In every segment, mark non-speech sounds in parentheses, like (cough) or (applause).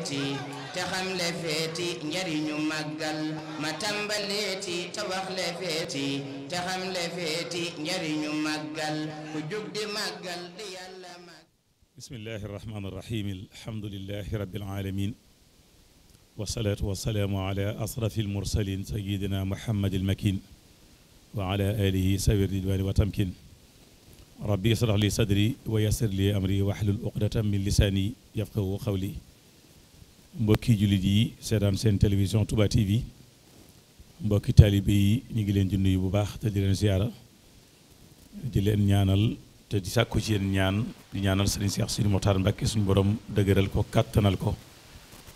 feeti te xam le feeti njariñu màggal ma tàmbaleeti te wax le feeti te xam le feeti njariñu màggal ku jug di màggal di yàlla màggal bismillahi arrahmani irrahim alhamdulilahi rabilalamin wasalaatu wasalaamu ala asrafi almursalin sayidina muhammad almakin wa ala alihi sawi ridwani wa tamkin rabbi israh li sadri wa yassir li amri wahlul uqdatan min lisani yafqahu qawli mbokki jullit yi seetaan seen télévision Touba TV mbokki taalibe yi ñu ngi leen di nuyu bu baax te di leen ziyaara di leen ñaanal te di sàkku ci yéen ñaan di ñaanal Serigne Cheikh Sidi Mokhtar Mbacké suñu borom dëgëral ko kàttanal ko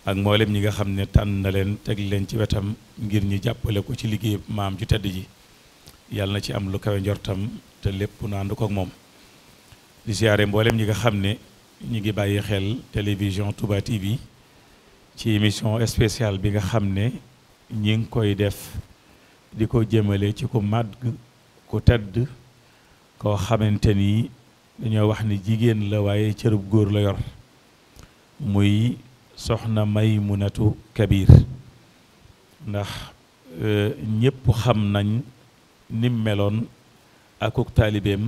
ak mboolem ñi nga xam ne tànn na leen teg leen ci wetam ngir ñu jàppale ko ci liggéey maam ju tedd ji yàlla na ci am lu kawe njortam te lépp nu ànd ko moom di ziyaare mboolem ñi nga xam ne ñu ngi bàyyi xel télévision Touba TV. ci émission spéciale bi nga xam ne ñi ngi koy def di ko jëmale ci ku màgg ku tedd koo xamante ni dañoo wax ni jigéen la waaye cërub góor la yor muy soxna Maymunatu Kabir ndax euh, ñëpp xam nañ nim meloon akuk taalibeem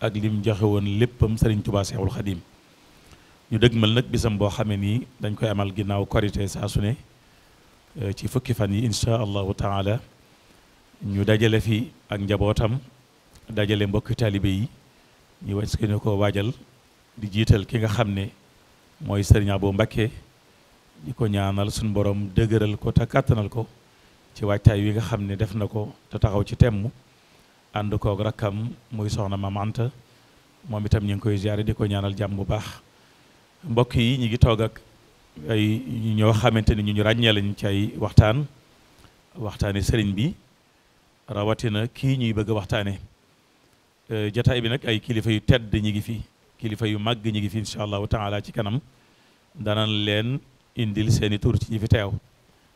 ak lim joxe woon léppam Sëriñ Tubaa Seexul ñu dëgmal nag bisam boo xamee nii dañ koy amal ginnaaw korité saa su ne euh, ci fukki fan yi insha allahu taala ñu dajale fi ak njabootam dajale mbokki taalibe yi ñu wàcc ne ko waajal di jiital ki nga xam ne mooy sëriñ Abo mbakkee di ko ñaanal suñu borom dëgëral ko ta kàttanal ko ci waajtaay wi nga xam ne def na ko te taxaw ci temm ànd koog rakkam muy soxna Maam Anta moom itam ñu ngi koy ziare di ko ñaanal jàmm bu baax mbokk yi ñu ngi toog ak ay ñoo xamante ni ñu ñu ràññee lañ ci ay waxtaan waxtaane sëriñ bi rawatina kii ñuy bëgg a waxtaane euh, jataay bi nag ay kilifa yu tedd ñi fi kilifa yu màgg ñi ngi fi incha allahu taala ci kanam danan leen indil seeni tur ci ñi fi teew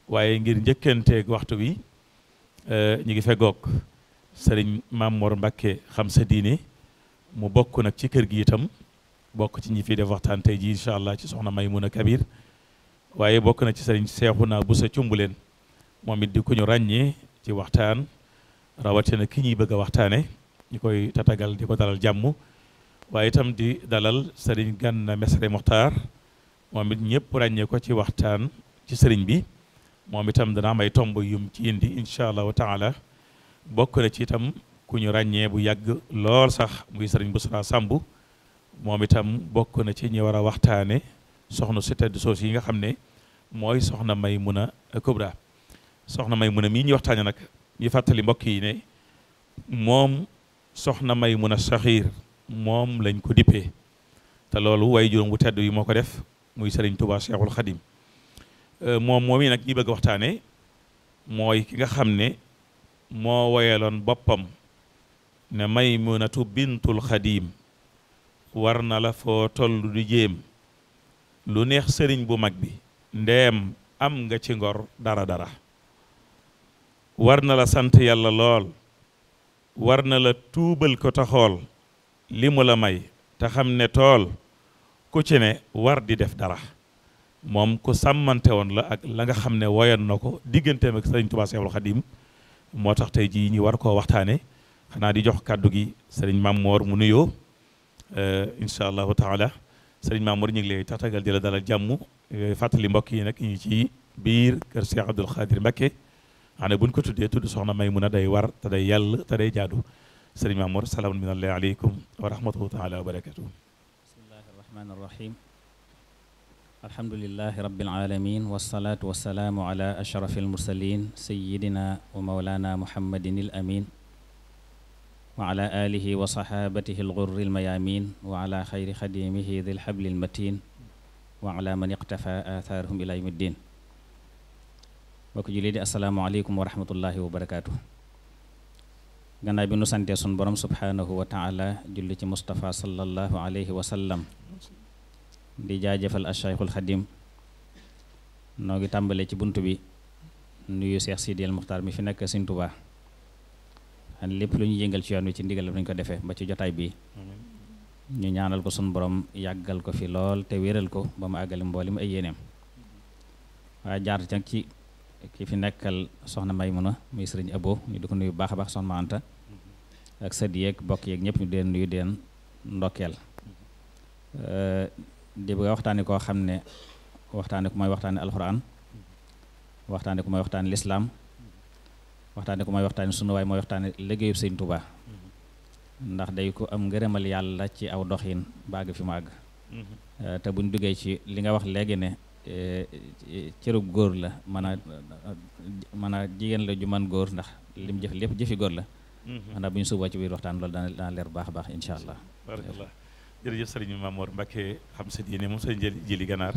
waaye ngir njëkkanteeg waxtu bi euh, ñu ngi feggoog sëriñ Maam Mor Mbàkke xam sa mu bokk nag ci kër gi itam bokk ci ñi fii waxtaan tey jii incha allah ci soxna may a Kabir waaye bokk na ci sëriñ Seexuna Buso leen moom it di ku ñu ràññee ci waxtaan rawatina ki ñuy bëgg a waxtaane ñu koy tatagal di ko dalal jàmm waaye itam di dalal sëriñ Gana Mesere Moxtaar moom it ñëpp ràññee ko ci waxtaan ci sëriñ bi moom itam dana may tomb yum ci indi incha allahu taala bokk na ci itam ku ñu ràññee bu yàgg lool sax muy sëriñ Busra Samb momitam itam bokk na ci ñi wara waxtane soxna si tedd soos yi nga xamne moy soxna Maymuna Kubra soxna Maymuna mi ñi waxtane nak ñi fatali mbokk yi ne mom soxna Maymuna sahir mom lañ ko dippee ta lolu way juróom bu tedd yi moko def muy serigne touba cheikhul khadim moom moom yi nag ñi bëgg waxtane moy ki nga xamne mo moo bopam ne Maymunatu bintul khadim war na la foo toll di jéem lu neex sëriñ bu mag bi ndeem am nga ci ngor dara dara war na la sant yàlla lool war na la tuubal ko taxool li mu la may te xam ne tool ku ci ne war di def dara moom ku sàmmante woon la ak la nga xam ne woyan na ko digganteem ak sëriñ Tuubaa Seexul Xadiim moo tax tey jii ñu war koo waxtaane xanaa di jox kàddu gi sëriñ Maam Moor mu nuyoo incha allahu taala sëriñ Mamour ñu ngi lay tatagal di la dalal jàmm fàttali mbokk yi nag ñu ci biir kër Cheikh Abdoul Khadir Mbacké xanaa buñ ko tuddee tudd soxna Maymuna day war te day yàll te day jaadu sëriñ Mamour salaamun minallahi aleykum wa rahmatuhu taala wa barakatuhu bismillahi arrahmani arrahim alhamdulilahi rabbil alamin wasalaatu wasalaamu ala ashrafil mursalin sayyidina wa maulana muhammadin al amin وعلى آله وصحابته الغر الميامين وعلى خير خديمه ذي الحبل المتين وعلى من اقتفى آثارهم إلى يوم الدين وكجليد السلام عليكم ورحمة الله وبركاته غنا بن سانتي سون سبحانه وتعالى جولي مصطفى صلى الله عليه وسلم دي جاجف الشيخ الخديم نوغي تامبالي سي بونتو بي نيو سيدي المختار مي في ak lépp lu ñu yëngal ci yoon wi ci ndigal lañ ko defee ba ci jotaay bi ñu ñaanal ko sunu boroom yàggal ko fi lool te wéral ko ba mu àggali mboolem ay yéeneem waaye jaar nag ci ki fi nekkal soxna Maymuna muy sëriñ Abo ñu di ko nuyu baax a baax soxna Anta ak sët yeeg bokk yeeg ñëpp ñu deen nuyu den ndokkeel euh, di bëgg waxtaani koo xam ne waxtaani ku mooy waxtaani alxuraan waxtaani ku mooy waxtaani lislaam waxtaane ko mooy waxtaane sunu waaye mooy waxtaane liggéeyub sëñ Tuubaa ndax day ko am ngërëmal yàlla ci aw doxin bàgg fi mu mm-hmm. te buñ duggee ci li nga wax léegi ne e, e, cërub góor la man a man jigéen la ju man góor ndax lim jëf lépp jëfi góor la maanaam mm-hmm. bu ñu subaa ci biir waxtaan lool dana dana leer baax baax insha allah barakallah jërëjëf sëriñ moom sëriñ jëli ganaar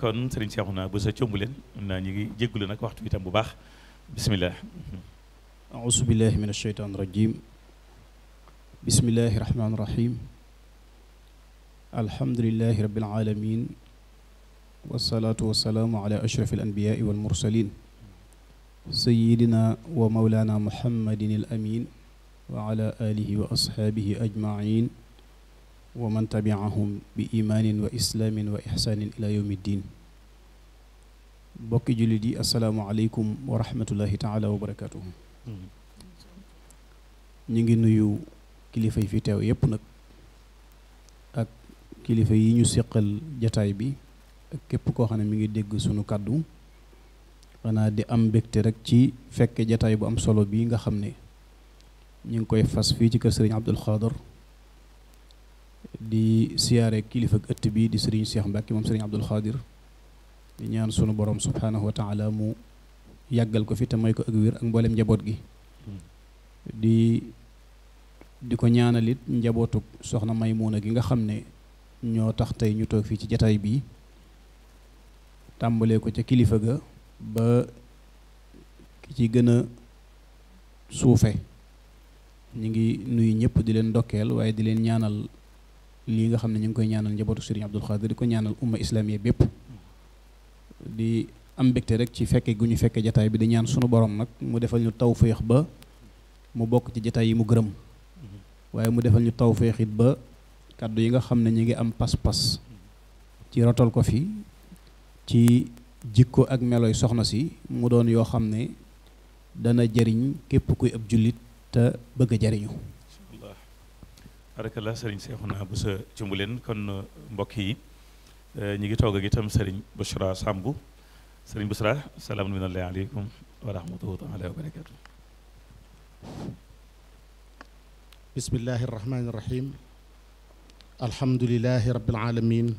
kon sëriñ Seexuna bu sa combu leen naa ñu ngi jéggulu nag waxtu itam bu baax بسم الله أعوذ بالله من الشيطان الرجيم بسم الله الرحمن الرحيم الحمد لله رب العالمين والصلاة والسلام على أشرف الأنبياء والمرسلين سيدنا ومولانا محمد الأمين وعلى آله وأصحابه أجمعين ومن تبعهم بإيمان وإسلام وإحسان إلى يوم الدين mbokki jullit yi asalaamaaleykum wa rahmatullahi taala wa barakaatuhu ñu ngi nuyu kilifa yi fi teew yépp nag ak kilifa yi ñu seqal jataay bi ak képp koo xam ne mi ngi dégg sunu kàddu xanaa di am mbégte rek ci fekke jataay bu am solo bi nga xam ne ñu ngi koy fas fii ci kër sëriñ Abdul Xaadar di siyaare kilifa ëtt bi di sëriñ Cheikh Mbacke moom sëriñ Abdul Xaadir di ñaan sunu borom subhaanahu wa taala mu yàggal ko fi te may ko ak wér ak mboolem njaboot gi di di ko ñaanalit njabootuk soxna may Maymuna gi nga xam ne ñoo tax tey ñu toog fii ci jataay bii tàmbalee ko ca kilifa ga ba ki ci gën a suufe ñu ngi nuyu ñëpp di leen ndokkeel waaye di leen ñaanal lii nga xam ne ñu ngi koy ñaanal njabootu Serigne Abdul Xaadir di ko ñaanal umma islamiya bépp di am mbégte rek ci fekke gu ñu fekkee jataay bi di ñaan sunu borom nag mu defal ñu tawféex ba mu bokk ci jataay yi mu gërëm waaye mu defal ñu tawféex it ba kàddu yi nga xam ne ñu ngi am pas-pas ci rotal ko fi ci jikko ak meloy soxna si mu doon yoo xam ne dana jariñ képp kuy ab jullit te bëgg a jariñu barakallah sëriñ Seexuna bu sa cumbuleen kon mbokk yi ñi togg ak serigne bushra sambu serigne bushra salamu minallahi alaykum wa rahmatullahi wa barakatuh بسم الله الرحمن الرحيم الحمد لله رب العالمين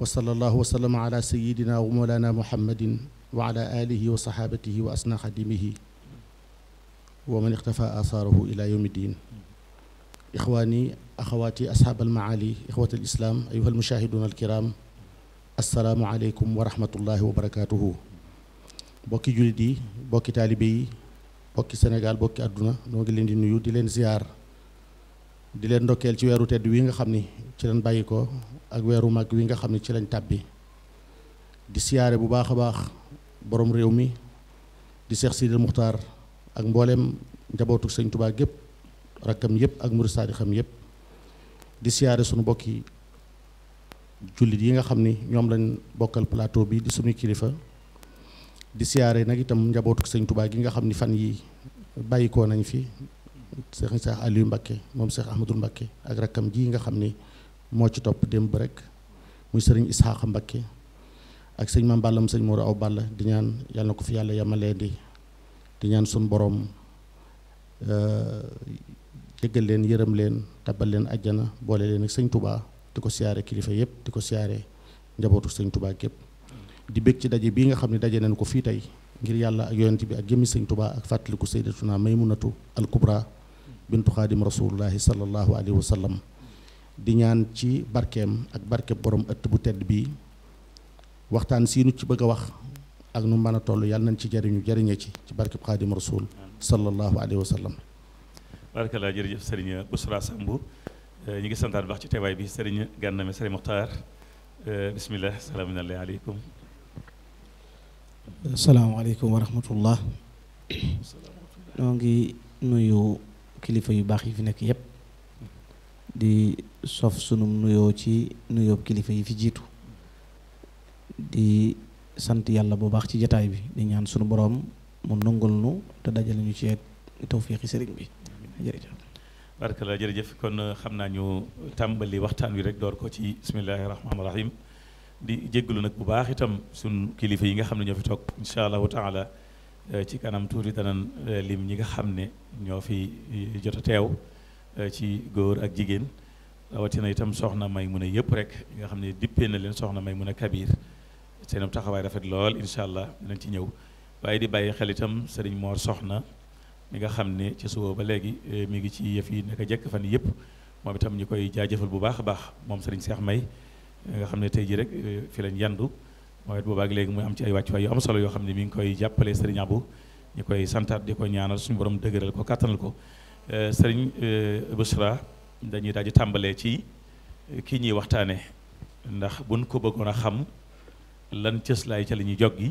وصلى الله وسلم على سيدنا ومولانا محمد وعلى آله وصحابته واسنا خدمه ومن اختفى آثاره إلى يوم الدين إخواني أخواتي أصحاب المعالي إخوة الإسلام أيها المشاهدون الكرام السلام عليكم ورحمة الله وبركاته بوكي جلدي بوكي طالبي بوكي سنغال بوكي أدونا نوغي لندي نيو دي لن زيار دي لن دوكيل تي ويرو تيد ويغا خامني تي لن بايكو اك ويرو ماك ويغا خامني تي لن تابي دي سياري بو باخ باخ بروم ريومي دي شيخ سيدي المختار اك مبولم جابوتو سيغ توبا Rakam yep ak murid xam yep di siyaare sunu bokki julit yi nga xam ni ñoom lañ bokkal plateau bi di sunu kilifa di siyaare nag itam njabootu sëñ Tuubaa gi nga xam ni fan yi bàyyikoo nañ fi Cheikh Cheikh Aliou Mbacké moom Cheikh Ahmadou Mbacké ak rakam ji nga xam ni moo ci topp démb rek muy sëriñ Isxaaqa Mbacké ak sëñ mam Balla sëñ Mourou Aw Balla di ñaan yàlla na ko fi yàlla yamalee di di ñaan suñu borom euh, jéggal leen yërëm leen tabal leen àjjana boole leen ak tubaa di ko siyaare kilifa yëpp di ko siyaare njabootu sëñ tubaa yëpp di bég ci daje bii nga xam ne daje nañ ko fii tey ngir yàlla ak yonent bi ak jëmmi sañ tubaa ak fàttaliku sayyidatuna maymunatu al kubra bintu xaadim rasulullahi sallallahu alayhi wa sallam di ñaan ci barkeem ak barke boroom ëtt bu tedd bii waxtaan siinu ci bëgg a wax ak nu mën a toll yàlla nañ ci jariñu jariñe ci ci barkeb xaadim rasul sallallahu alayhi barakallah jërëjëf Serigne Bousra Samb euh, ñu ngi santaat baax ci teewaay bi Serigne Ganna Messere Mokhtar euh, bisimilah salaamaaleykum. salaamaaleykum wa rahmatullah noo ngi nuyu kilifa yu baax yi fi nekk yépp di sof sunum nuyoo ci nuyoo kilifa yi fi jiitu di sant yàlla bu baax ci jataay bi di ñaan sunu boroom mu nangul nu te dajale ñu ci tawféexi sëriñ bi jërëjëf. barkala jërëjëf kon euh, xam naa ñu tàmbali waxtaan wi rek door ko ci bismillahi rahmaani rahim di jéggalu nag bu baax itam suñ kilifa yi nga xam ne ñoo fi toog incha allahu taala euh, ci kanam tuuti danan euh, lim ñi nga xam ne ñoo fi jot teew ci góor ak jigéen rawatina itam soxna may mun a yëpp rek nga xam ne dippee na leen soxna may mun a kabir seenam taxawaay rafet lool incha allah dinañ ci ñëw waaye di bàyyi xel itam sëriñ moor soxna mi nga xam ne ci suba ba léegi eh, mi ngi ci yëf yi naka jekk fan yëpp moom itam ñu koy jaajëfal bu baax a baax moom sëriñ Cheikh May eh, nga xam ne tey jii rek eh, fi lañ yandu moom it boobaak léegi muy am ci ay wàccuwaay yu am solo yoo xam ne mu ngi koy jàppale sëriñ Abu ñu koy santaar di ko ñaanal suñu borom dëgëral ko kàttanal ko sëriñ Bouchra dañuy daal di tàmbalee ci kii ñuy waxtaane ndax buñ ko bëggoon a xam lan cëslaay ca li ñuy jog gi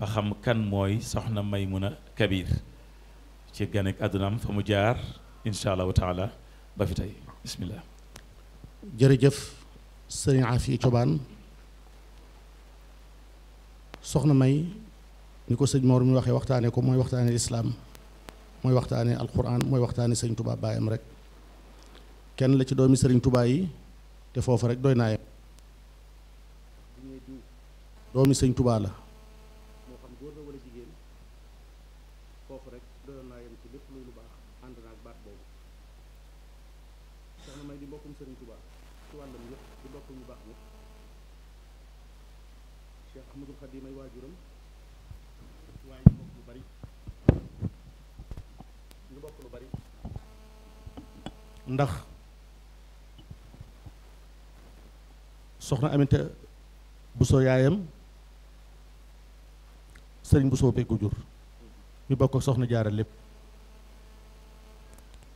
ba xam kan mooy soxna Maymuna Kabir ci ganek àddunaam fa mu jaar incha allahu taala ba fi tey bismillah jërëjëf sëriñ Afi Cobaan soxna May ni ko sëñ Mor mi waxee waxtaanee ko mooy waxtaanee lislaam mooy waxtaanee alquran mooy waxtaanee sëñ Touba baayam rek kenn la ci doomi sëriñ Touba yi te foofu rek doy naa yem doomi sëñ Touba la. ndax soxna amit bu Bousso yaayam sëriñ Bousso bee ko jur ñu bokk soxna jaara lépp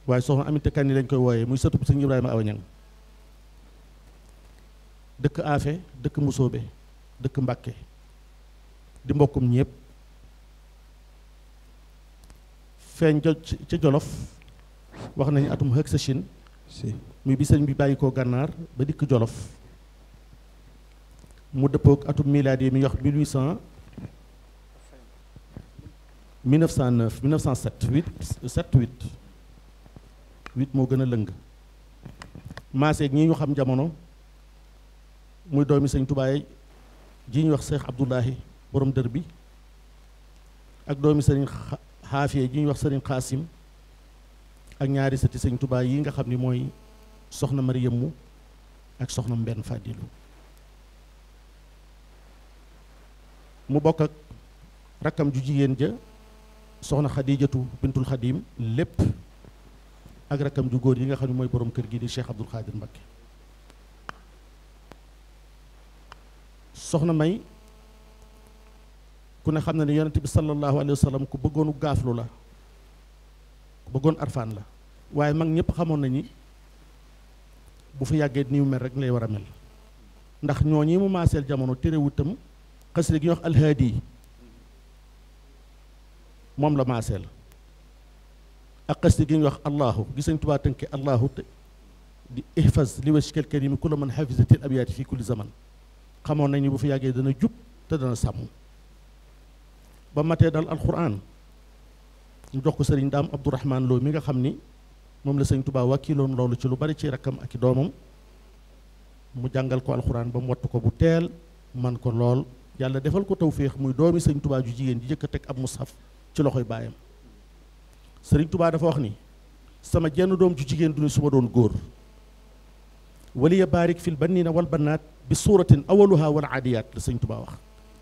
waaye soxna Aminta Kani lañ koy wooyee muy sëtu sëriñ Ibrahima Awañang dëkk Afe dëkk Mbusoobe dëkk Mbàkke di mbokkum ñépp feeñ ca Jolof wax nañu atum hëg Chine si muy bi sëñ bi bàyyi koo gànnaar ba dikk jolof mu dëppoog atum milaad yi mi wax 1800 1909 1907 8 7 8 8 moo gën a lëng maaseeg ñi ñu xam jamono muy doomi sëñ tubaay ji ñu wax seex abdullahi borom dër bi ak doomi sëriñ xaafiye ji ñu wax sëriñ xaasim ak ñaari sëti sëñ Touba yi nga xam ni mooy soxna Mariyamu ak soxna Mbenn Fadilu mu bokk ak rakkam ju jigéen ja soxna Xadijatu bintul Xadim lépp ak rakkam ju góor yi nga xam ne mooy borom kër gi di Cheikh Abdoul Khadir Mbacké soxna May ku ne xam na ni yonent bi sallallahu alayhi wa ku bëggoonu gaaflu la bëggoon arfaan la waaye mag ñëpp xamoon na ni bu fi yàggee ni mu mel rek lay war a mel ndax ñoo ñi mu maaseel jamono terewut tam xasida gi ñuy wax alhaadi moom la maaseel ak xasida gi ñuy wax allahu gis nañ tubaa tënke allahu di ihfaz li wajhikal karim kulla man hafizatil abyaati fi kulli zaman xamoon nañ ni bu fi yàggee dana jub te dana sàmm ba matee dal alquran ñu jox ko sëriñ daam abdourahman loo mi nga xam ni moom la sëñ tubaa wàkkiloon loolu ci lu bari ci rakkam ak i doomam mu jàngal ko alxuraan ba mu wattu ko bu teel man ko lool yàlla defal ko tew féex muy doomi sëñ tubaa ju jigéen di jëkk a teg ab mu mushaf ci loxoy baayam sëriñ tubaa dafa wax ni sama jenn doom ju jigéen du ne su ma doon góor waliya baarik fil bannina wal bannaat bi suuratin awaluha wal aadiyaat la sëñ tubaa wax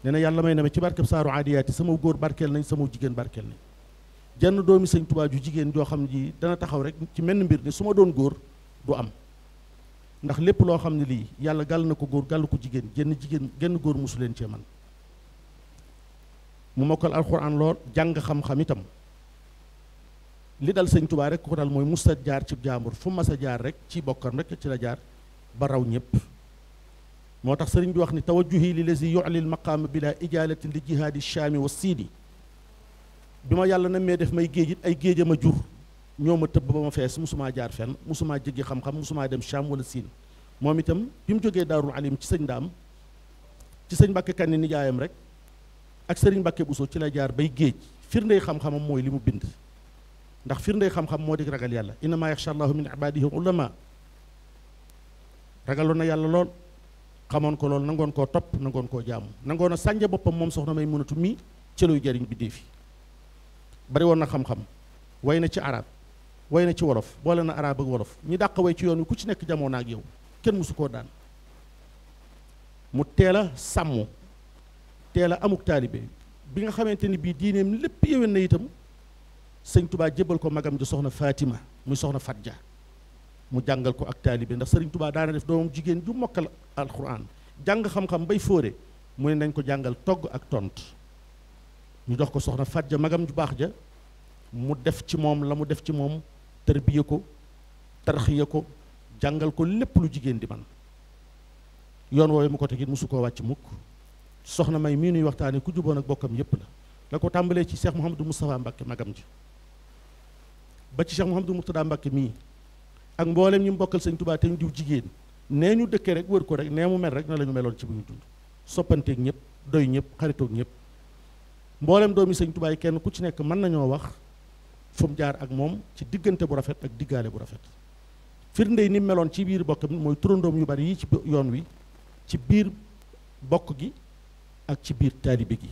nee na yàlla may na ma ci barkeb saaru aadiyaat yi góor barkeel nañ sama jigéen barkeel nañ jenn doomi sëñ Tuubaa ju jigéen joo xam ji dana taxaw rek ci menn mbir ni su ma doon góor du am ndax lépp loo xam ne lii yàlla gal na ko góor gàll ko jigéen jenn jigéen genn góor mosu leen cee man mu mokkal alxuraan lool jàng xam-xam itam li dal sëñ Tuubaa rek ko dal mooy musta jaar ci jaambur fu mas a jaar rek ci bokkam rek ci la jaar ba raw ñëpp moo tax sëriñ bi wax ni tawajjuhi li lazi yu'li al maqaama bila ijalati li jihaadi shaami wa siidi bima yàlla na mee def may géej ay géeja ma jur ñoo ma tëbb ba ma jaar fenn musuma jéggi xam-xam musuma dem Cham wala Siin moom itam bi mu Alim ci seigne dam ci sëñ kan ni jaayam rek ak seigne Mbàkke buso ci la jaar bay géej firndey xam xam moy limu bind ndax firndey xam-xam moo ragal yàlla ma yakhsha allaahu min ibadihi ulama ragaloon na yàlla lol xamone ko lol nangoon ko top nangoon ko jam nangoon sanje bopam mom soxna may mënatu mi ci luy jariñ bi dee bari woon na xam-xam way na ci arab way na ci wolof boole na arab ak wolof ñi dakk way ci yoonu ku ci nekk jamono ak yow kenn musu koo daan mu teel sammu sàmm amuk talibé bi nga xamanteni bi diinem lépp yéwén na itam serigne touba jébbal ko magam ji soxna Fatima mu soxna fadja mu jàngal ko ak talibé ndax serigne touba daana def doom jigen ju mokal alquran jàng xam-xam bay fóore mu ne nañ ko jàngal togg ak tont ñu dox ko soxna Faat magam ju baax ja mu def ci moom la mu def ci moom tërbiye ko tarxiye ko jàngal ko lépp lu jigéen di man yoon woowee mu ko tegit mosu koo wàcc mukk soxna may mii nuy waxtaane ku juboon ak bokkam yépp la la ko tàmbalee ci seex Cheikh Mouhamadou Moustapha Mbacke magam ji ba ci Cheikh Mouhamadou Mourtada Mbacke mii ak mboolem ñi mu bokkal sëñ te ñu diw jigéen nee ñu dëkkee rek wër ko rek nee mu mel rek na lañu ñu meloon ci bu ñu dund soppanteeg ñëpp doy ñëpp xaritoog ñëpp mboolem doom sëñ Tuubaa yi kenn ku ci nekk mën nañoo wax fu jaar ak moom ci diggante bu rafet ak diggaale bu rafet firnde yi ni meloon ci biir bokk bi mooy turandoom yu bari yi ci yoon wi ci biir bokk gi ak ci biir taalibe gi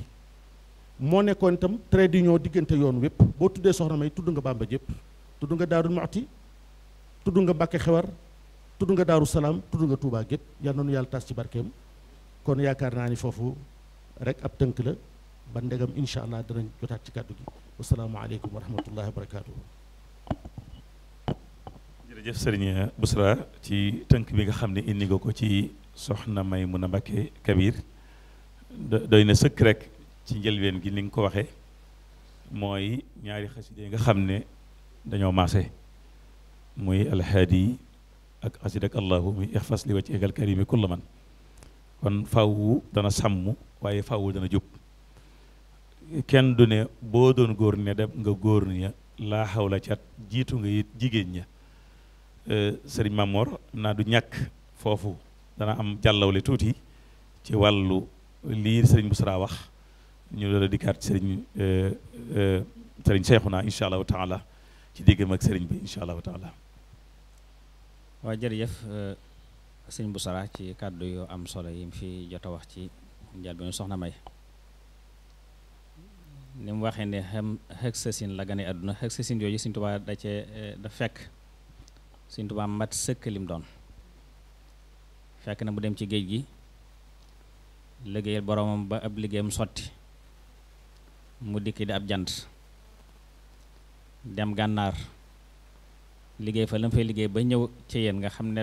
moo nekkoon itam di d'union diggante yoon wépp boo tuddee soxna may tudd nga Bàmba jëpp tudd nga Daarul Muxti tudd nga Mbàkke Xewar tudd nga Daaru Salaam tudd nga Tuubaa gépp yal na nu yàlla tas ci barkeem kon yaakaar naa ni foofu rek ab tënk la ba ndegam incha allah danañ jotaat ci kàddu gi asalaamaaleykum wa rahmatullahi wa barakaatu. jërëjëf sëriñ Bousra ci tënk bi nga xam ne indi nga ko ci soxna Maymuna Mbakke Kabir doy na sëkk rek ci njëlbeen gi ni nga ko waxee mooy ñaari xasida nga xam ne dañoo maase muy alhaadi ak xasida ak allahu muy ixfas li wajhikal karimi kulla man kon faaw dana sàmm waaye faaw dana jub kenn du ne boo doon góor ne dem nga góor ña laa xaw la cat jiitu nga it jigéen ña euh, sëriñ Mamor naa du ñàkk foofu dana am jàllawle tuuti ci wàllu lii sëriñ Busra wax ñu doon dikkaat sëriñ sëriñ Seexuna incha allahu taala ci diggam ak sëriñ bi incha allahu taala. waa jërëjëf euh, sëriñ Busra ci kàddu yu am solo yi mu fi jot wax ci njëlbéenu soxna May. ni mu waxee ne xam xëg sasin la gane àdduna xëg sasin yooyu Sëñ Tuubaa da cee eh, da fekk Sëñ Tuubaa mat sëkk lim doon fekk na mu dem ci géej gi liggéeyal boroomam ba ab liggéeyam sotti mu dikk di ab jant dem gànnaar liggéey fa la mu fay liggéey ba ñëw ci yéen nga xam ne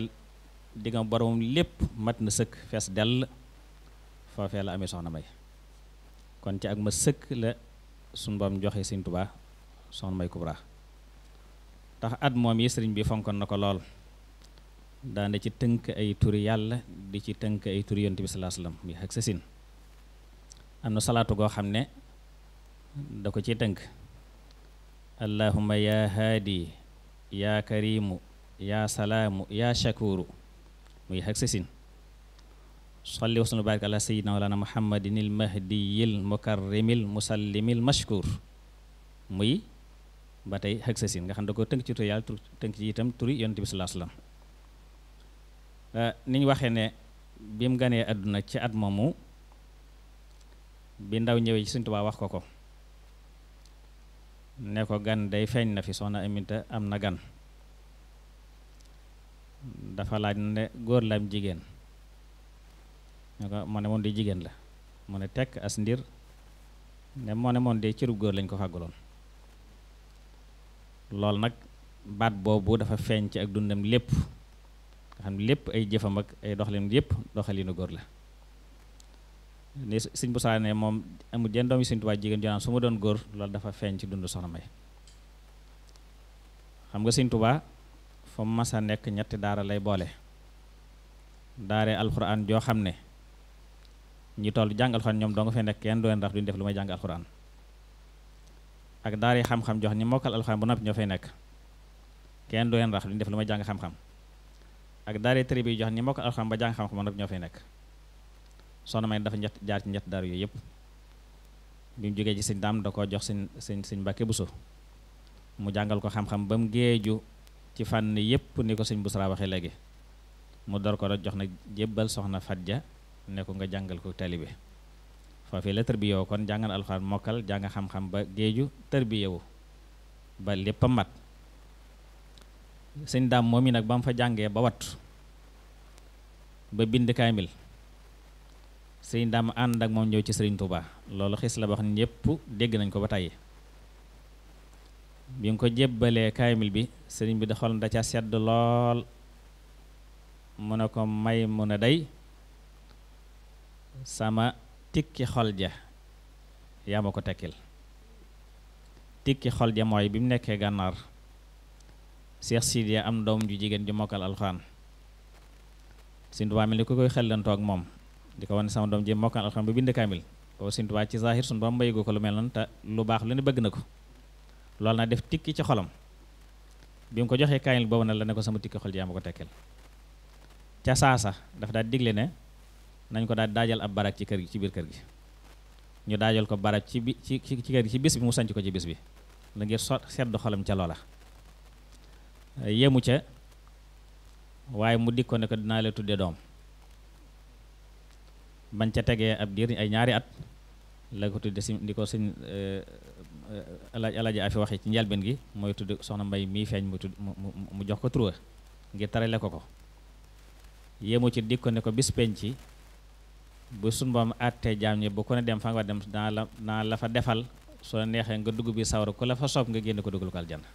diggam boroomam lépp mat na sëkk fees dell foofee la amee soxna may kon ci ak ma sëkk la suñu borom joxe sëñ Tuubaa soxna May Kubra tax at moom yi sëriñ bi fonkon na ko lool daane ci tënk ay turi yàlla di ci tënk ay turi yonent bi sallallahu alayhi wasallam mi ak sa am na salaatu goo xam ne da ko ci tënk allahumma ya haadi ya karimu ya salaamu ya shakuru muy ak sa salli wa sallim barik ala sayyidina walana muhammadinil mahdiyil mukarrimil musallimil mashkur muy ba tey xëg sa sin nga xam da ko tënk ci tur yàlla tënk ci itam turi yonent bi sallallahu alayhi wasallam eh, ni waxee ne bi mu àdduna ci at ndaw ñëwee ci Sëñ wax ko ko ne ko gan day feeñ na fi soxna Aminta am na gan dafa laaj ne góor lam jigéen ñu ko ne moom di jigéen la mu ne tekk as ndir ne moo ne moom de cërub góor lañ ko fàggaloon loolu nag baat boobu dafa feeñ ci ak dundam lépp nga xam lépp ay jëfam ay doxalin yépp doxalinu góor la ni sëñ bu saa ne moom amul jenn doomi sëñ Tuubaa jigéen jonaan su ma doon góor loolu dafa feeñ ci dund soxna xam nga sëñ Tuubaa fa masa nekk ñetti daara lay boole daare alxuraan joo xam ne ñi tollu jàng alxuraan ñoom doo nga fee nekk kenn du leen rax duñ def lu may jàng alxuraan ak daari xam-xam jox ñi mokkal alxuraan bu noppi ñoo fay nekk kenn du leen rax duñ def lu may jàng xam-xam ak daari tribu bi jox ñi mokkal alxuraan ba jàng xam-xam ba noppi ñoo fay nekk soxna may dafa ñett jaar ci ñett daar yooyu yëpp bi mu jógee ci sëñ dam da koo jox sëñ sëñ sëñ Mbàkke busu mu jàngal ko xam-xam ba mu géeju ci fànn yëpp ni ko sëñ Busra waxee léegi mu dor ko jox nag jébbal soxna Fadja ne nga jàngal ko talibe foofii la tarbiyewoo kon jàngal alxuraan mokkal jàng xam-xam ba géeju tarbiyewu ba lépp a sëñ daam moom yi nag bam fa jàngee ba wat ba bind kaamil sëñ daam ànd ak moom ñëw ci sëriñ Touba loolu xis la boo xam ne ñëpp dégg nañ ko ba tàyyi bi nga ko jébbalee kaamil bi sëriñ bi da xool da ca sedd lool mu ne ko may mu ne day sama tikki xol ja yaa ma ko tekkil tikki xol ja mooy bi mu nekkee gànnaar Cheikh Sidiya am doom ju jigéen ji mokkal alxuraan Sëñ Tuubaa mel ni ku koy xellantoo ak moom di ko wane sama doom ji mokkal alxuraan bu bind kaamil boobu Sëñ Tuubaa ci zahir sun ba mbayigu ko lu mel noonu te lu baax lu ne bëgg na ko loolu na def tikki ci xolam bi mu ko joxee kaamil boobu na la ne ko sama tikki xol yaa ma ko tekkil ca saasa dafa daal digle ne nañ ko daal daajal ab barak ci kër gi ci biir kër gi ñu daajal ko barak ci bi ci ci kër gi ci bis bi mu sanc ko ci bis bi la ngir so sedd xolam ca loola yemu ca waaye mu dikko ne ko dinaa la tudde doom bañ ca tegee ab diir ay ñaari at la ko tudde si di ko sëñ e, e, alaaj alaaji afi waxe ci njalbeen gi mooy tudd soxna mbay mi feeñ mu mu jox ko turwa ngir tarale ko ko yemu ci dikko ne ko bis penc bu suñu boom àttee jaam ñi bu ku ne dem fa nga dem naa la naa la fa defal su la neexee nga dugub bi sawra ku la fa soob nga génne ko duggal ko aljanna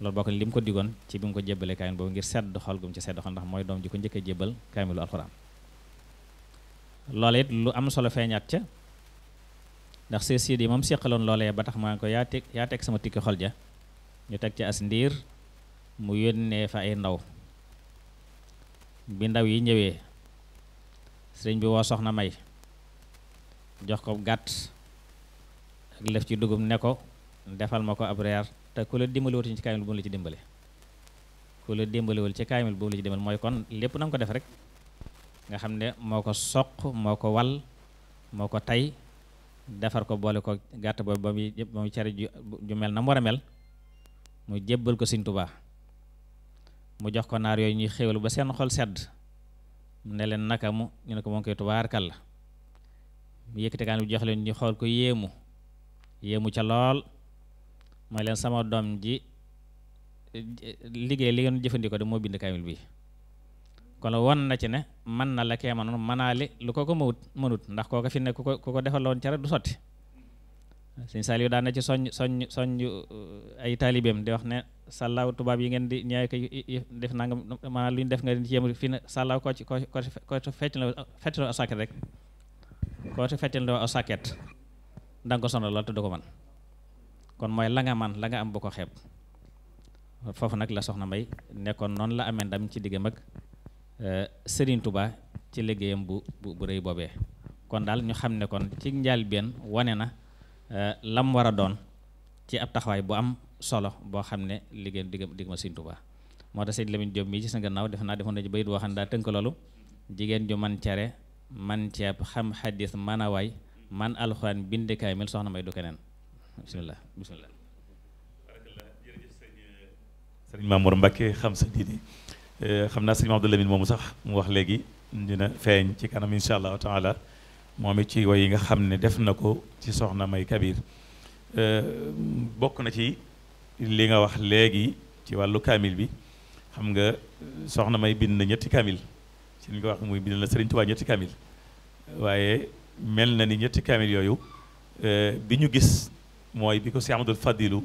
loolu bokk ne li mu ko digoon ci bi ko jébbalee kaamil ngir sedd xol gum ci sedd xol ndax mooy ko njëkk a jébbal kaamilu alxuraan loola it lu am solo feeñaat ca ndax see siid yi moom séqaloon loolee ba tax maa ngi ko yaa teg yaa sama tikki xol ja ñu teg ca as ndiir mu yónnee fa ay ndaw bi ndaw yi ñëwee sëriñ bi woo soxna may jox ko gàtt ak lëf ci dugub ne ko defal ma ko ab reer te ku la dimbaliwul ci kaamil bu la ci dimbale ku la ci kaamil bu la ci dimbale mooy kon lépp na nga ko def rek nga xam ne moo ko soq moo ko wal moo ko tey defar ko boole ko gàtt boobu ba ba muy cere ju mel na mu war a mel mu jëbbal ko Sëriñ Tuubaa mu jox ko naar yooyu ñuy xéwal ba seen xol sedd mu ne leen naka mu ñu ne ko moom koy tubaarkal la mu yëkkati kaan jox leen ñu xool ko yéemu yéemu ca lool mooy leen sama doom ji liggéey li ngeen jëfandikoo de moo bind kaamil bi kon won na ci ne mën na la kee mënoon mënaale lu ko ko mënut mënut ndax koo fi ne ku ko ku ko defaloon ca rek du sotti sëñ Saliou daan na ci soññ soññ soññ uh, ay taalibeem di wax ne sàllaaw tubaab yi ngeen di ñaay ko def nangam maanaam lu ñu def nga di ci yem fii na sàllaaw koo ci koo ci koo ci feccal feccal aw sàkket rek koo ci feccal aw sàkket da nga ko sonal lool te du ko man kon mooy la nga man la nga am bu ko xeeb foofu nag la soxna Mbay nekkoon noonu la amee ndam ci diggam ak uh, Serigne Touba ci liggéeyam bu bu rëy boobee kon daal ñu xam ne kon ci njaalbeen wane na. Eh, lam war a doon ci ab taxawaay bu am solo boo xam ne liggéey digg digg ma Sëriñ Tuubaa moo tax Sëriñ Lamin Jóob mii ci sa gannaaw def naa defoon nañu bayit boo xam ne daa tënk loolu jigéen ju man cere man ceeb xam xadis man a waay man alxuraan bindikaay mel soxna may du keneen bismillah bismillah eh, sëriñ Mamour xam sa eh, xam naa sëriñ Mamadou Lamine moomu sax mu wax léegi dina feeñ ci kanam insha allahu taala moom it ci way yi nga xam ne def na ko ci soxna May Kabir euh, bokk na ci li nga wax léegi ci wàllu kaamil bi xam nga soxna May bind na ñetti kaamil ci li nga wax muy bind na Sëriñ Tuubaa ñetti kaamil waaye mel na ni ñetti kaamil yooyu euh, bi ñu gis mooy bi ko Seex Ahmadul Fadilu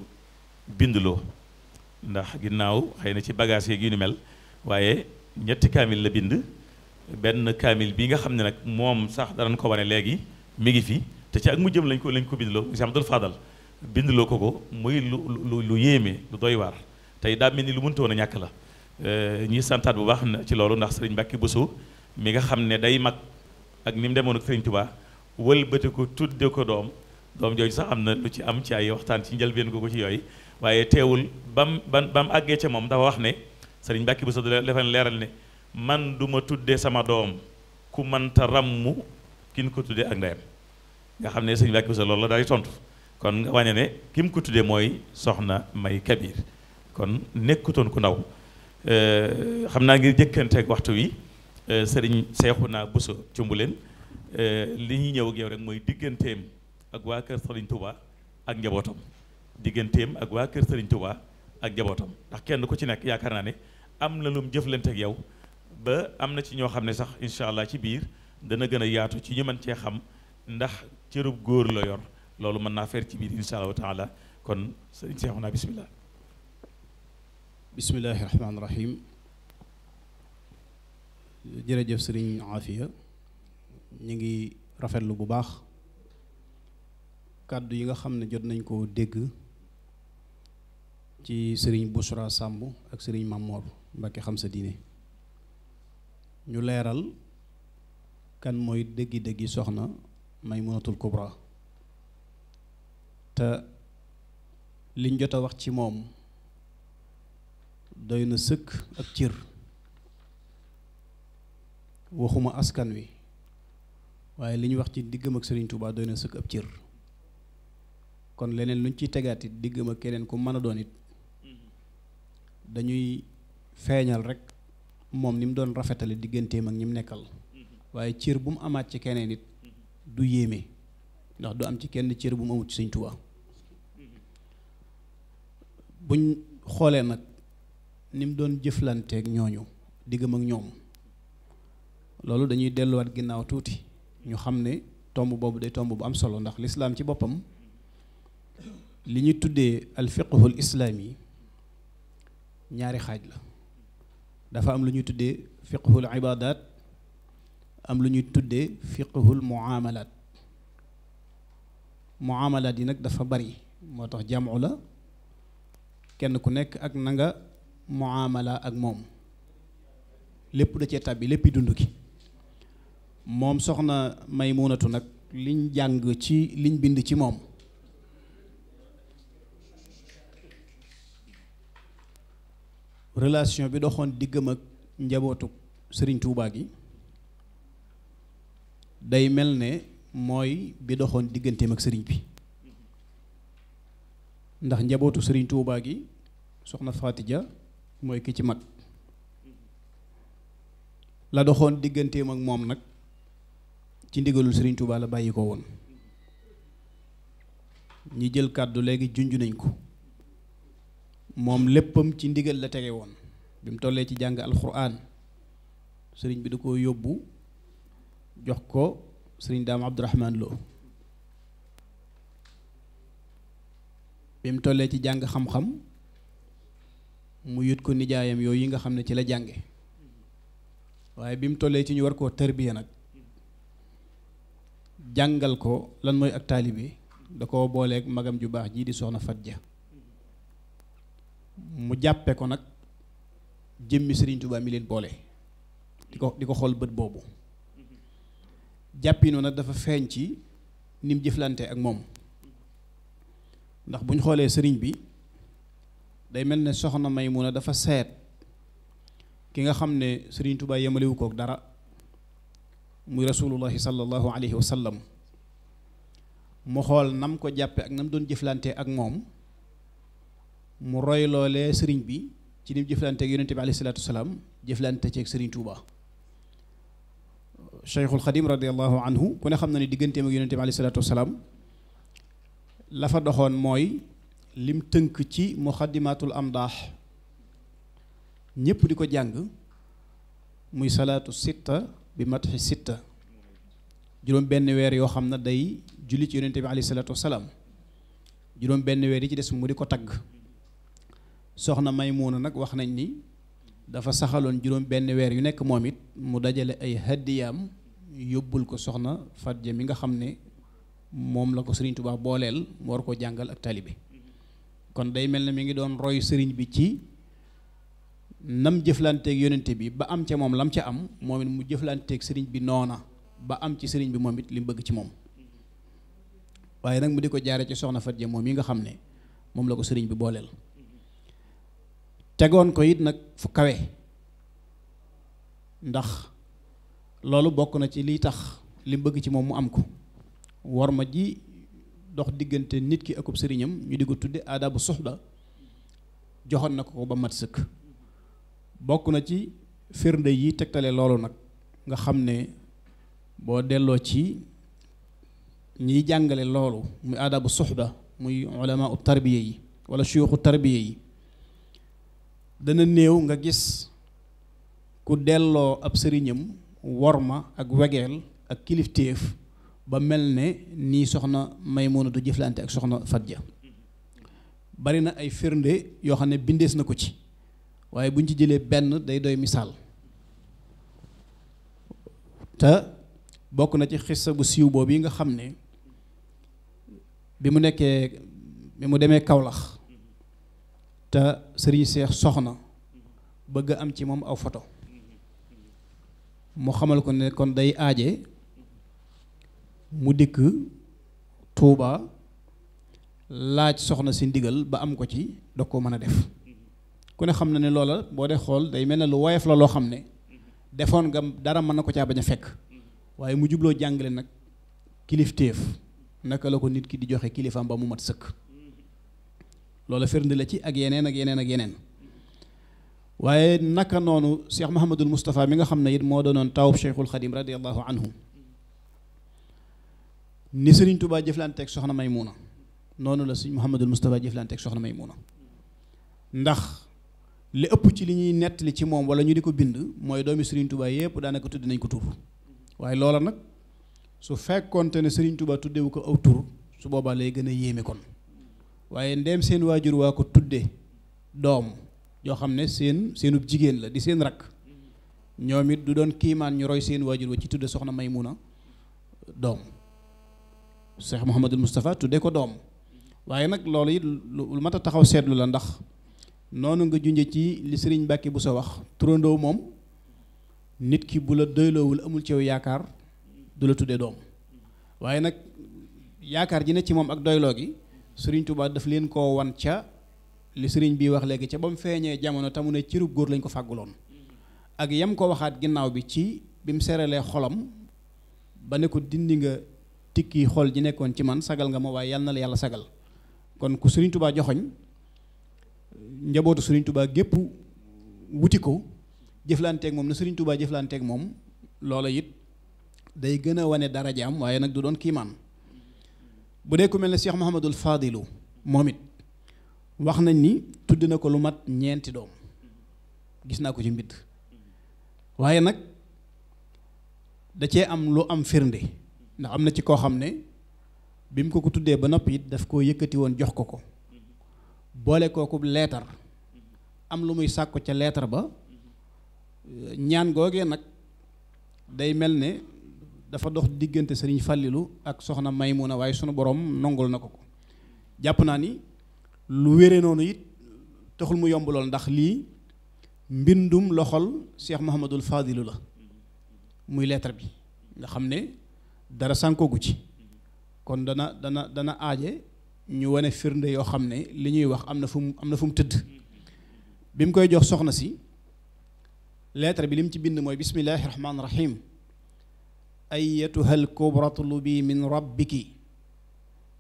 bindloo ndax ginnaaw xëy na ci bagage yeeg yu ni mel waaye ñetti kaamil la bind benn kaamil bi nga xam ne nag moom sax danañ ko wane léegi mi ngi fi te ci ak mu jëm lañ ko lañ ko bindloo Cheikh Abdoul Fadal bindloo ko ko muy lu lu lu yéeme lu doy waar tey daa mel ni lu mënta woon a ñàkk la euh, ñuy santaat bu baax ci loolu ndax sëriñ Mbàkke Bousso mi nga xam ne day mag ak ni mu demoon ak sëriñ Touba wëlbati ko tudde ko doom doom jooju sax am na lu ci am ci ay waxtaan ci njëlbeen ko ko ci yooy waaye teewul bam bam ba mu àggee ca moom dafa wax ne sëriñ Mbàkke Bousso dafa leeral ne man duma ma tuddee sama doom ku mënta ràmm ki ñu ko tuddee ak ndeyam nga xam ne sëñ Mbàkke Buso loolu la daal di tontu kon nga wàññe ne kim mu ko tuddee mooy soxna May Kabir kon nekkutoon ku ndaw euh, xam naa ngir jëkkanteeg waxtu wi euh, sëriñ Seexuna Buso Cumbuleen euh, li ñuy ñëw ak rek mooy digganteem ak waa kër Sëriñ Tuubaa ak njabootam digganteem ak waa kër Sëriñ Tuubaa ak njabootam ndax kenn ku ci nekk yaakaar naa ne am na lum jëflante ak yow ba am na ci ñoo xam ne sax incha allah ci biir dana gën a yaatu ci ñu mën cee xam ndax cërub góor la yor loolu mën naa fer ci biir incha allahu taala kon sëriñ Seexuna bismillah bismillahi rahmaani rahim jërëjëf sëriñ Aafiya ñu ngi rafetlu bu baax kàddu yi nga xam ne jot nañ koo dégg ci sëriñ Bouchra Samb ak sëriñ Mamoor Mbàkke xam sa diine ñu leeral kan mooy dëggi-dëggi soxna Maymunatul Kubra te liñ jot a wax ci moom doy na sëkk ak cër waxuma askan wi waaye li ñu wax ci diggam ak Sëriñ Tuubaa doy na sëkk ab cir kon leneen luñ ciy tegaat it diggam ak keneen ku mën a doon it mm-hmm. dañuy feeñal rekk moom ni mu doon rafetale digganteem ak ñi mu nekkal mm-hmm. waaye cër bu mu amaat ci keneen it mm-hmm. du yéeme ndax du am ci kenn ciir bu mu amut ci mm-hmm. buñ xoolee nag ni mu doon jëflanteeg ñooñu diggam ak ñoom loolu dañuy delluwaat ginnaaw tuuti ñu xam ne tomb boobu day tomb bu am solo ndax lislaam ci boppam li ñu tuddee alfiqhul islaam yi ñaari xaaj la dafa am lu ñuy tuddee fiqhul ibadat am lu ñuy tuddee fiqhul muamalat muamalat yi nag dafa bari moo tax jamu la kenn ku nekk ak na nga muamala ak moom lépp da cee tàbbi léppi dund gi moom soxna Maymunatu nag liñ jàng ci liñ bind ci moom relation bi doxoon diggam ak njabootu sëriñ Touba gi day mel ne mooy bi doxoon digganteem ak sëriñ bi ndax njabootu sëriñ Touba gi soxna ja mooy ki ci mag la doxoon digganteem ak moom nag ci ndigalul sëriñ Touba la bàyyi ko woon ñi jël kàddu léegi junj nañ ko moom léppam ci ndigal la tege woon bi mu tollee ci jàng alxuraan sëriñ bi da ko yóbbu jox ko sëriñ daam Abdourahman Lo bi mu tollee ci jàng xam-xam mu yut ko nijaayam yooyu yi nga xam ne ci la jànge waaye bi mu tollee ci ñu war koo tarbiya nag jàngal ko lan mooy ak taalibe da koo booleek magam ju baax jii di soxna Fat Ja mu jàppe ko nag jëmmi Serigne Touba mi leen boole di ko di ko xool bët boobu jàppinoo nag dafa feeñ ci ni mu jëflante ak moom ndax bu ñu xoolee sëriñ bi day mel ne soxna Maymuna dafa seet ki nga xam ne sëriñ Touba yemalewu kook dara muy rasulullahi sallallahu alayhi wa sallam mu xool nam ko jàppe ak nam doon jëflante ak moom mu roy loolee sëriñ bi ci ni mu jëflante ak yonente bi alayhi salaatu wasalaam jëflante ceeg sëriñ Touba. Cheikhul Xadim radiallahu anhu ku ne xam na ne digganteem ak yonente bi alayhi salaatu wasalaam la fa doxoon mooy lim tënk ci muxaddimatul amdaax ñépp di ko jàng muy salaatu sitta bi matxi sitta juróom benn weer yoo xam day julli ci yonente bi alayhi salaatu wasalaam juróom benn weer ci des mu di ko soxna Maymuna nag wax nañ ni dafa saxaloon juróom benn weer yu nekk moom it mu dajale ay hadiyaam yóbbul ko soxna Fatja mi nga xam ne moom la ko Serigne booleel mu koo jàngal ak talibe kon day mel ne mi ngi doon roy Serigne bi ci nam jëflanteeg yonente bi ba am ca moom lam ca am moom it mu jëflanteeg sëriñ bi noona ba am ci sëriñ bi moom it li bëgg ci moom waaye nag mu di ko jaare ci soxna Fatja moom yi nga xam ne moom la ko sëriñ bi booleel. tegoon ko it nag fu kawe ndax loolu bokk na ci liy tax li bëgg ci moom mu am ko war ma ji dox diggante nit ki akub sëriñam ñu di ko tudde aadabu suxda joxoon na ko ba mat sëkk bokk na ci firnde yi tegtale loolu nag nga xam ne boo delloo ci ñiy jàngale loolu muy aadabu suxda muy ulama ub tarbiya yi wala suyuxu tarbiya yi dana néew nga gis ku delloo ab sëriñam worma ak wegeel ak kiliftéef ba mel ne nii soxna may Maymuna du jëflante ak soxna Fadja bari na ay firnde yoo xam ne bindees na ko ci waaye buñ ci jëlee benn day doy misaal te bokk na ci xissa bu siiw boobu yi nga xam ne bi mu nekkee bi mu demee Kawlax te sëriñ seex soxna bëgg am ci moom aw photo mu xamal ko ne kon day aaje mu dikk Tuuba laaj soxna si ndigal ba am ko ci dog koo mën a def ku ne xam na ne loola boo dee xool day mel ne lu woyof la loo xam ne defoon nga dara mën na ko caa bañ a fekk waaye mu jubloo jàngale nag kilifteef naka la ko nit ki di joxe kilifaam ba mu mat sëkk loola firnde la ci ak yeneen ak yeneen ak yeneen waaye naka noonu Cheikh Mouhamadul Moustapha mi nga xam ne it moo doonoon tawub Cheikhul Khadim radiallahu anhu ni Sëriñ Tuubaa jëflanteeg soxna Maymuna noonu la Sëriñ Mouhamadul Moustapha jëflanteeg soxna Maymuna ndax li ëpp ci li ñuy nettali ci moom wala ñu di ko bind mooy doomi Sëriñ Tuubaa yépp daanaka tudd nañ ko tur waaye loola nag su fekkonte ne Sëriñ Tuubaa tuddewu ko aw tur su boobaa lay gën a yéeme kon waaye ndeem seen waajur waa ko tudde doom yoo xam ne seen seenub jigéen la di seen rakk ñoom it du doon kiimaan ñu roy seen waajur wa ci tudde soxna Maymuna doom Cheikh Mouhamadul Moustapha tudde ko doom waaye nag loolu it lu mat a taxaw seetlu la ndax noonu nga junje ci li sëriñ Mbàkke bu sa wax turandoo moom nit ki bu la doyloowul amul ci yaakaar du la tuddee doom waaye nag yaakaar ji ne ci moom ak doyloo gi sëriñ Tuubaa daf leen koo wan ca li sëriñ bi wax léegi ca ba mu feeñee jamono tamu ne cërub góor lañ ko fàgguloon ak yam ko waxaat ginnaaw bi ci bi mu serelee xolam ba ne ko dindi nga tikki xol ji nekkoon ci man sagal nga ma waaye yal na la yàlla sagal kon ku sëriñ Tuubaa joxoñ njabootu sëriñ Tuubaa gépp wuti ko jëflanteek moom na sëriñ Tuubaa jëflanteeg moom loolo it day gën a wane darajaam waaye nag du doon kiimaan bu dee ku mel ne Cheikh Mouhamadul Fadilu moom it wax nañ ni tudd na ko lu mat ñeenti doom gis naa ko ci mbitt waaye nag da cee am lu am firnde ndax am na ci koo xam ne bi mu ko ko tuddee ba noppi it daf koo yëkkati woon jox ko ko boole kooku leetar am lu muy sàkku ca leetar ba ñaan googee nag day mel ne dafa dox diggante sëriñ fàllilu ak soxna may Maymuna waaye sunu borom nongul na ko ko jàpp naa ni lu wéree noonu it taxul mu yomb lool ndax lii mbindum loxol Cheikh Mouhamadul Fadilu la muy lettre bi nga xam ne dara sànkoogu ci kon dana dana dana aaje ñu wane firnde yoo xam ne li ñuy wax am na fu mu am na fu mu tëdd bi mu koy jox soxna si lettre bi li mu ci bind mooy bismillahi rahmaani rahim أيتها الكبرى طلبي من ربك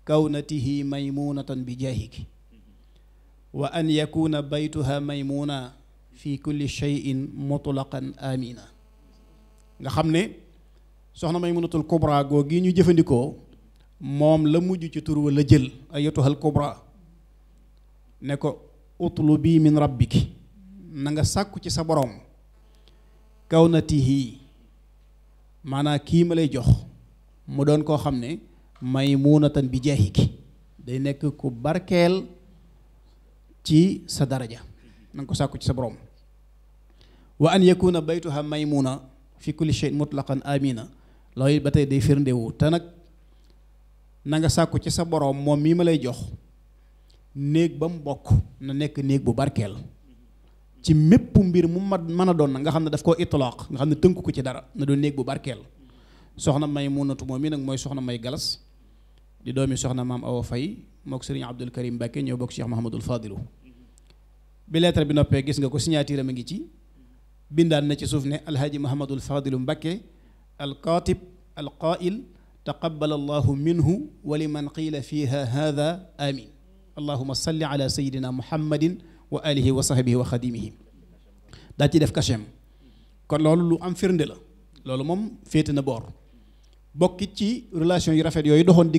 كونته ميمونة بجاهك وأن يكون بيتها ميمونة في كل شيء مطلقا آمينة نخمني سوحنا ميمونة الكبرى غوغي نيو جفنديكو موم لمجو جتور ولجل أيتها الكبرى نكو أطلبي من ربك نغا ساكو تي سبروم كونته ميمونة maanaa kii ma lay jox mu doon koo xam ne may muunatan bi jeexi ki day nekk ku barkeel ci sa daraja na ko sàkku ci sa borom wa an yakuna baytuha maymuna fi kulli shay mutlaqan amina loolu it ba tey day firndewu te nag na sàkku ci sa boroom moom mii ma lay jox néeg ba mu bokk na nekk néeg bu barkeel ci mépp mbir mu ma mën a doon nga xam ne daf koo itlaaq nga xam ne tënku ko ci dara na doon néeg bu barkeel soxna may munatu moom mi nag mooy soxna may galas di doomi soxna maam awa fay mook sëriñ abdul karim Mbàkke ñëw bokk cheikh mahamadul fadilu bi lettre bi noppee gis nga ko signature am a ngi ci bindaan na ci suuf ne alhaaji mahamadul fadilu Mbàkke alkaatib alqaail taqabal allahu minhu wa liman qiila fiha hada amin اللهم صل على سيدنا محمد وآله وصحبه وخديمه داتي داف كاشم كون لولو لو ام فيرند لا لولو موم firnde la loolu moom féete na boor bokkit ci relation yu rafet yooyu doxoon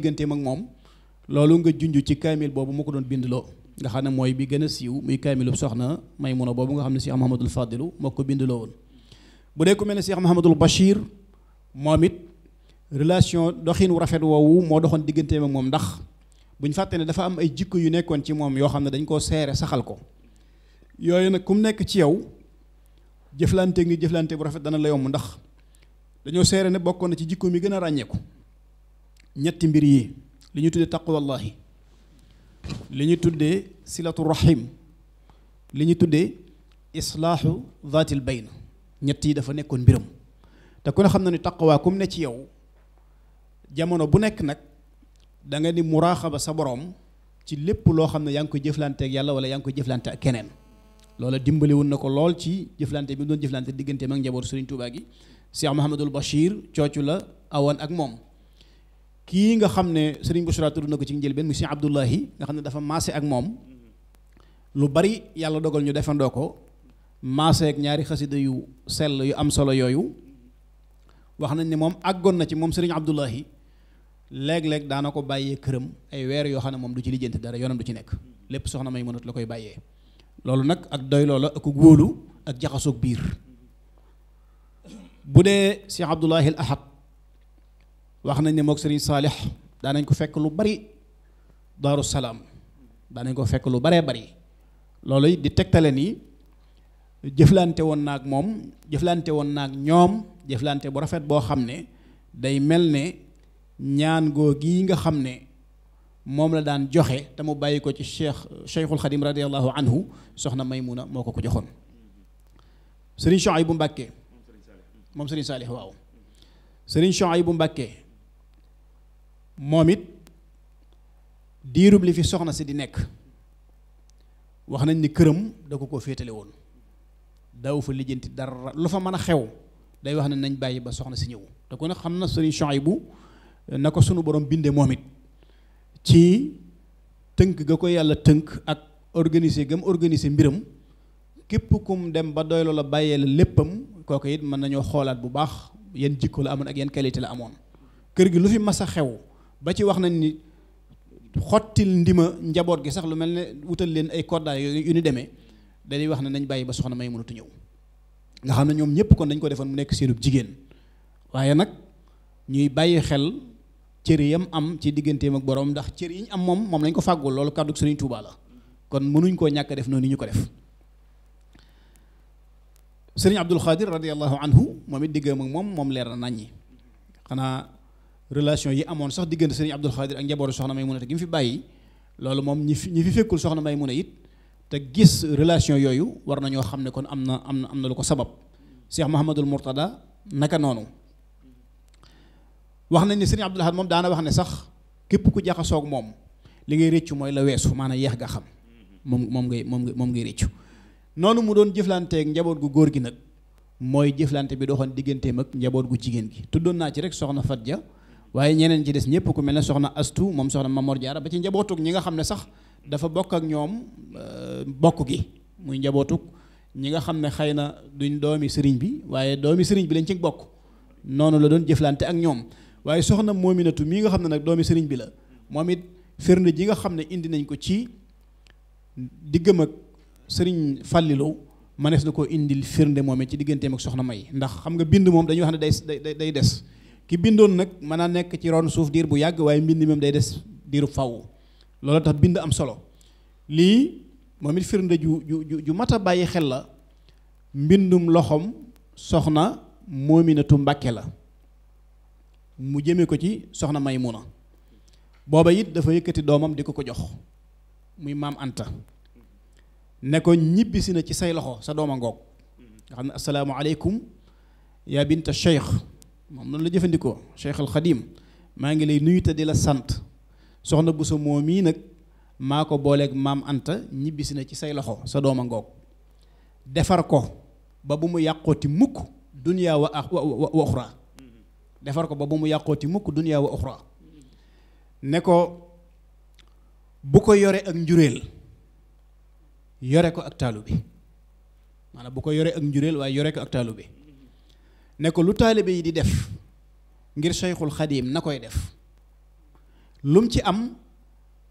nga جونجو تي كامل بوبو mu دون بيندلو nga xana moy bi gëna a siiw muy kaamilu soxna Maymuna bobu nga xam ne Cheikh Mahamadul Fadilu moko ko won bu de ko melni Cheikh Mahamadul Bachir moom it relation doxine wu rafet woowu mo doxone digganteem ak moom ndax buñ fàtte ne dafa am ay jikko yu nekkon ci mom yo xam dañ ko séré saxal ko yooyu nag ku mu nekk ci yow jëflante ngi jëflante bu rafet dana la yomb ndax dañoo seere ne bokkoon na ci jikko mi gën a ràññeeku ñetti mbir yi li ñu tuddee taqwallahi li ñu tuddee silatu rahim li ñu tuddee islaaxu zaatil bayn ñett yi dafa nekkoon mbiram te ku ne xam na ni taqwa kum ne ci yow jamono bu nekk nag da nga ni muraaxaba sa boroom ci lépp loo xam ne yaa ngi koy jëflante ak yàlla wala yaa ngi koy jëflante ak keneen loola dimbali woon na ko lool ci jëflante bi mu doon jëflante diggante mag njaboot Serigne Touba gi Cheikh Mahamadul Bachir coocu la awoon ak moom kii nga xam ne Serigne Bouchra na ko ci njëlbeen mu Cheikh Abdoulahi nga xam ne dafa maase ak moom lu bari yàlla dogal ñu defandoo ko maase ñaari xasida yu sell yu am solo yooyu wax nañ ne moom ak àggoon na ci moom Serigne Abdoulahi léeg-léeg daana ko bàyyee këram ay weer yoo xam ne moom du ci lijjanti dara yoonam du ci nekk lépp soxna may mënut la koy bàyyee loolu nag ak doy loola ak wóolu ak jaxasoog biir bu dee Cheikh al Ahad wax nañ ne moog Serigne Saalix daanañ ko fekk lu bari Daaru Salaam daanañ ko fekk lu baree bari loolu di tegtale ni jëflante woon naag moom jëflante woon naag ñoom jëflante bu rafet boo xam ne day mel ne ñaan goo gii nga xam ne موم لا دان جوخه تا مو بايكو سي شيخ شيخ الخديم رضي الله عنه سخنا ميمونه مكو كو جوخون سيرين شعيب مبكي موم سيرين صالح واو سيرين شعيب مبكي موميت ديروم لي في سخنا سي دي نيك واخنا ني كرم داكو كو فيتالي وون داو فا لجينتي دار لو فا مانا خيو داي واخنا ناني باي با سخنا سي نيو تا كون خمنا سيرين شعيب نكو سونو بروم بيندي موميت ci tënk ga ko yàlla tënk ak organiser gam organiser mbiram képp kum dem ba doylu la bàyyee la léppam kooku it mën nañoo xoolaat bu baax yan jikko la amoon ak yan qualité la amoon kër gi lu fi mas a xew ba ci wax nañ ni xottil ndima njaboot gi sax lu mel ne wutal leen ay koddaay yooyu yu ni demee dañuy wax ne nañ bàyyi ba soxna may mënatu ñëw nga xam ne ñoom ñëpp kon dañ ko defoon mu nekk seenub jigéen waaye nag ñuy bàyyi xel cër yam am ci digganteem ak borom ndax ciri yi am mom mom lañ ko fàggul lolou kaddu serigne touba la kon mënuñ ko ñàkk def noonu ni ñu ko def serigne Abdul khadir radiyallahu anhu moom it ak mom mom leer na naññi xana relation yi amone sax diggante serigne Abdul khadir ak njabootu soxna Maymuna te gi fi bayyi lolou mom ñi fi fekkul soxna Maymuna yit te gis relation yoyu war nañu xamne kon amna amna amna lu ko sabab Cheikh mohammedul murtada naka noonu wax nañ ne sëriñ Abdul Ahad moom daana wax ne sax képp ku jaxasoog moom li ngay réccu mooy la weesu maana yeex nga xam moom moom ngay moom ngay moom ngay réccu noonu mu doon jëflanteeg njaboot gu góor gi nag mooy jëflante bi doxoon digganteem ak njaboot gu jigéen gi tuddoon naa ci rek soxna Fadja waaye ñeneen ci des ñëpp ku mel na soxna Astu moom soxna Mamor Diarra ba ci njabootug ñi nga xam ne sax dafa bokk ak ñoom euh, bokk gi muy njabootug ñi nga xam ne xëy na duñ doomi sëriñ bi waaye doomi sëriñ bi lañ ci bokk noonu la doon jëflante ak ñoom waaye soxna mominatu mi nga xam ne nag doomi sëriñ bi la moom it firnde ji nga xam ne indi nañ ko ci diggam ak sëriñ Fallilou manees na koo indil firnde moom ci digganteem ak soxna May ndax xam nga bind moom dañuy wax ne day day des ki bindoon nag mën a nekk ci ron suuf diir bu yàgg waaye mbind moom day des diiru faw loolu tax bind am solo lii moom it firnde ju ju ju mat a bàyyi xel la mbindum loxom soxna mominatu Mbàkke la mu jëmee ko ci soxna Maymuna booba it dafa yëkkati doomam di ko ko jox muy maam Anta ne ko ñibbisi na ci say loxo sa dooma ngoog nga xam ne asalaamaaleykum yaa binta cheikh moom noonu la jëfandikoo cheikh al xadim maa ngi lay nuyu te di la sant soxna Bousso moom mii nag maa ko booleeg maam Anta ñibbisi na ci say loxo sa dooma ngoog defar ko ba bu mu yàqooti mukk duniyaa wa wa wa uxra defar ko ba bu mu yàqooti mukk duniyaa wa uxra ne ko bu ko yore ak njuréel yore ko ak taalu bi maanaam bu ko yore ak njuréel waaye yore ko ak taalu bi ne ko lu taalibe yi di def ngir Seyxul Xadiim na koy def lum ci am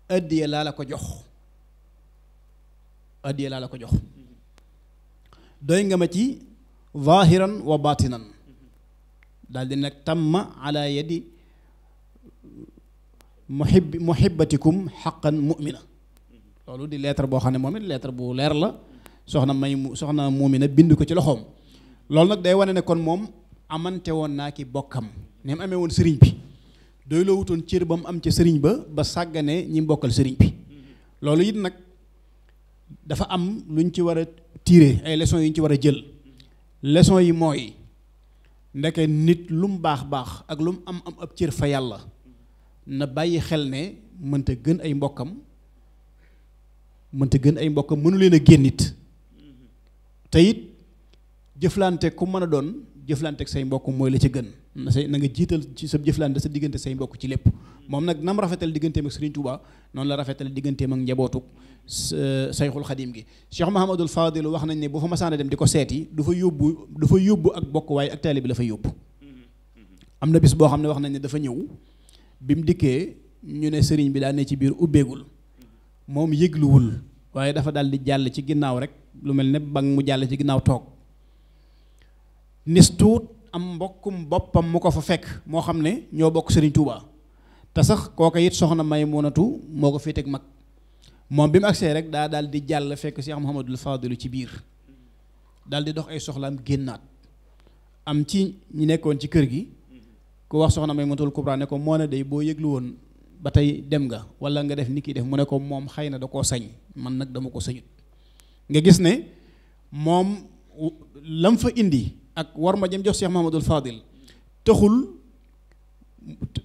addiya laa la ko jox addiya laa la ko jox doy nga ma ci zahiran wa batinan daal di nag tamma ala yadi muhib muhibbatikum xaqan mu'mina loolu di lettre boo xam ne moom it lettre bu leer la soxna may soxna mu'mina bind ko ci loxoom loolu nag day wane ne kon moom amante woon naa ki bokkam ni mu amee woon sëriñ bi doy loo wutoon cër ba mu am ca sëriñ ba ba sàggane ñi mbokkal sëriñ bi loolu it nag dafa am luñ ci war a tirer ay leçons yu ñu ci war a jël leçon yi mooy ndeke nit lu mu baax baax ak lu mu am am ab cër fa yàlla na bàyyi xel ne mënta gën ay mbokkam mënta gën ay mbokkam mënu leen a génn it mm-hmm. te it jëflante ku mën a doon jëflante ak say mbokk mooy la ca gën na say na nga jiital ci sa jëflante sa diggante say mbokk ci lépp mm-hmm. moom nag nam rafetal digganteem ak Serigne Touba noonu la rafetal digganteem ak njabootuk شيخ الخديم جي شيخ محمد الفاضل واخنا ني بو فما سان ديم ديكو سيتي دافا يوبو دافا يوبو واي اك طالب لافا يوبو امنا بيس بو خامني واخنا ني دافا نييو بيم ديكي ني ني بير اوبيغول موم ييغلو وول واي دافا دال دي جال سي غيناو رك لو ملني بان مو جال سي غيناو توك نستوت ام بوكوم بوبام موكو فا فك مو خامني توبا تسخ سخ كوكا يت سخنا ميمونتو موكو مك mom bi accès rek da dal di jàll fekk ci Cheikh Mouhamadul fadil ci bir dal di dox ay soxlam gennat am ci ñi nekkon ci kër gi ku wax soxna may matul Kubra ne ko mo ne day bo yëglu won batay dem nga wala nga def niki def mu ne ko mom xëy da ko sañ man nak dama ko sañut nga gis ne mom lam fa indi ak war ma jëm jox Cheikh Mouhamadul Fadil taxul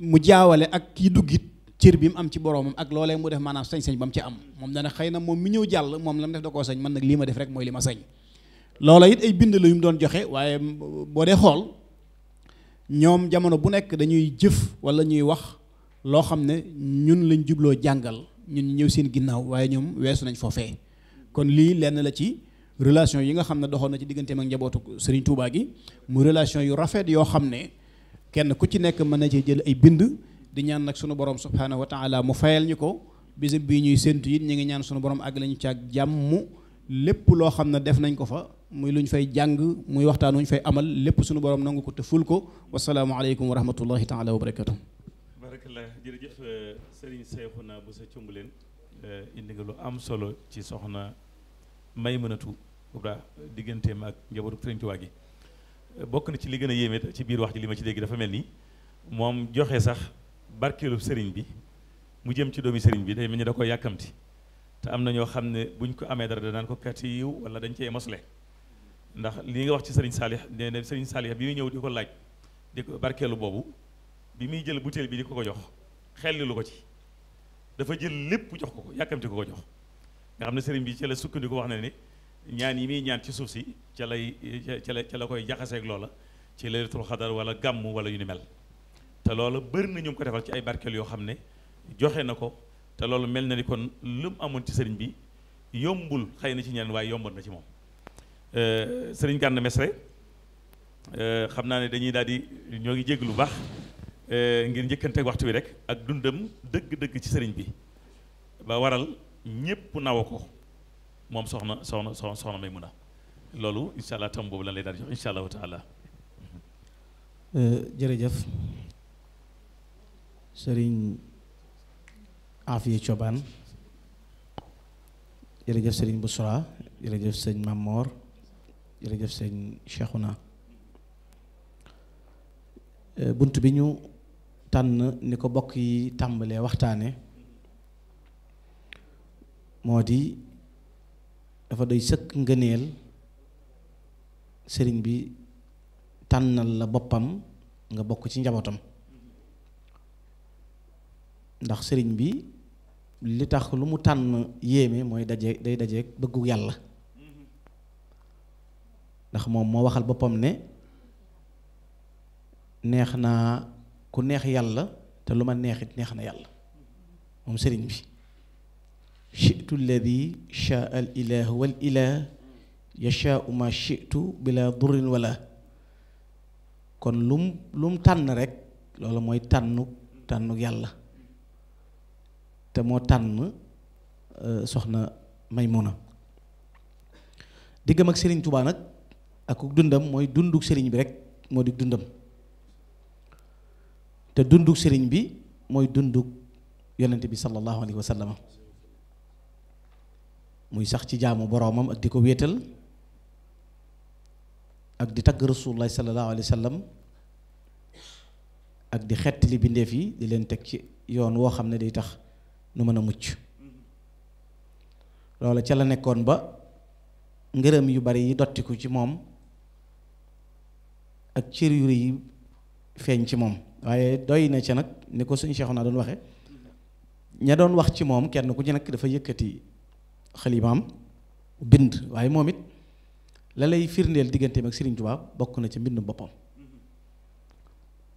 mu jaawale ak ki duggit cër bi mu am ci boroomam ak loolee mu def maanaam sañ-sañ ba mu ci am moom dana xëy na moom mi ñëw jàll moom la mu def da koo sañ man nag lii ma def rek mooy li ma sañ loola it ay bind la ñu mu doon joxe waaye boo dee xool ñoom jamono bu nekk dañuy jëf wala ñuy wax loo xam ne ñun lañ jubloo jàngal ñun ñëw seen ginnaaw waaye ñoom weesu nañ foofee kon lii lenn la ci relation yi nga xam ne doxoon na ci digganteem ak njabootu Sëriñ Tuubaa gi mu relation yu rafet yoo xam ne kenn ku ci nekk mën na cee jël ay bind di ñaan nag sunu borom subhaanahu wa taala mu fayal ñu ko bisib bii ñuy séntu it ñu ngi ñaan sunu borom ak lañu caag jàmm lépp loo xam ne def nañ ko fa muy lu ñu fay jàng muy waxtaan wu ñu fay amal lépp sunu borom nangu ko te ful ko wasalaamualeykum wa rahmatullahi taala wa barakatu. barakallah jërëjëf euh, Serigne Seexuna bu sa cumbuleen indi nga lu am solo ci soxna Maymunatu Kubra digganteem ak njabootu Sëriñ Tuubaa gi euh, bokk na ci li gën a yéeme ci biir wax ji li ma ci dégg dafa mel ni moom joxe sax. barkeelu sëriñ bi mu jëm ci doomi sëriñ bi day mel ni da ko yàkkamti te am na ñoo xam ne buñ ko amee dara danaan ko perte yiw wala dañ cee mosle ndax li nga wax ci sëriñ Saalix nee na sëriñ Saalix bi muy ñëw di ko laaj di ko barkeelu boobu bi muy jël butéel bi di ko ko jox xelli lu ko ci dafa jël lépp jox ko ko yàkkamti ko ko jox nga xam ne sëriñ bi ci la sukkandiku wax na ni ñaan yi muy ñaan ci suuf si ca lay ca la ca la koy jaxaseeg loola ci laylatul xadar wala wala yu ni te loolu bëri na ñu ko defal ci ay barkeel yoo xam ne joxe na ko te loolu mel na ni kon lu amoon ci sëriñ bi yombul xëy na ci ñeneen waaye yombal na ci moom euh, sëriñ Gana Messere euh, xam naa ne dañuy daal di ñoo ngi jégg lu baax euh, ngir njëkkante waxtu wi rek ak dundam dëgg-dëgg ci sëriñ bi ba waral ñépp nawa ko moom soxna soxna soxna may mun a loolu incha allah tam boobu lan lay daal di jox incha allahu taala jërëjëf sëriñ Afiya Cobaan jërëjëf sëriñ Busra jërëjëf sëñ Mamor jërëjëf sëñ Cheikhuna euh, bunt bi ñu tànn ni ko bokk yi tàmbalee waxtaane moo di dafa doy sëkk ngëneel sëriñ bi tànnal la boppam nga bokk ci njabootam ndax sëriñ bi li tax lu mu tànn yéeme mooy daje day daje bëggu yàlla ndax moom moo waxal boppam ne neex naa ku neex yàlla te lu ma neexit neex na yàlla moom sëriñ bi shitu alladhi shaa al ilahu wal ilah yashaau ma shitu bila durrin wala kon lum lum tànn rek loolu mooy tànnu tànnu yàlla te moo tànn euh, soxna Maymuna diggam ak sëriñ Touba nag ak dundam mooy dunduk Serigne bi rek moo di dundam te dunduk sëriñ bi mooy dunduk yonent bi sallallahu alayhi wa sallam muy sax ci jaamu boroomam ak di ko wéetal ak di tagg rasulullahi sallallahu alayhi wa ak di xettali bindeef yi di leen teg ci yoon woo xam ne day tax nu mën a mucc loola ca la nekkoon ba ngërëm yu bari yi dottiku ci moom ak cër yu rëy feeñ ci moom waaye doy na ca nag ni ko suñu Seexuna doon waxe ña doon wax ci moom kenn ku ci nekk dafa yëkkati xalimaam bind waaye moom it la lay firndeel digganteem ak Sëriñ Tuubaa bokk na ca mbindum boppam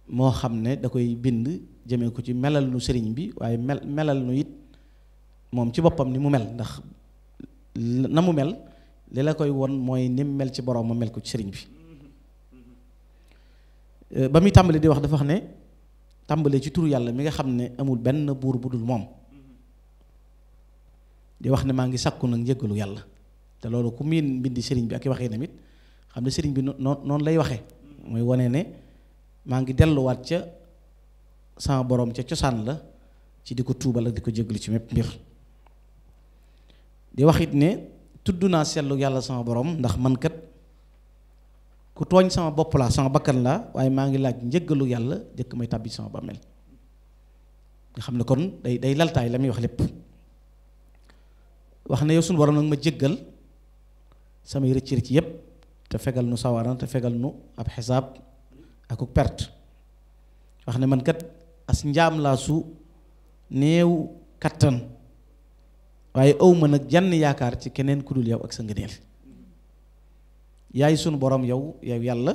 moo xam ne da koy bind jëmee ko ci melal nu sëriñ bi waaye mel melal nu it moom ci boppam ni mu mel ndax na mu mel li la koy won mooy ni mel ci borom ma mel ko ci sëriñ bi euh, ba muy tàmbali di wax dafa wax ne tàmbalee ci tur yàlla mi nga xam ne amul benn buur bu dul moom di wax ne maa ngi sakku nag njëggalu yàlla te loolu ku miin mbindi sëriñ bi ak i waxee namit xam ne sëriñ bi noonu lay waxee mooy wane ne maa ngi delluwaat ca sama boroom ca cosaan la ci di ko tuubal ak di ko jéggalu ci mépp mbir di waxit ne tudd naa seetlu yàlla sama borom ndax mankat ku tooñ sama bopp laa sama bakkan laa waaye maa ngi laaj njëggalu yàlla jëkk may tàbbi sama bàmmeel nga xam ne kon day day laltaay la muy wax lépp wax ne yow suñu borom nag ma jéggal samay rëcc rëcc yépp te fegal nu sawaran te fegal nu ab xisaab ak perte wax ne man kat as njaam laa su néew kattan waaye aw ma nag jann yaakaar ci keneen ku dul ak sa ngëneel yaay sunu borom yow yow yàlla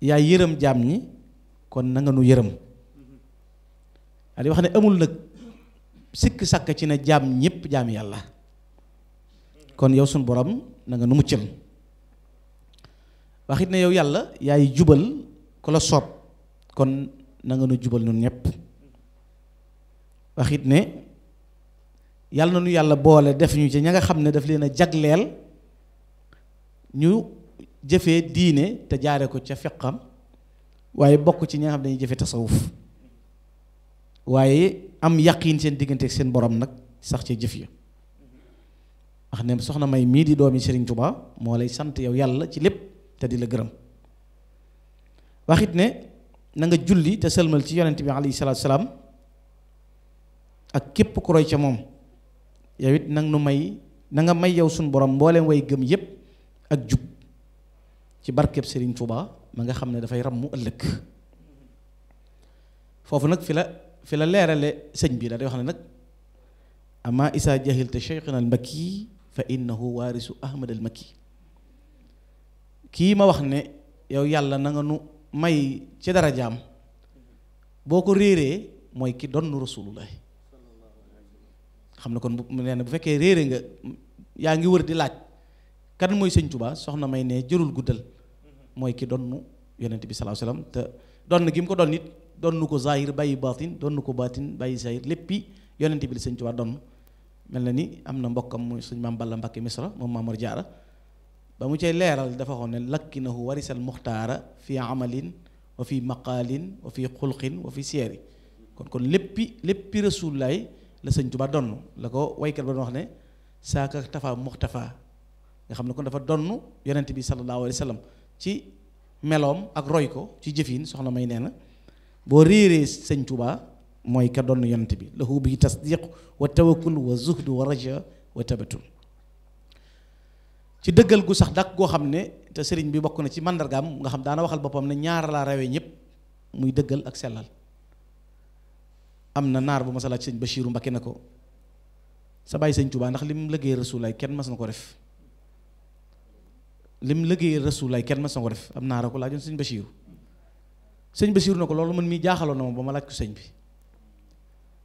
yaay yërëm jaam ñi kon na nga nu yërëm daa di wax ne amul nag sikk sàkk ci ne jaam ñépp jaam yàlla kon yow sunu boroom nanga nga nu muccal waxit ne yow yàlla yaay jubal ku la soob kon na nu jubal nun ñëpp waxit ne yàlla na nu yàlla boole def ñu ci ña nga xam ne daf leen a jagleel ñu jëfe diine te jaare ko ca fiqam waaye bokk ci ñi nga xam ne dañuy jëfe tasawuf waaye am yaqiin seen diggante ak seen borom nag sax ci jëf ya wax ne soxna may mii di doomi Serigne tuba moo lay sant yow yàlla ci lépp te di la gërëm waxit ne na nga julli te sëlmal ci yonent bi alayhi salaatu salaam ak képp ku ca moom yow it nag nu may na may yow suñu borom mbooleem way gëm yépp ak jub ci barkeb Serigne Touba ma nga xam ne dafay ram mu ëllëg foofu nag fi la fi la leerale sëñ bi da day wax ne nag ama isaa jahilta cheikhuna al makki fa innahu waarisu ahmad makki kii ma wax ne yow yàlla na nga nu may ci dara jaam boo ko réeree mooy ki donn rasulullah xam na kon mu nee na bu fekkee réere nga yaa ngi wër di laaj kan mooy sëñ Tuubaa soxna may ne jërul guddal mooy ki donn yonent bi sallallahu alayhi wasallam te donn gi mu ko doon it donn ko zahir bàyyi baatin donn ko baatin bàyyi zahir léppi yonent bi la sëñ Tuubaa donn mel na ni am na mbokkam muy sëñ maam Balla Mbakke Misra moom Maamor Jaara بمو تي ليرال دا لكنه ورث المختار في عمل وفي مقال وفي خلق وفي سير كون كون لبي لبي رسول الله لا سنج با دون لاكو واي كير با نخني ساك تفا مختفى نغا خامن كون دا فا دون يونت بي صلى الله عليه وسلم تي ملوم اك روي كو تي جيفين سخنا ماي نينا بو ريري سنج توبا موي كا دون يونت بي له بي تصديق وتوكل وزهد ورجاء وتبتم ci dëggal gu sax dak goo xam ne te sëriñ bi bokk na ci màndargaam nga xam daana waxal boppam ne ñaar laa rawee ñëpp muy dëggal ak sellal am na naar bu ma sa laaj sëñ Bachiru Mbakke na ko sa bàyyi sëñ Tuubaa ndax lim liggéey rasulaay kenn mas nga ko def lim liggéey rasulaay kenn mas na ko def am naara ko sëñ Bachiru sëñ Bachiru na ko loolu mën mii jaaxaloon na ma ba ma laaj ko sëñ bi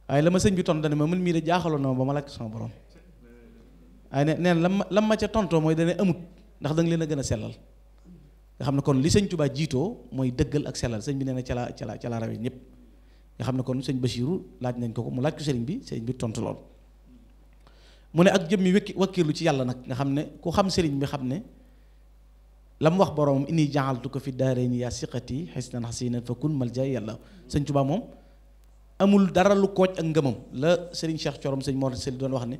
waaye la ma sëñ bi ton dane ma man mii de jaaxaloon na ma ba ma laaj ko sama borom ne neen lam lam ma ca tontoo mooy dana amut ndax da nga leen a gën nga xam kon li sëñ Tuubaa jiitoo mooy dëggal ak sellal sëñ bi nee na la ca la ca la rawee ñëpp nga xam kon sëñ Bachirou laaj nañ ko mu laaj ko sëriñ bi sëriñ bi tontu lool mu ne ak jëmmi wekki ci yàlla nag nga xam ku xam sëriñ bi xam lam wax boromam inni jaxaltu fi daarayni yaa siqati xisnan xasinan fa kun malja yàlla sëñ Tuubaa moom amul dara lu kooj ak ngëmam la sëriñ Cheikh thiorom sëñ Mor Sëli doon wax ne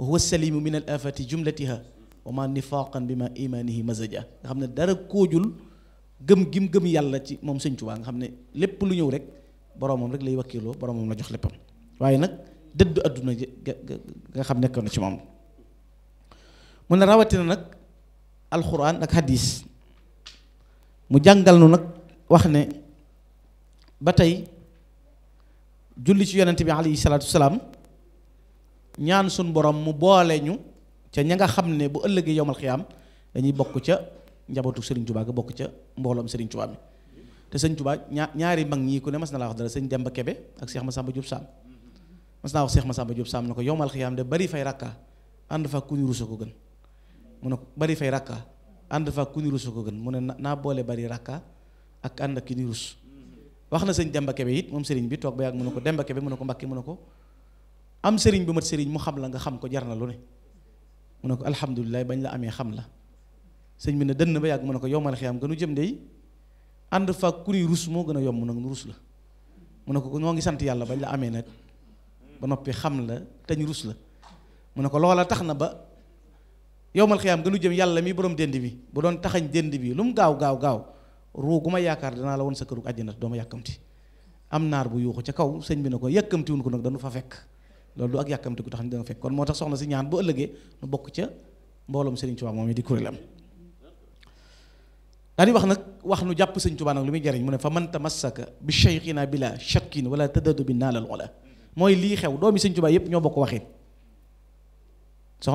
وهو السليم من الآفات جملتها وما نفاقا بما إيمانه مزجا خمنا درك كوجل جم جم جم يالله تي مم سنجوا خمنا لب لو نيو رك برام مم رك لي وكيلو برام مم نجح لبم وينك دد أدنى خمنا كنا تي مم من رواتنا نك القرآن نك حديث مجانغال نك وخنا batay julli ci yonnati bi alayhi ñaan sun borom mu boole ñu ca ña nga xam ne bu ëllëgee yomal xiyaam dañuy bokk ca njabootu Serigne Touba ga bokk ca mbooloom Serigne Touba mi te Serigne Touba ñaari mag ñi ku ne mas na la wax dara Serigne Demba Kebe ak Cheikh Massamba Diop Sam mas naa wax Cheikh Massamba Diop Sam nako yomal xiyaam de bari fay rakka and fa kuñu rusu ko gën mu nako bari fay rakka and fa kuñu rusu ko gën mu ne na boole bari rakka ak and ak ki rus waxna Demba Kebe yit mom Serigne bi tok ba yak mu nako Demba Kebe mu nako ko mu nako am serigne bu mat serigne mu xam la nga xam ko jarna lu ne mu ne ko alhamdulilah bañ la amé xam la serigne bi ne dënn ba yag mu ne ko yowmal xiyaam gënu jëm dey ànd fa ku ni rus mo gëna yom nak rus la mu ne ko ñoo ngi sant yàlla bañ la amé nak ba nopi xam la tañ rus la mu ne ko loola tax ba yowmal xiyaam gënu jëm yàlla mi borom dend bi bu doon taxañ dend bi lum gaaw gaaw gaaw ru guma ma dana la won sa keuruk këru do ma yakamti am nar bu yuxu ca kaw serigne bi ne ko yàkkamtiwun ko nak dañu fa fekk loolu du ak yàkkamte gu tax ni dana fekk kon moo tax soxna si ñaan bu ëllëgee nu bokk ca mbooloom Serigne Touba moom yi di kuréelam daal di wax nag wax nu jàpp Serigne Touba nag lu muy jariñ mu ne fa man tamassaka bi cheikhina bila shakkin wala tadadu bi naalal wala mooy lii xew doomi Serigne Touba yépp ñoo bokk waxin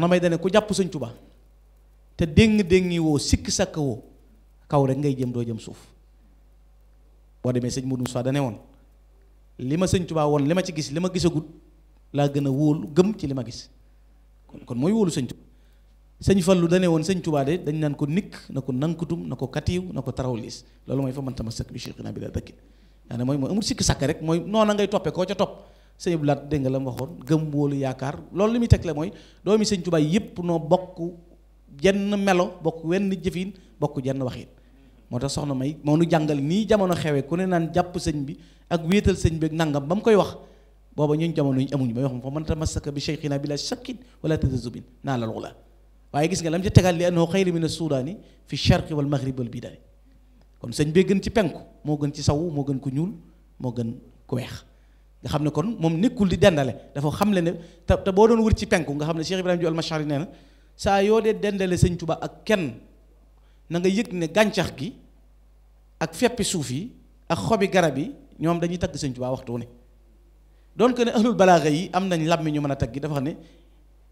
may dane ku jàpp Serigne Touba te déng déngi woo sikk sakk woo kaw rek ngay jëm doo jëm suuf boo demee sëñ Modou Moussa dane woon li ma Serigne Touba woon li ma ci gis li ma gisagut laa gën a wóolu gëm ci li ma gis kon kon mooy wóolu sëñ Tuubaa fa lu dane woon sëñ Tuubaa de dañ naan ko nikk na ko nankutum na ko katiw na ko tarawliis loolu mooy fa man tamassak bi cheikhina bi la dëkk yaa mooy mooy amul sikki sàkk rek mooy noona ngay toppe koo ca topp sëñ la mu waxoon gëm wóolu yaakaar loolu li muy teg la mooy doomi sëñ Tuubaa yépp noo bokk jenn melo bokk wenn jëfin bokk jenn waxin moo tax soxna may moo nu jàngal nii jamono xewee ku ne naan jàpp sëñ bi ak wéetal sëñ bi ak nangam ba mu koy wax بابا نين جامونو اموني ما يخم فمن تمسك بشيخنا بلا شك ولا تذبن نال الغلا واي غيس غلام جي تغال لانه خير من السوداني في الشرق والمغرب والبدايه كون سن بي گن تي پنكو مو گن تي ساو مو كون موم نيكول دي دندال دا فو خامل ني تا تا بو دون شيخ ابراهيم جو المشاري نانا سا يو دي سن توبا اك كين نغا ييك ني گانچخ كي اك فيبي سوفي اك سن توبا وقتو دون كن أهل البلاغة يي أم نن لام من يوم أنا تجد فهني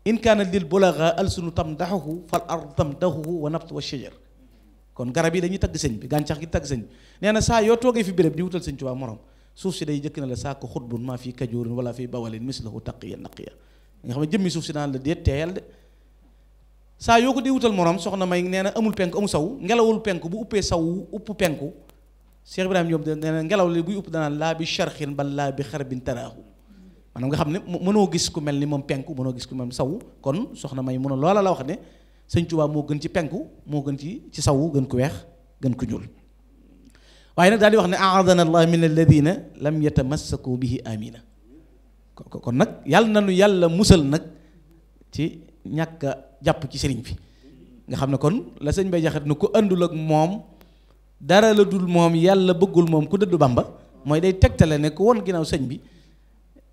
إن كان الدل بلاغة ألسن تمدحه فالأرض تمدحه ونبت والشجر كون غربي دني تجسني بعان شاك تجسني أنا سا يوتو في بلب نيوتل سن جوا مرام سوف سيدا يجكن على ساك خد بن ما في كجور ولا في بوالين مثله تقيا نقيا إن خم جم سوف سيدا لدي تهل سا يوكو نيوتل مرام سوكنا ما ين نحن أمول بينك أم سو نجلا أول بينك بو أبي سو أبو بينك سير بنا يوم دنا نجلا أول بو أبو دنا لا بشرخين بل لا بخرب تراهم manam nga xamne mëno gis ku melni mom penku mëno gis ku mom saw kon soxna may mëno a loola la wax ne seigne touba mo gën ci penku mo gën ci ci saw gën ku wex gën ku ñul waye nak daal di wax ne aadana allah min alladhina lam yatamassaku bihi amina kon nak yàlla nanu yàlla musal nak ci ñak jàpp ci sëriñ bi nga xamne kon la seigne bay jaxat na ku àndul ak mom dara la dul mom yàlla bëggul mom ku dëddu bàmba moy day tektale ne ku won ginaaw seigne bi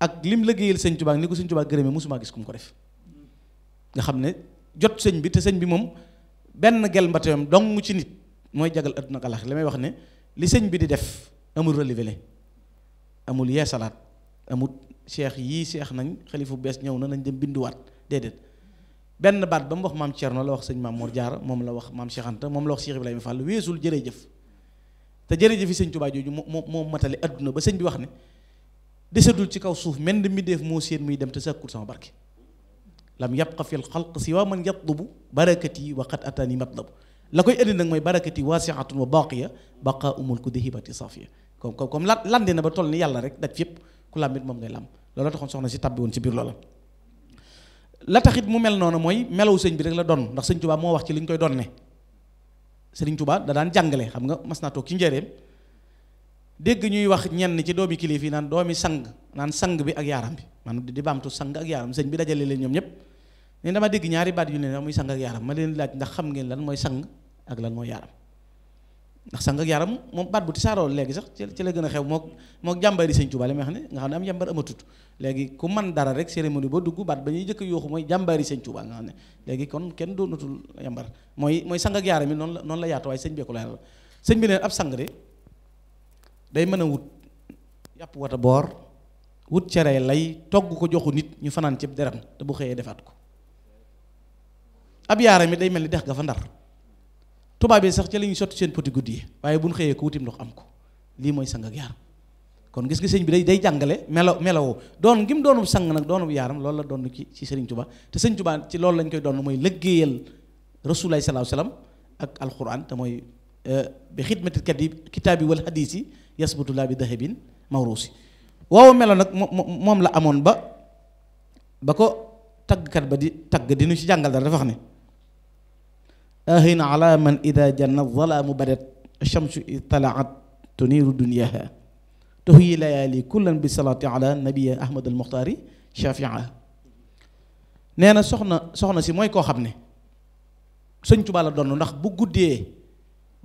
ak lim liggéeyal sëñ Tuubaa ni ko sëñ Tuubaa gërëmee mosumaa gis ku mu ko def nga xam ne jot sëñ bi te sëñ bi moom benn gel mbateyam dong ci nit mooy jagal adduna ak alax li may wax ne li sëñ bi di def amul relevé amul yeesalaat amul cheikh yii cheikh nañ xalifu bees ñëw na nañ dem binduwaat déedéet benn baat ba mu wax maam Thierno la wax sëñ maam moo Diarra moom la wax maam Cheikh Anta moom la wax Cheikh Ibrahima Fall weesul jërëjëf te jërëjëf yi sëñ Tuubaa jooju moo moo matale adduna ba sëñ bi wax ne desatul ci kaw suuf mel ni mbindeef moo séen muy dem te sàkkul sama barke lam yabqa fi lxalq si waa man yatlubu barakati wa qad atani matlabu la koy indi nag mooy barakati waasiatun wa baqiya baqa umul ku dehibati safiya comme comme comme lan lande ba toll ni yàlla rek daj fépp ku làmbit moom ngay làmb looloo taxoon soxna si tabbi woon ci biir loola la taxit mu mel noonu mooy melaw sëñ bi rek la doon ndax sëñ Tuubaa moo wax ci li ñu koy doon ne sëriñ Tuubaa da daan jàngale xam nga mas naa toog ci njëreem dégg ñuy wax ñenn ci doomi kilifa yi naan doomi sang naan sang bi ak yaaram bi maanaam di baamtu sang ak yaaram sëñ bi dajalee leen ñoom ñëpp ne dama dégg ñaari baat yu ne la muy sang ak yaaram ma leen laaj ndax xam ngeen mooy sang ak lan mooy yaaram ndax sang ak moom baat bu ti léegi sax ci la gën a xew mook mook jàmbari sëñ Tuubaa la ne nga xam ne am jàmbar amatut léegi ku man dara rek cérémonie ba dugg baat ñuy jëkk yooxu mooy jàmbari sëñ Tuubaa nga léegi kon kenn doonatul jàmbar mooy mooy sang yaaram yi noonu la noonu la yaatu waaye sëñ bi ko la sëñ bi ne ab sang de day mën a wut yàpp wata boor wut cere lay togg ko joxu nit ñu fanaan cib deram te bu xëyee defaat ko ab yaaram mi day mel ni dex ga fa ndar tubaab yi sax ci la ñuy sotti seen poti guddi yi waaye bu ñu xëyee ko wutim ndox am ko lii mooy sang ak yaar kon gis nga sëñ bi day day jàngale melo melawoo doon ngim doonub sang nag doonub yaaram loolu la doon ci ci sëriñ tuba te sëñ Tuubaa ci loolu lañ koy doon mooy lëggéeyal rasulullaahi sallallaahu alayhi ak alquran te mooy euh, bi xidmati kat yi kitaab yi wal hadis yi yasbutu laa bi dahabin mawruusi woowu melo nag moom la amoon ba ba ko taggkat ba di tagg di nu ci jàngal dara dafa wax ne ahina ala man ida janna zalaamu badat shamsu italaat tuniiru dunyaha tuxyi layaali kullan bi salaati ala nabiya ahmad al muxtaari shafia nee na soxna soxna si mooy koo xam ne sëñ Tuubaa la doon ndax bu guddee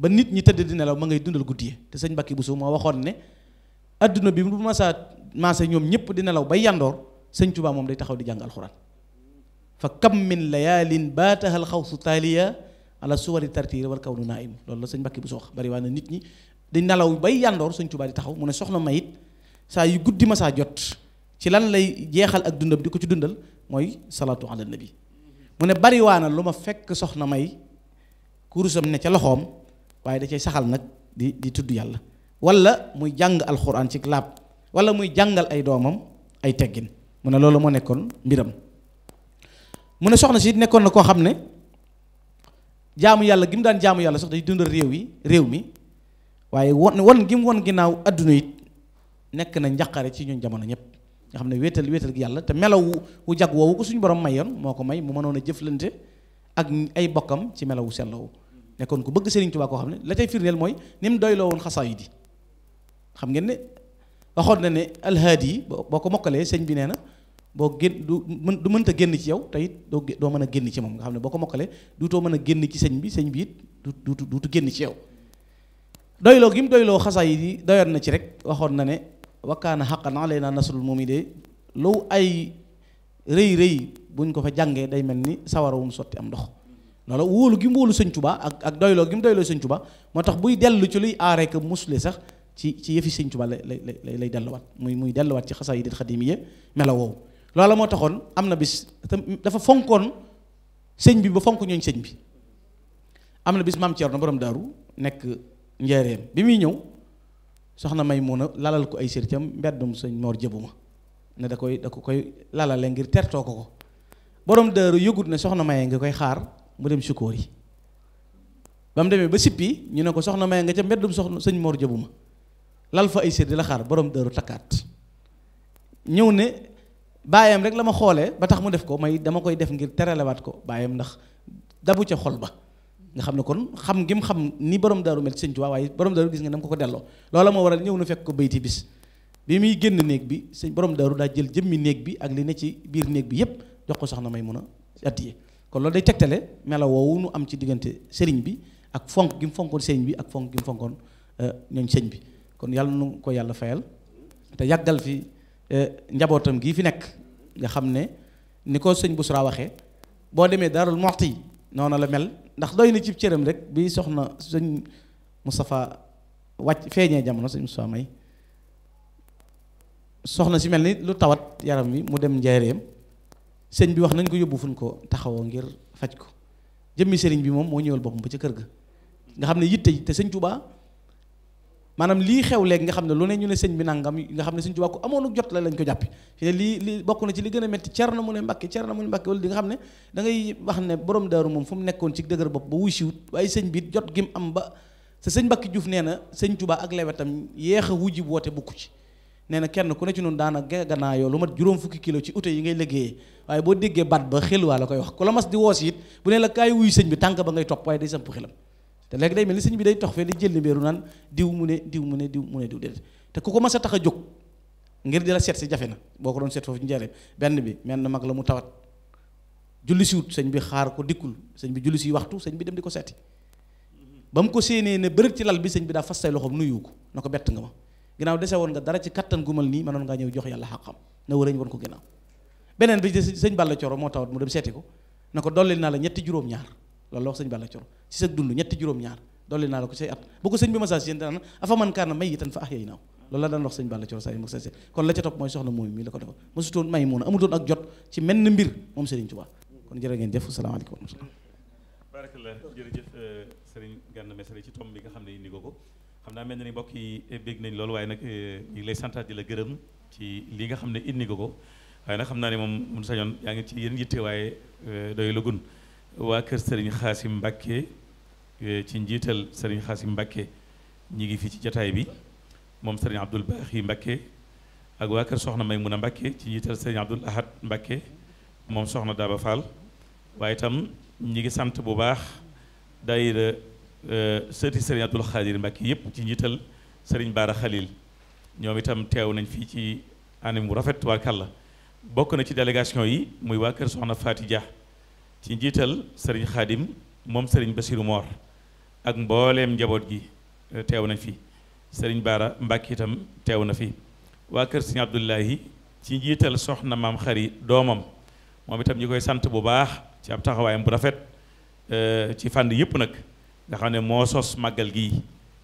ba nit ñi tëdd di nelaw ma ngay dundal guddi te sëñ bu Buso ma waxoon ne adduna bi bu ma saa maase ñoom ñëpp di nelaw bay yandoor sëñ Tuubaa moom day taxaw di jàng alxuraan fa kam min layaalin baataha alxawsu taaliya ala suwari tartiir wal kawnu naim loolu la sëñ Mbàkke Buso wax bari waa na nit ñi di nelaw bay yandoor sëñ Tuubaa di taxaw mu ne soxna Mayit saa yu guddi ma saa jot ci lan lay jeexal ak dundam di ko ci dundal mooy salaatu ala nabi mu ne bari waa na lu ma fekk soxna May kurusam ne ca loxoom. waaye da cay saxal nag di di tudd yàlla wala muy jàng alxuraan ci laab wala muy jàngal ay doomam ay teggin mu ne loolu moo nekkoon mbiram mu ne soxna si nekkoon na koo xam ne jaamu yàlla gi mu daan jaamu yàlla sax day dundal réew yi réew mi waaye won won gi mu won ginnaaw adduna yit nekk na njaqare ci ñu jamono ñëpp nga xam ne wéetal wéetal gi yàlla te melaw wu jag woowu ko suñu borom mayoon moo ko may mu mënoon a jëflante ak ay bokkam ci melawu sellawu nekkoon ku bëgg Serigne Touba koo xam ne la cay firndeel mooy ni mu doyloo woon xasaayid yi xam ngeen ne waxoon na ne alhaadi yi boo ko mokkalee sëñ bi nee na boo génn du mën du mënta génn ci yow te it doo doo mën a génn ci moom nga xam ne boo ko mokkalee duutoo mën a génn ci sëñ bi sëñ bi du du duutu génn ci yow doyloo gi mu doyloo xasaayid yi doyoon na ci rek waxoon na ne wakkaana xaqan alaynaa nasrul de lu ay rëy rëy buñ ko fa jàngee day mel ni sawara wum sotti am ndox loola wóolu gi mu wóolu sëñ Tuubaa ak ak doyloo gi mu doyloo sëñ Tuubaa moo tax buy dellu ci luy aaree ko musle sax ci ci yëfi sëñ Tuubaa lay lay delluwaat muy muy delluwaat ci xasaa yi di xadimiye melo woowu loola moo taxoon am na bis dafa fonkoon sëñ bi ba fonk ñooñ sëñ bi am na bis maam Thierno borom daaru nekk njeereem bi muy ñëw soxna may mun a lalal ko ay sër cam mbeddum sëñ Mor ma ne da koy da ko koy lalale ngir tertoo ko ko borom daaru yëgut ne soxna maye nga koy xaar mu dem sukóor yi ba mu demee ba sippi ñu ne ko soxna may nga ca mbeddum soxna sëñ Mor jëbuma lal fa ay séet di la xaar borom dëru takkaat ñëw ne baayam rek la ma xoolee ba tax mu def ko may dama koy def ngir terelewaat ko baayam ndax dabu ca xol ba nga xam ne kon xam ngim xam ni borom daru mel sëñ Tuubaa waaye borom daru gis nga dama ko ko delloo loola moo waral ñëw na fekk ko bayti bis bi muy génn néeg bi sëñ borom daru daa jël jëmmi néeg bi ak li ne ci biir néeg bi yépp jox ko soxna may mun a addiye kon loolu day tegtale mela woowu nu am ci diggante sëriñ bi ak fonk gi mu fonkoon sëriñ bi ak fonk gi mu fonkoon ñooñ sëñ bi kon yàlla nu ko yàlla fayal te yàggal fi njabootam gii fi nekk nga xam ne ni ko sëñ Boussra waxee boo demee darul Muxti noonu la mel ndax doy na ci cëram rek bi soxna sëñ Moustapha wàcc feeñee jamono sëñ Moustapha may soxna si mel ni lu tawat yaram wi mu dem njeereem sëñ bi wax nañ ko yóbbu fuñ ko taxawoo ngir faj ko jëmmi sëriñ bi moom moo ñëwal boppam ba ca kër ga nga xam ne yitte te sëñ Touba maanaam lii xew léegi nga xam ne lu ne ñu ne sëñ bi nangam nga xam ne sëñ Touba ku amoon jot la lañ ko jàppe fi ne lii lii bokk na ci li gën a metti cer na mu ne Mbàkke cer na mu ne Mbàkke wala di nga xam ne da ngay wax ne borom daaru moom fu mu nekkoon ci dëgër bopp ba wuy siwut waaye sëñ bi jot mu am ba sa sëñ Mbàkke nee na sëñ Touba ak lewetam yéex a wujji woote bukku ci nee kenn ku ne ci noonu daana gannaa yoo lu mat juróom fukki kilo ci ute yi ngay liggéeyee waaye boo déggee baat ba xel waa la koy wax ku la mas di woos it bu ne la kaay wuy sëñ bi tànk ba ngay topp waaye day samp xelam te léegi day sëñ bi day tox fee di jël mbéeru naan diw mu ne diw mu ne diw mu ne diw déedéet te ku ko mas a tax a jóg ngir di la seet si jafe na boo ko doon seet foofu benn bi menn mag la mu tawat julli si wut sëñ bi xaar ko dikkul sëñ bi julli si waxtu sëñ bi dem di ko seeti ba mu ko séenee ne bërët ci lal bi sëñ bi daa fas say loxoom nuyu ko na ko bett nga ma ginnaaw dese woon nga dara ci kattan gumal nii mënoon ngaa ñëw jox yàlla xaqam na warañ woon ko ginnaaw beneen bi sëñ Balla Coro moo tawat mu dem seeti ko na ko dolli naa la ñetti juróom-ñaar loolu wax sëñ Balla Coro ci sa dund ñetti juróom-ñaar dolli naa la ko say at bu ko sëñ bi message saa yi kon la ca topp mooy soxna mooy mii la ko defal mosutoon may muuna amutoon ak jot ci menn mbir moom Serigne Touba kon jërë ngeen jëf salaamaaleykum wa rahmatulah euh, bi nga xam ne ko xam naa mel na ni bokk yi eh, bégg nañ loolu waaye nag eh, ñu ngi lay santaat di la gërëm ci li nga xam ne indi nga ko waaye nag xam naa ne moom mun sañoon yaa ngi ci yéen yitte waaye eh, doy la gun waa kër sëriñ Xaasim Mbacke ci njiital sëriñ Xaasim Mbacke ñi ngi fii ci jataay bi moom Serigne Abdoul Baaxi Mbacke ak waa kër Soxna a Mbacke ci njiital Serigne Abdoul Ahad Mbacke moom Soxna Daba Fall waaye itam ñi ngi sant bu baax daayira sëti sëriñ Abdul Xaadir Mbàkke yëpp ci njiital sëriñ Baara Xalil ñoom itam teew nañ fii ci anam mu rafet tubaarkàlla bokk na ci délégation yi muy waa kër Soxna Faati Dia ci njiital sëriñ Xaadim moom sëriñ Basiru Moor ak mbooleem njaboot gi teew nañ fi sëriñ Baara Mbàkke itam teew na fi waa kër sëriñ Abdullahi ci njiital soxna maam xari doomam moom itam ñi koy sant bu baax ci ab taxawaayam bu rafet ci fànn yëpp nag nga xam ne moo sos màggal gii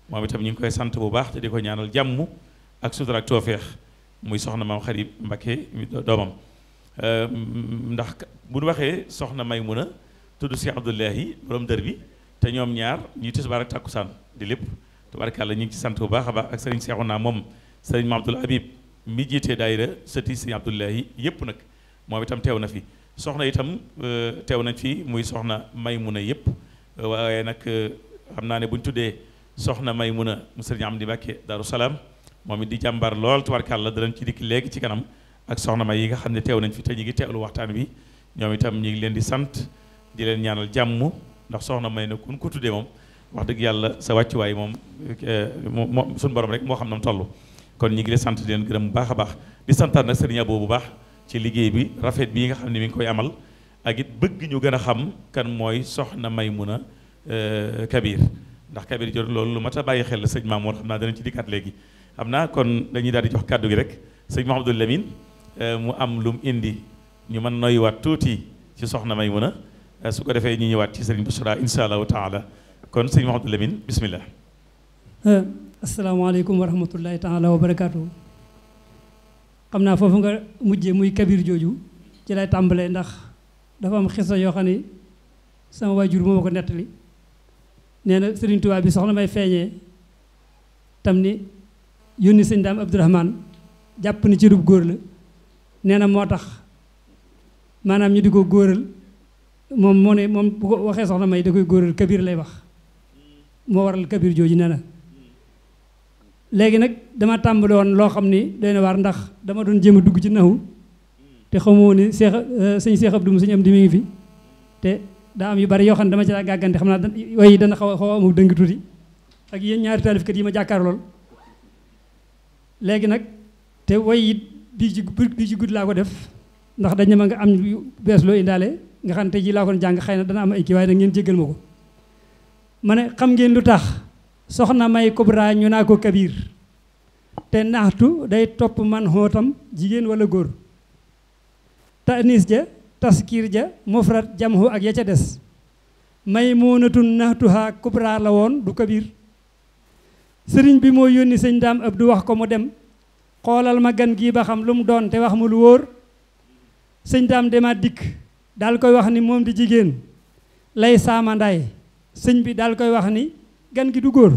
moom itam ñu ngi koy sant bu baax te di ko ñaanal jàmm ak sutura ak toofeex muy soxna maam xarit Mbakke doomam ndax bu ñu waxee soxna Maymuna tudd si Abdullahi borom dër te ñoom ñaar ñuy tisbaar ak di lépp tubaarkàlla ñu ngi ci sant bu baax a ak sëriñ Seexuna moom sëriñ Mamadul Habib mi jiite daayira sëti sëriñ Abdullahi yëpp nag moom itam teew fi soxna itam teew nañ fi muy soxna Maymuna yëpp waaye nag eh, xam naa ne bu tuddee soxna may mun a mu sëriñ Amdi Mbàkke Daaru Salaam moom it di jàmbar lool tubarkàlla danañ ci dikk léegi ci kanam ak soxna may yi nga xam ne teew nañ fi te ñu ngi alu waxtaan wi ñoom itam ñu ngi leen di sant di leen ñaanal jàmm ndax soxna may na kun ko tuddee moom wax dëgg yàlla sa wàccuwaay moom eh, moom suñu borom rek moo xam na mu toll kon ñu ngi leen sant di leen gërëm bu baax a baax di santaat nag sëriñ Abo bu baax ci liggéey bi rafet bi bii nga xam ne mi ngi koy amal ak it bëgg ñu gën a xam kan mooy soxna Kabir ndax Kabir jor loolu lu mat a bàyyi xel la sëñ Mamour xam naa danañ ci dikkaat léegi xam kon dañuy daal di jox kàddu gi rek sëñ Mouhamadou Lamine mu am lum indi ñu noy wat tuti ci soxna Maymuna su ko defee ñu wat ci sëriñ Bouchra insha allahu taala kon sëñ Mouhamadou Lamine bismillah asalaamaaleykum wa rahmatullahi taala wa barakaatu xam naa foofu nga mujjee muy Kabir jooju ci lay tàmbalee ndax dafa am xisa yoo xam ne sama waajur moo ma ko nettali nee na Sëriñ Tuubaa bi soxna may feeñee tam ni yónni sëñ daam Abdourahman jàpp ni cërub góor la nee na moo tax maanaam ñi di ko góoral moom moo ne moom bu ko waxee soxna may da koy góoral kabir lay wax moo waral kabir jooju nee na léegi nag dama tàmbali woon loo xam ni doy na waar ndax dama doon jéem a dugg ci naxu te xamoo ne seex euh, sëñ seex Abdou mu am di mi ngi fi te daa am yu bari yoo xam ne dama ci daa gàggante xam naa waaye dana xaw xaw a amul dëng tuuti ak yéen ñaari taalifkat yi ma jàkkaar léegi nag te way it bii ci bii laa ko def ndax dañ ne nga am bees loo indaale nga xam te ji laa kon jàng xëy na dana am ay kii waaye nag ngeen jéggal ma ko ma ne xam ngeen lu tax soxna may Kubra ñu naa ko Kabir te naxtu day topp man xootam jigéen wala góor ta'nis ja taskir ja mufrad jamhu ak ya ca des maymunatun nahtuha kubra la won du kabir serigne bi mo yoni serigne dam abdou wax ko mu dem xoolal ma gan gi ba xam lum don te wax mu wor serigne dam dema dik dal koy wax ni moom di jigen lay nday serigne bi dal koy wax ni gan gi du gor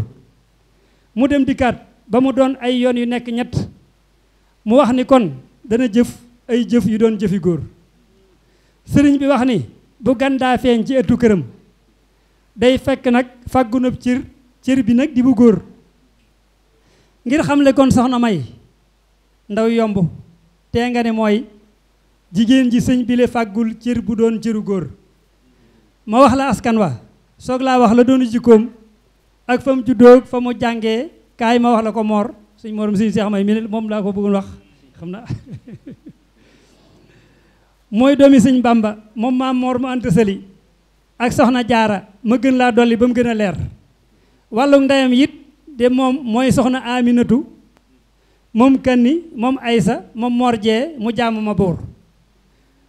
mu dem dikkaat ba mu don ay yon yu nek ñet mu wax ni kon dana jëf ay jëf yu doon jëfi góor sëriñ bi wax ni bu gan feeñ ci ëttu këram day fekk nag fàggunab cër cër bi nag di bu góor ngir xamle kon soxna may ndaw yomb tee nga ne mooy jigéen ji sëñ bile fàggul cër bu doon cëru góor ma wax la askan wa soog laa wax la doonu jikkoom ak fa mu juddoo fa mu jàngee kaay ma wax la ko moor suñ moorom suñu seex may mi moom laa ko bëggoon wax na (laughs) mooy doomi sëñ Bamba moom maam Mor mu Anta Sali ak soxna jaara ma gën laa dolli ba mu gën a leer wàllu ndeyam it de moom mooy soxna Aminatu moom Kanni moom Aysa moom Mor mu jaamu ma buur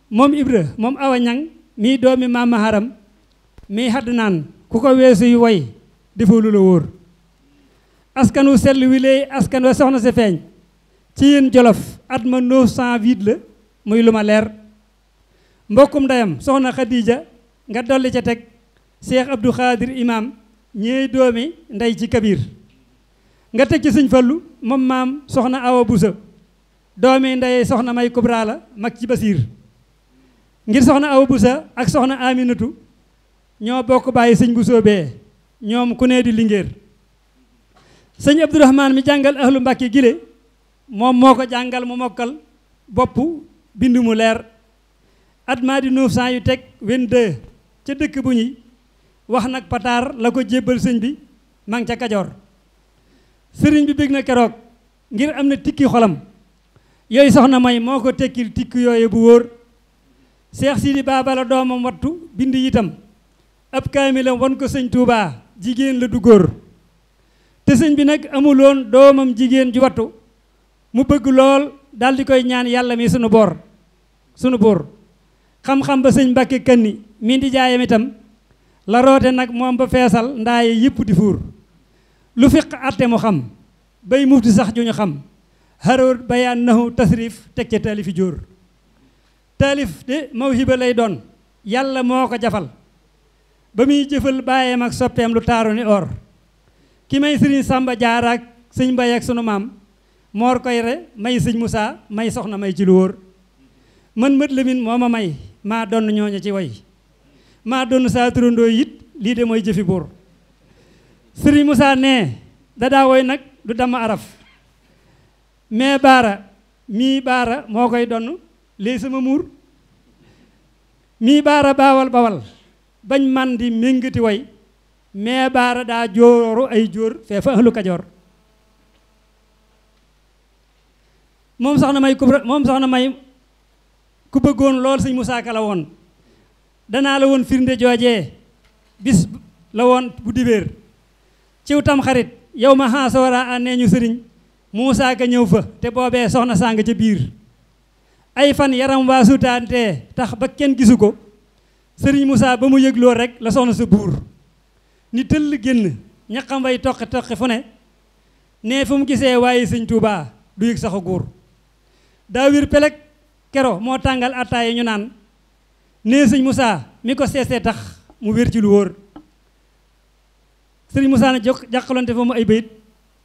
moom Ibra moom Awa Ñang mii doomi maam Maharam mii xadd naan ku ko weesu yu woy defoo lu la wóor askan wu sell wi askan wa soxna si feeñ ci yéen Jolof at ma 908 la muy lu ma leer mbokkum ndeyam soxna Khadija nga dolli ca teg Cheikh Abdou Khadir Imam ñeey doomi ndey ci Kabir. nga teg ci sëñ Fallu moom maam soxna Awa Busa doomi ndey soxna May Kubra la mag ci Basiir ngir soxna Awa Busa ak soxna Aminatu ñoo bokk bàyyi sëñ bu soobee ñoom ku nee di lingéer sëñ Abdourahman mi jàngal ahlu Mbàkke gile moom moo ko jàngal mu mokkal boppu bind mu leer at maa di 900 yu teg 22 ca dëkk bu ñuy wax nag patar la ko jébbal sëñ bi maa ca kajoor sëriñ bi bég na keroog ngir am na tikki xolam yooyu soxna may moo ko tekki tikki yooyu bu wóor seex sidi baaba la doomam wattu bind itam ab kaamilam wan ko sëñ tuubaa jigéen la du góor te sëñ bi nag amuloon doomam jigéen ju wattu mu bëgg lool daal di koy ñaan yàlla mi sunu boor sunu boor xam-xam ba sëñ Mbàkke Kanni mii di jaayam itam la roote nag moom ba feesal ndaaye yëpp di fuur lu fiq atte mu xam bay mufti sax ju xam haroor bayaan nahu tasrif teg ca taalifi jóor taalif de mawhiba lay doon yàlla moo ko jafal ba muy jëfal bàyyeem ak soppeem lu taaru ni or ki may sëriñ sàmba jaaraak sëñ mbay ak sunu maam moor koy re may sëñ musaa may soxna may ci lu wóor man mët lamin moo ma may maa donn ñooña ci way maa donn saa turandoo it lii de mooy jëfi buur sëriñ Moussa nee dadaa woy nag du dama araf mais baara mii baara moo koy donn léegi sama muur mii baara baawal bawal bañ man di méngati way mais baara daa jooru ay jóor fee fa ahlu kajoor moom soxna may kubra moom soxna may ku bëggoon lool sëñ Moussa Ka la woon danaa la woon firnde joojee bis la woon bu dibéer ciw tam xarit yow ma xaasa war a nee ñu sëriñ Moussa Ka ñëw fa te boobee soxna saa nga ca biir ay fan yaram waa suutaantee tax ba kenn gisu ko sëriñ Moussa ba mu yëgloo rek la soxna sa buur ni tëll génn ñaqam way toqi toqi fu ne nee fu mu gisee waaye sëñ Touba du yëg sax a góor pelek kero mo tangal attaaya ñu naan ne seigne Moussa mi ko seesee tax mu wër ci lu wóor seigne Moussa na jox jaxalante fa mu ay bayit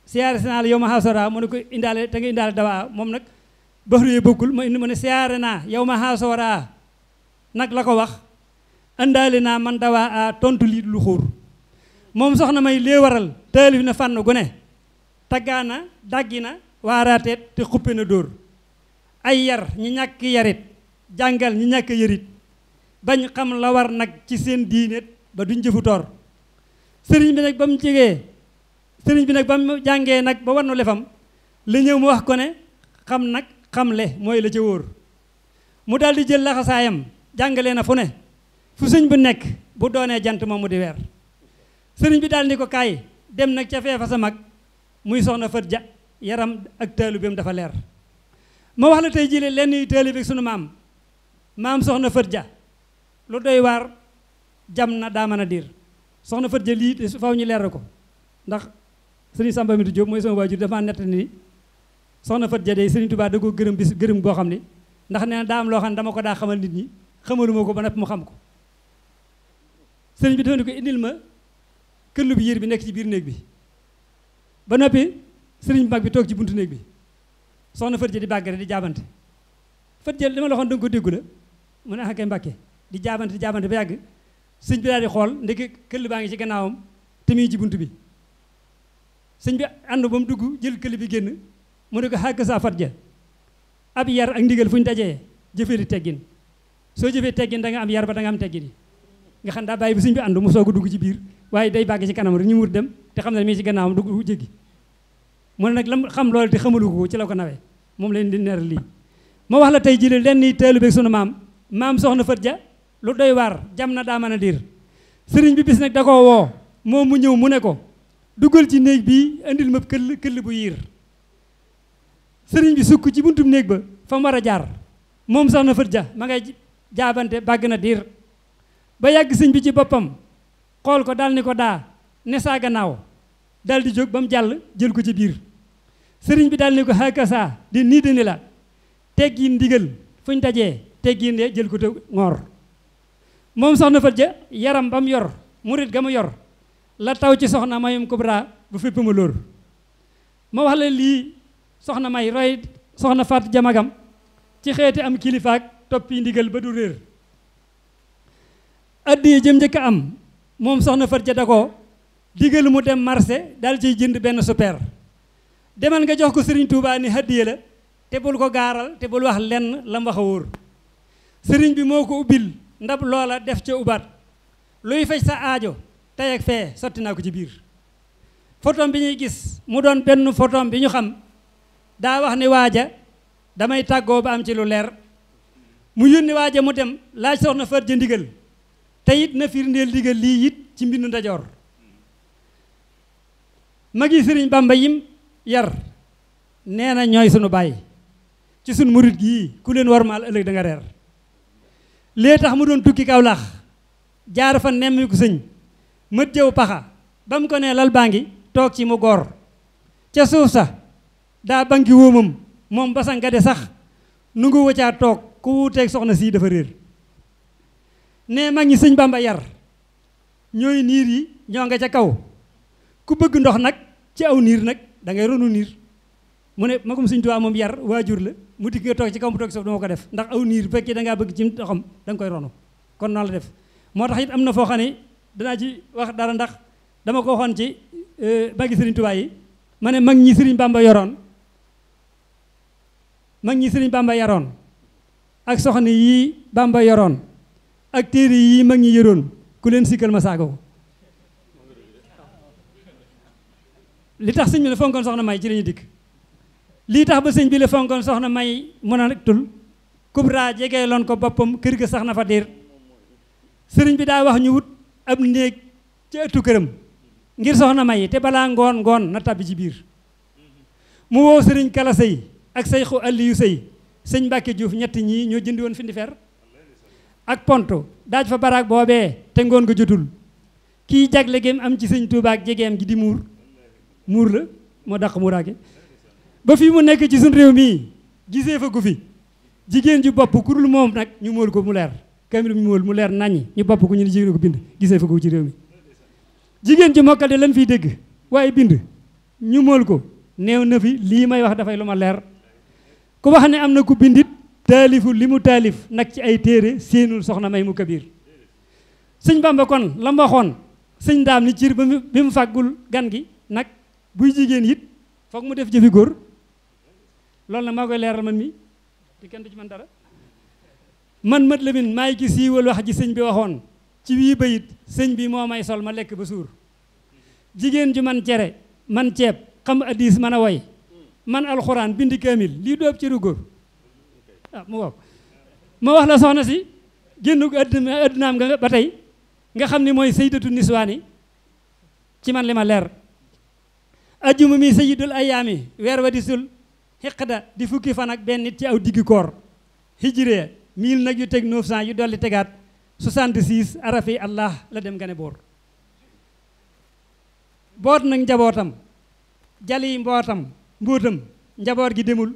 siyaare si la yow ma xaasora mu ne ko indale ta nga indaale dawa mom nak bahru ye bokul mo indi mo ne siyaare yow ma xaasora la ko wax andale na man dawa a tontu li lu xoor mom soxna may lee waral na gu ne te xuppena dor ay yar ñi ñàkk yarit jàngal ñi ñàkk yarit bañ xam la war nag ci seen diine ba duñ jëfu toor sëriñ bi nag ba mu jegee sëriñ bi nag ba mu jàngee nag ba war nu lefam li ñëw mu wax ko ne xam nag xam le mooy la ca wóor mu daal di jël laxasaayam jàngale na fu ne fu sëñ bu nekk bu doonee jant moom mu di weer sëriñ bi daal ni ko kaay dem nag ca feefa sa mag muy soxna fët ja yaram ak taalu bi dafa leer ma wax la tey jii lenn yu teel bi sunu maam maam soxna Fët Ja lu doy waar jam na daa a diir soxna Fët Ja lii faaw ñu leer ko ndax sëriñ Samba Mitu Diop mooy sama waajur dafa nett ni soxna Fët Ja day sëriñ Tuubaa da ko gërëm bis gërëm boo xam ne ndax nee na daa am loo xam ne dama ko daa xamal nit ñi xamaluma ko ba noppi mu xam ko sëriñ bi dafa ne ko indil ma këllu bi yër bi nekk ci biir néeg bi ba noppi sëniñ mag bi toog ci buntu néeg bi soxna Fatou di bàgg rek di jaabante Fatou jël li ma la waxoon da ko déggu la mu ne ah kay mbàkke di jaabante di jaabante ba yàgg sëñ bi daal xool ndeke këll baa ngi ci gannaawam te muy ci bunt bi sëñ bi ànd ba mu dugg jël këll bi génn mu ne ko xàkk saa Fatou Dieng ab yar ak ndigal fu ñu dajee jëfee di teggin soo jëfee teggin da am yar ba da am teggin yi nga xam daa bàyyi bi sëñ bi ànd mu soog a dugg ci biir waaye day bàgg ci kanam rek ñu mu dem te xam ne mi ci gannaawam dugg jéggi mu ne nag lam xam loolu te xamalu ko ci la ko moom leen di ner lii ma wax la tey jii lenn yi teelu beeg sunu maam maam soxna Fët ja lu doy waar jam na daa mën a diir sëriñ bi bis nag da koo woo moom mu ñëw mu ne ko dugal ci néeg bi indil ma këll këll bu yiir sëriñ bi sukk ci buntum néeg ba fa mu war a jaar moom soxna Fët ja ma ngay jaabante bàgg na diir ba yàgg sëñ bi ci boppam xool ko daal ni ko daa ne saa gannaaw daal di jóg ba mu jàll jël ko ci biir sëriñ bi daal ni ko hakasa di nii dani la teggi ndigal fuñ dajee teggi ne jël ko te ngoor moom soxna fat ja yaram ba yor murit ga mu yor la taw ci soxna mayum kubra bu fépp ma lóor ma wax la lii soxna may roy soxna fàtt jamagam ci xeeti am kilifaak toppi ndigal ba du réer addi jëm njëkk am moom soxna fat ja da ko mu dem marché daal ciy jënd benn super demal nga jox ko Serigne Touba ni hadiya la te bul ko gaaral te bul wax lenn la mu wax bi moo ko ubbil ndab loola def ca ubaat luy faj sa aajo tey ak fee sotti naa ko ci biir. photom bi ñuy gis mu doon benn photom bi ñu xam daa wax ni waaja damay tàggoo ba am ci lu leer mu yónni waaja mu dem laaj soxna far ja ndigal te it na firndeel ndigal lii it ci mbindu ndajoor magi Serigne Bamba yim yar nee na ñooy sunu baay ci sunu murit gii ku leen war maal ëllëg danga reer lee tax mu doon tukki Kawlax jaar fa nemmiku sëñ mët jëw paxa ba mu ko nee lal baa ngi toog ci mu goor ca suuf sa daa banki wóomam moom basan gade sax nu ngi wëccaa toog ku wuuteeg soxna sii dafa réer nee mag ñi sëñ Bamba yar ñooy niir yi ñoo nga ca kaw ku bëgg ndox nag ci aw niir nag da ngay renouir mu ne magum Sëñ Tuubaa mom yar wajur la mu digg nga toog ci kaw mu toog suuf duma ko def ndax aw nir fekke da nga bëgg ci taxam da ngoy ronu kon na la def motax it amna fo xani dana ci wax dara ndax dama ko ci euh, bagi Sëriñ Tuubaa yi bambayaron, mag ñi Sëriñ Bamba yoron mag ñi Sëriñ Bamba yaron ak soxna yi Bamba yoron ak téré yi mag ñi ku leen ma li tax sëñ bi la fonkoon soxna may ci la ñu dikk lii tax ba sëñ bi la fonkoon soxna may mën a tul Kubra jegee loon ko boppam kër ga sax na fa diir sëriñ bi daa wax ñu wut ab néeg ci ëttu këram ngir soxna may te balaa ngoon ngoon na tàbbi ci biir mu woo sëriñ kala sëy ak sayxu Aliyu sëy sëñ Mbàkke Juuf ñett ñii ñoo jëndi woon fi ndi fer ak ponto daaj fa baraag boobee te ngoon ko jotul kii jagle gém am ci sëñ Tuubaa jegeem gi di muur muur la moo dàq muuraage ba fii mu nekk ci suñ réew mii gisee fa gu fi jigéen ju bopp ku moom nag ñu móol ko mu leer kamil ñu móol mu leer naññi ñu bopp ko ñu ne jigéen ko bind gisee fa gu ci réew mi jigéen ji mokkal de lan fiy dégg waaye bind ñu ko neew na fi lii may wax dafay lu ma leer ku wax ne am na ku bindit taalifu li mu taalif nag ci ay téere séenul soxna may mu kabir sëñ Bamba kon la mu daam ni ciir ba bi mu fàggul gan gi nag buy jigéen it foog mu def jëfi góor loolu nag maa koy leeral man mi te kenn du ci man dara man mët la min maay gis yi wal wax ji sëñ bi waxoon ci wii bayit sëñ bi moo may sol ma lekk ba suur jigéen ju man cere man ceeb xam addis man a woy man alxuraan bindi kaamil lii doob ci rugóor ah, mu wow ma wax la soxna si génn ko addina nga ba tey nga xam ni mooy saydatu niswaani ci man li ma leer ajjuma mi sa sayidul ayaami weer wa di sul di fukki fan ak benn nit ci aw diggi koor hijree mille nag yu teg 900 yu dolli tegaat 66 arafi allah la dem gane boor boot nag njabootam jali mbootam mbóotam njaboot gi demul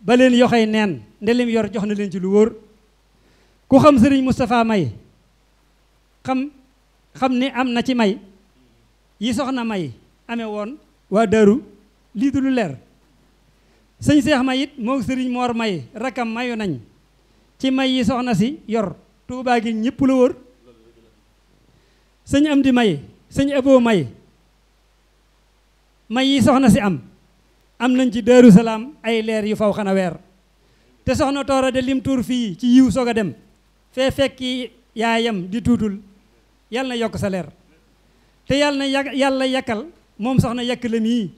ba leen yoxey neen ndelim yor jox na leen ci lu wóor ku xam sëriñ Moustapha may xam xam ni am na ci may yi soxna may amee woon waa Daaru lii du lu leer sëñ Seex May it moo sëriñ Moor May rakkam mayu nañ ci may yi soxna si yor Tuubaa gi ñëpp la wër sëñ Amdi May sëñ Abo May may yi soxna si am am nañ ci Daaru Salaam ay leer yu faw xana weer te soxna toora de lim tuur fii ci yiw soog a dem fee fekki yaayam di tuutul yàlla na yokk sa leer te yàlla na yàlla yakkal moom soxna yàkk la mii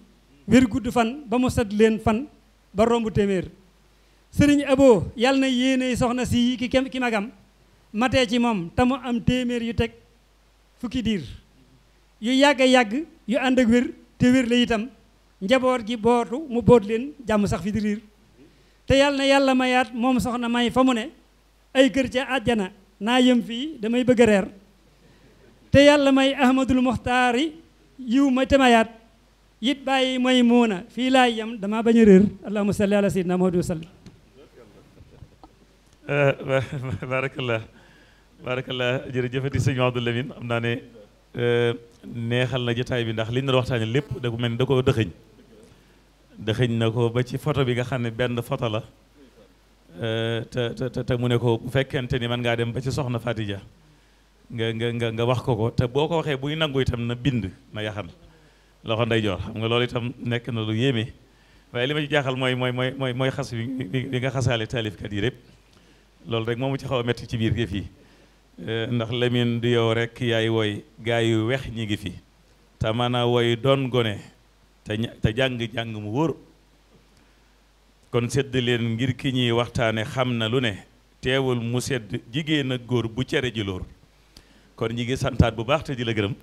wér gudd fan ba mu set leen fan ba romb téeméer sëriñ aboo yàlla na yéene soxna si ki ki magam matee ci moom te am téeméer yu teg fukki diir yu yàgg a yàgg yu ànd ak wér te wér la itam njaboot gi bootu mu boot leen jàmm sax fi te yàlla na yàlla mayaat moom soxna may fa mu ne ay kër ca àjjana naa yëm fii damay bëgg a reer te yàlla may ahmadul muxtaari yiw mooy tamayaat it bàyyi mooy muuna fii laay yam dama bañ a réer allahuma salli ala sayyidina muhammad eh, am naa ne eh, neexal na jotaay bi ndax li ñu doon lépp da mel ni da ko na ko ba ci photo bi nga xam ne benn photo la eh, te mu ne ko bu fekkente ni mën ngaa dem ba ci soxna Faty Dia nga nga nga wax ko ko te boo ko waxee buy nangu itam na bind na yaxal loxo ndeyjoor xam nga loolu itam nekk na lu yéeme waaye li ma ci jaaxal mooy mooy mooy mooy xas bi nga xasaale taalifkat yi rek loolu rek moomu ci xaw a métti ci biir yëf yi eh, ndax lemin du yow rek yaay woy gaa yu weex ñi ngi fi te maanaa woy doon gone te jàng-jàng mu wóor kon sedd leen ngir ki ñuy waxtaane xam na lu ne teewul mu sedd jigéen ak góor bu cere ji lóor kon ñi ngi santat bu baax te di la gërëm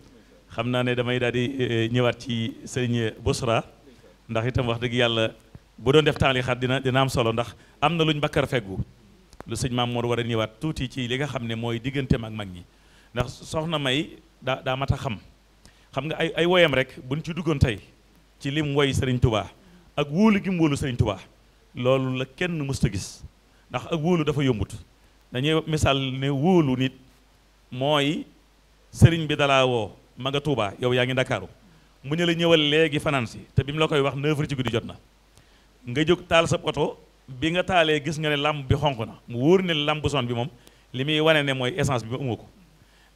xamna ne damay dari eh, ñëwaat ci sëriñ Bosra ndax itam wax deug yalla bu doon def taalixaat dina dina am solo ndax amna bakkar feggu lu sëñ maam Mor war ñëwaat tuuti ci li nga xam moy digënté mak mag ñi ndax soxna May da da mata xam xam nga ay ay woyam rek buñ ci duggon tay ci lim woy sëriñ Touba ak wolu gi mu wóolu sëriñ Touba loolu la kenn musta gis ndax ak wolu dafa yombut dañuy misal ne wolu nit. mooy sëriñ bi dalaa woo ma nga tuubaa yow yaa ngi Ndakaaru mu ne la ñëwal léegi fanaan si te bi mu la koy wax 9h ci guddi jot na nga jóg taal sa poto bi nga taalee gis nga ne làmb bi xonq na mu wóor ne làmb son bi moom li muy wane ne mooy essence bi ma umu ko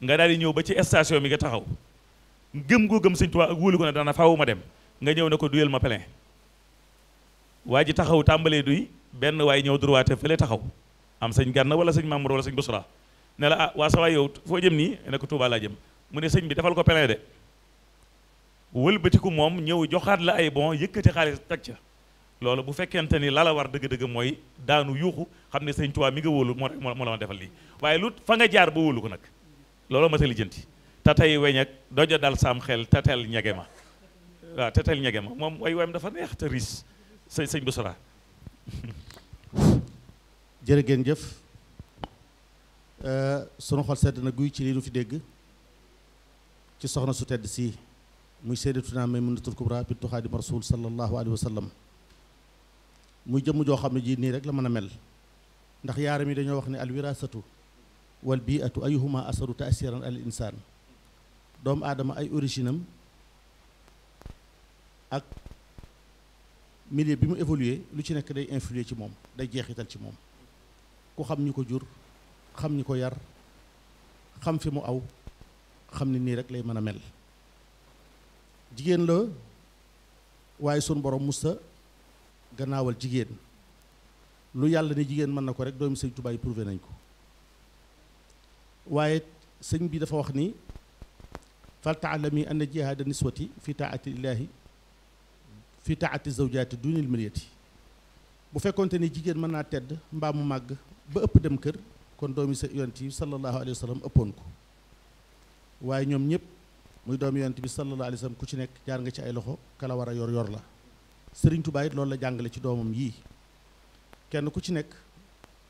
nga daal di ñëw ba ci station bi nga taxaw gëm goo gëm sëñ Tuubaa ak wóolu ko ne dana faaw ma dem nga ñëw ne ko duyal ma plein waa ji taxaw tàmbalee duy benn waaye ñëw droite fële taxaw am sëñ Gànna wala sëñ Mamour wala sëñ Bosra ne la ah waa sa yow foo jëm nii ne ko Touba laa jëm mu ne sëñ bi defal ko plein de wëlbatiku moom ñëw joxaat la ay bon yëkkati xaalis teg ca loolu bu fekkente ni la la war dëgg-dëgg mooy daanu yuuxu xam ne sëñ tuwaa mi nga wóolu moo rek moo la ma defal lii waaye lu fa nga jaar ba wóolu ko nag looloo ma sa lijjanti te tay weñ ak doja dal saam xel te teel ñege ma waaw te teel ñege ma moom way wayam dafa neex te riis sëñ sëñ bu sora (laughs) jërë ngeen jëf sunu xol sedd na guy ci li nu fi dégg ci soxna su tedd sii muy sayyidatuna Maymunatul Kubra bintu Xaadimu rasul sallallahu alayhi wasallam muy jëmm joo xam ne jii nii rek la mën a mel ndax yaaram yi dañoo wax ne al wirasatu wal biatu ayuhuma asaru taasiran al insan doomu aadama ay origine am ak milieu bi mu évoluer lu ci nekk day influer ci moom day jeexital ci moom ku xam ñu ko jur xam ñi ko yar xam fi mu aw xam ni nii rek lay mën a mel jigéen la waaye sun borom musta gannaawal jigéen lu yàlla ni jigéen mën na ko rek doomu sëñ Tuubaa yi prouvé nañ ko waaye sëñ bi dafa wax ni fal taalami anna jihaada niswati fi taati illaahi fi taati zawjaati dunil miliyati bu fekkonte ni jigéen mën naa tedd mbaa mu màgg ba ëpp dem kër kon doomi sa yonti bi sallallahu alayhi wasallam eppon ko waaye ñom ñep muy doomi yonti bi sallallahu alayhi wasallam ku ci nek jaar nga ci ay loxo kala wara yor yor la serigne touba it loolu la jàngale ci doomam yi kenn ku ci nek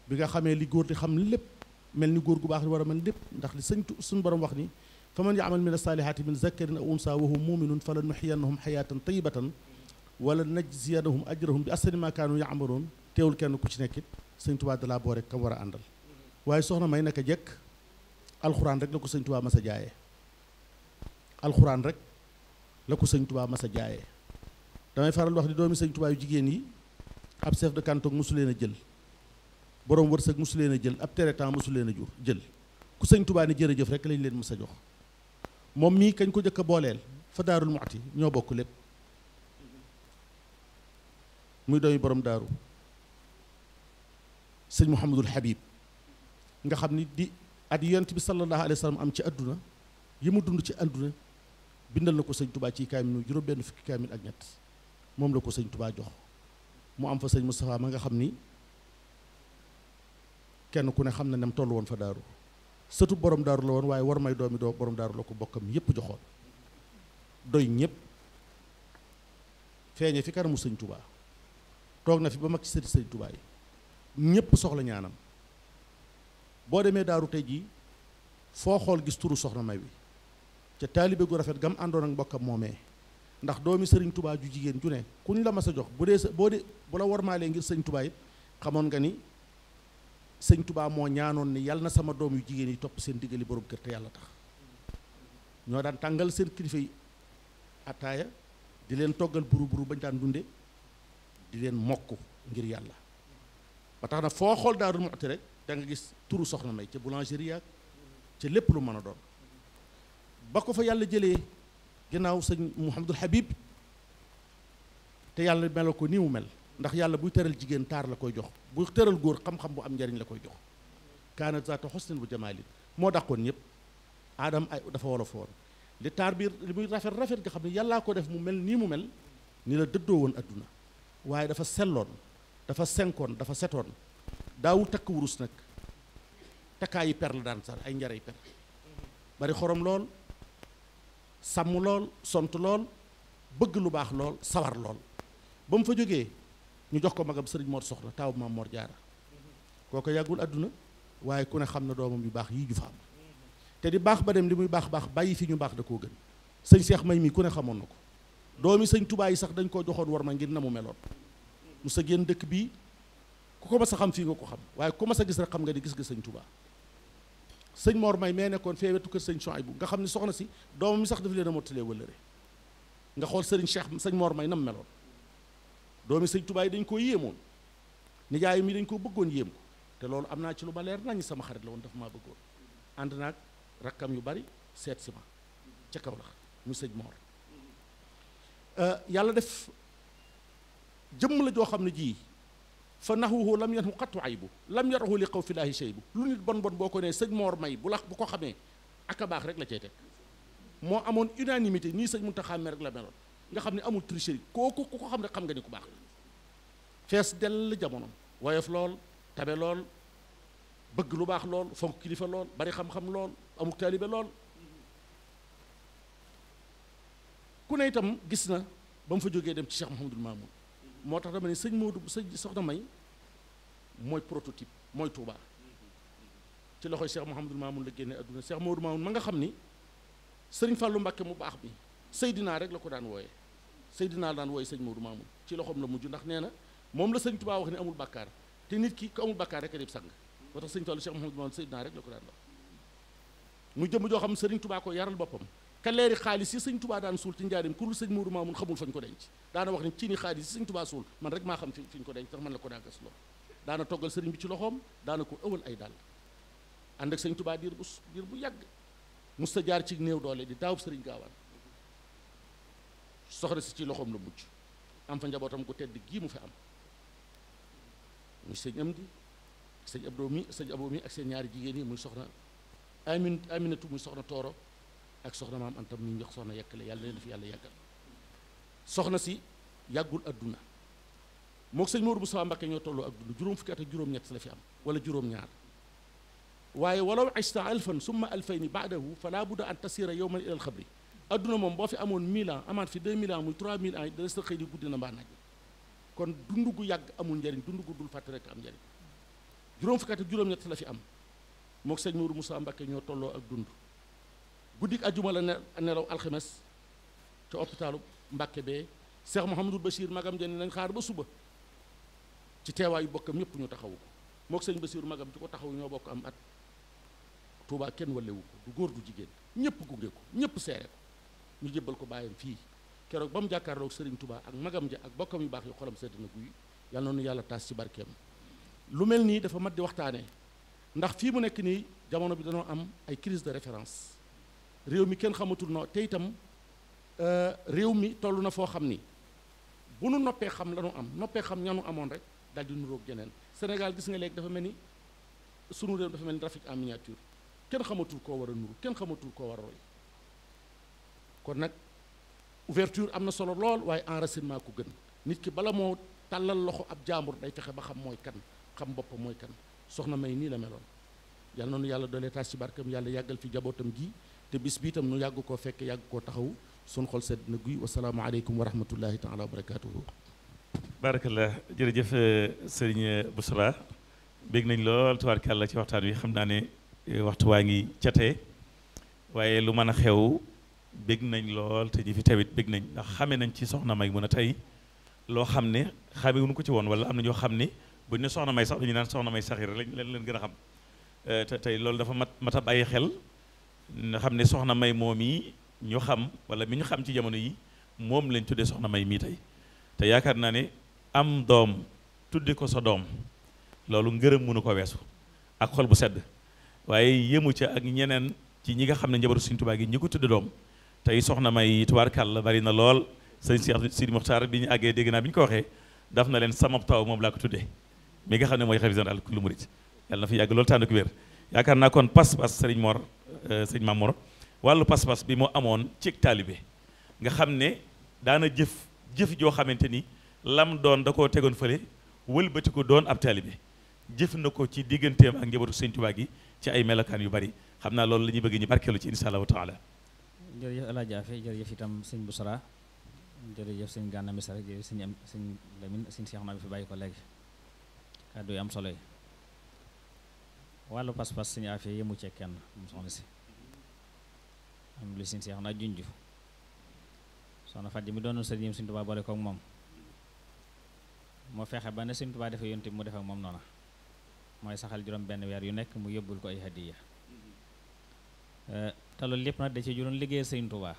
bi nga xamé li góor di xam lépp melni góor gu bax wara man lépp ndax li serigne tou sun borom wax ni faman ya'mal min as salihati min dhakarin aw unsa wa hum muminun fa la nuxiyannahum xayaatan wala najziyannahum ajrahum bi asri ma kanu ya'malun teewul kenn ku ci serigne touba da la bo rek kam wara àndal waye soxna may naka jek alxuraan rek lako seigne touba massa jaye a rek lako seigne touba massa jaye damay faral wax di doomi seigne touba yu jigen yi ab chef de canton musulena leen jël borom wërsëg musulena leen jël ab traitant mosu leen a jël ku sëñ tubaa ne jërëjëf rek lañ leen massa jox mom mi kañ ko jëkk bolel fa darul muxti ño bokku lépp muy doomi borom daru seigne mohammedul Habib nga xam ni di at yonent bi sallallahu alayhi wa sallam am ci àdduna yi mu dund ci àdduna bindal na ko sëñ tubaa ci kaamil juróom benn fukki kaamil ak ñett moom la ko sëñ tubaa jox mu am fa sëñ mu Moustapha ma nga xam ni kenn ku ne xam ne mu toll woon fa daaru sëtu borom daaru la woon waaye war may doomi doo borom daaru la ko bokkam yépp joxoon doy ñëpp feeñe fi kanamu sëñ tubaa toog na fi ba mag ci sëti sëñ tubaa yi ñëpp soxla ñaanam boo demee daaru tey jii foo xool gis turu soxna may wi ca taalibe gu rafet gam àndoon ak mbokkam moomee ndax doomi sëriñ tubaa ju jigéen ju ne kuñ la mas a jox bu dee sa boo de bu la warmaalee ngir sëñ tubaa it xamoon nga ni sëñ tubaa moo ñaanoon ni yàlla na sama doom yu jigéen yi topp seen diggali borom kër te yàlla tax ñoo daan tàngal seen kilifa yi attaaya di leen toggal buru buru bañ daan dunde di leen mokk ngir yàlla ba tax na foo xool daaru muxti rek da nga gis turu soxna may ca boulangerie ak ca lépp lu mën a doon ba ko fa yàlla jëlee ginnaaw sëñ Mouhamadul Habib te yàlla melo ko nii mu mel ndax yàlla buy tëral jigéen taar la koy jox buy tëral góor xam-xam bu am njariñ la koy jox kaanat zaata xusnin bu jamaalin moo dàqoon ñëpp aadam ay dafa wolof woon li taar bi li muy rafet rafet nga xam ne yàllaa ko def mu mel nii mu mel ni la dëddoo woon adduna waaye dafa selloon dafa senkoon dafa setoon daawul takk wurus nag takkaayi per la daan sar ay njaray per bari xorom lool sàmm lool sont lool bëgg lu baax lool sawar lool ba mu fa jógee ñu jox ko magam sëriñ Mor Soxna taaw maam Mor Jaara kooko yàggul àdduna waaye ku ne xam na doomam yu baax yii ju fa am te di baax ba dem li muy baax baax bàyyi fi ñu baax da koo gën sëñ Seex May mi ku ne xamoon na ko doomi sëñ Tuubaa yi sax dañ koo joxoon war ma ngir na mu meloon mu sa génn dëkk bii ku ko mas a xam fii nga ko xam waaye ku mas a gis rek xam nga ni gis nga sëñ Touba sëñ Mor May mee nekkoon fee wetu kër sëñ Chouaïbou nga xam ne soxna si doomam mi sax daf leen a mottalee wëllëre nga xool sëriñ Cheikh sëñ Mor May nam meloon doomi sëñ Touba yi dañ koo yéemoon nijaay mi dañ koo bëggoon yéem ko te loolu am naa ci lu ba leer nañ sama xarit la woon dafa maa bëggoon ànd naag rakkam yu bari seet si ma ca kaw lax mu sëñ Mor yàlla def jëmm la joo xam ne jii فانه هو لم ينه قط عيبه لم يره li xaw fi laahi shaybu بون nit bon bon boo ko nee sëñ Mor May bu la bu ko xamee ak a baax rek la cay teg moo amoon unanimité nii nga xamni amul tricherie koku ku ko xam xam nga ni ku bax fess del jamono wayef lol tabe lol bëgg lu baax lool fonk kilifa lool bari xam-xam lool amuk talibe lool ku ne itam gis na ba mu fa jógee dem ci Cheikh Mouhamadul mamoud moo tax dama ne sëñ Modou sëñ soxna May mooy prototype mooy Touba ci loxoy Cheikh Mouhamadul Mamoun la génne adduna Cheikh Mouhamadul Mamoun ma nga xam ni sëriñ Fallou Mbakke mu baax bi Seydina rek la ko daan wooyee Seydina daan wooyee sëñ Modou Mamoun ci loxoom la mujj ndax nee na moom la sëñ Touba wax ne amul bàkkaar te nit ki ku amul bàkkaar rek a dib sang moo tax sëñ Fallou Cheikh Mouhamadul Mamoun Seydina rek la ko daan wax mu jëm joo xam ne sëriñ Touba ko yaral boppam ka leeri xaalis yi sëñ tubaa daan suul ci njaarim ku dul sëñ Mourou Mamoun xamul fañ ko denc daana wax ne ci ni xaalis yi sëñ tubaa suul man rek maa xam fi fi ñu ko denc tax man la ko daa gas lool daana toggal sëriñ bi ci loxoom daana ko ëwal ay dàll ànd ak sëñ tubaa diir bu diir bu yàgg musta jaar ci néew doole di daawub sëriñ gaawaan soxna si ci loxoom la mujj am fa njabootam gu tedd gii mu fi am muy sëñ am di sëñ abdoo mi sëñ abdoo mi ak seen ñaari jigéen yi muy soxna amin aminatu muy soxna tooro ak soxna maam antam mi njox soxna yekk la yàlla leen fi yàlla yàggal soxna si yàggul adduna mook sëñ Moodu Mustafaa Mbakke ñoo tolloo ak dund juróom fukki ak juróom-ñett la fi am wala juróom-ñaar waaye walaw ista alfan summa alfayni ba'dahu fala budda an tasira yowman ilal xabri adduna moom boo fi amoon 1000 ans amaat fi 2000 ans muy 3000 ans yi dana sa xëy di guddi na mbaa naaj kon dund gu amul njariñ dund dul fàtte rek am njariñ juróom fukki ak juróom-ñett la fi am mook sëñ Moodu Mustafaa Mbakke ñoo tolloo ak dund guddik ajjuma la nelaw alxemes ca hôpitalu Mbàkke bee Cheikh Mouhamadul Bachir magam jani nañ xaar ba suba ci teewaayu bokkam ñëpp ñu taxawu ko mook sëñ Bachir magam ci ko taxaw ñoo bokk am at Touba kenn wallewu ko du góor du jigéen ñëpp gunge ko ñëpp seere ko ñu jébbal ko bàyyam fii keroog ba mu jàkkaarloog Serigne Touba ak magam ja ak bokkam yu baax yi xolam sedd na guy yàlla noonu yàlla taas ci barkeem lu mel nii dafa mat di waxtaanee ndax fii mu nekk nii jamono bi danoo am ay crise de référence réew mi kenn xamatul noo te itam réew mi toll na foo xam ni bu nu noppee xam la nu am noppee xam ñanu amoon rek daal di nuróog geneen Sénégal gis nga léegi dafa mel ni sunu réew dafa mel ni trafic en miniature kenn xamatul koo war a nuru kenn xamatul koo war a roy kon nag ouverture am na solo lool waaye enracinement ku gën nit ki bala moo tàllal loxo ab jaambur day fexe ba xam mooy kan xam boppam mooy kan soxna may nii la meloon yàlla noonu yàlla dole taas ci barkam yàlla yàggal fi jabootam gi te bis bi itam nu yàgg koo fekk yàgg koo taxaw sun xol sedd na guy wasalaamaaleykum wa rahmatullahi taala wa barakaatuhu barakallah jërëjëf sëriñ Boussala bég nañ lool tubaarkàlla ci waxtaan wi xam naa ne waxtu waa ngi catee waaye lu mën a xew bég nañ lool te ñi fi tawit bég nañ ndax xame nañ ci soxna may mun a tey loo xam ne xame ko ci woon wala am na ñoo xam ne buñ ne soxna may sax dañu naan soxna may saxir lañ leen gën a xam te tey loolu dafa mat mat a bàyyi xel nga xam ne soxna May moom yi ñu xam wala mi ñu xam ci jamono yi moom lañ tuddee soxna May mii tey te yaakaar naa ne am doom tudde ko sa doom loolu ngërëm mënu ko weesu ak xol bu sedd waaye yëmu ca ak ñeneen ci ñi nga xam ne njabootu Sëriñ Tuubaa gi ñu ko tudde doom tey soxna May tubaarkàlla bari na lool sëñ Cheikh Sidi bi ñu àggee dégg naa bi ñu ko waxee daf na leen samab taw moom laa ko tuddee mi nga xam ne mooy xalifa général kullu murit yàlla na loolu tànn ku wér naa kon pas-pas Serigne Mor Euh, sëñ moro wàllu pas-pas bi moo amoon ci taalibe nga xam ne daana jëf jëf joo xamante ni lam doon da koo tegoon fële wëlbati ko doon ab taalibe jëf na ko ci digganteem ak njabootu sëñ Tuubaa gi ci ay melokaan yu bari xam naa lool la ñuy bëgg ñu barkeelu ci insha allahu taala jërëjëf El Hadj Afe jërëjëf itam sëñ Boussara jërëjëf sëñ Gana Messere jërëjëf sëñ am sëñ Lamine sëñ Cheikh naa bi fi bàyyi ko léegi kàddu yi am solo yi wàllu pas-pas suñu affaire yemu ci kenn mu soxna si am lu sin seex na junj soxna Faty mi doon sëriñam Sëriñ Tuubaa boole kook moom moo fexe ba ne Sëriñ Tuubaa defe yonte mu def moom noona mooy saxal juróom benn weer yu nekk mu yóbbul ko ay hadiya eh, te loolu lépp na da ci juróom liggéey Sëriñ Tuubaa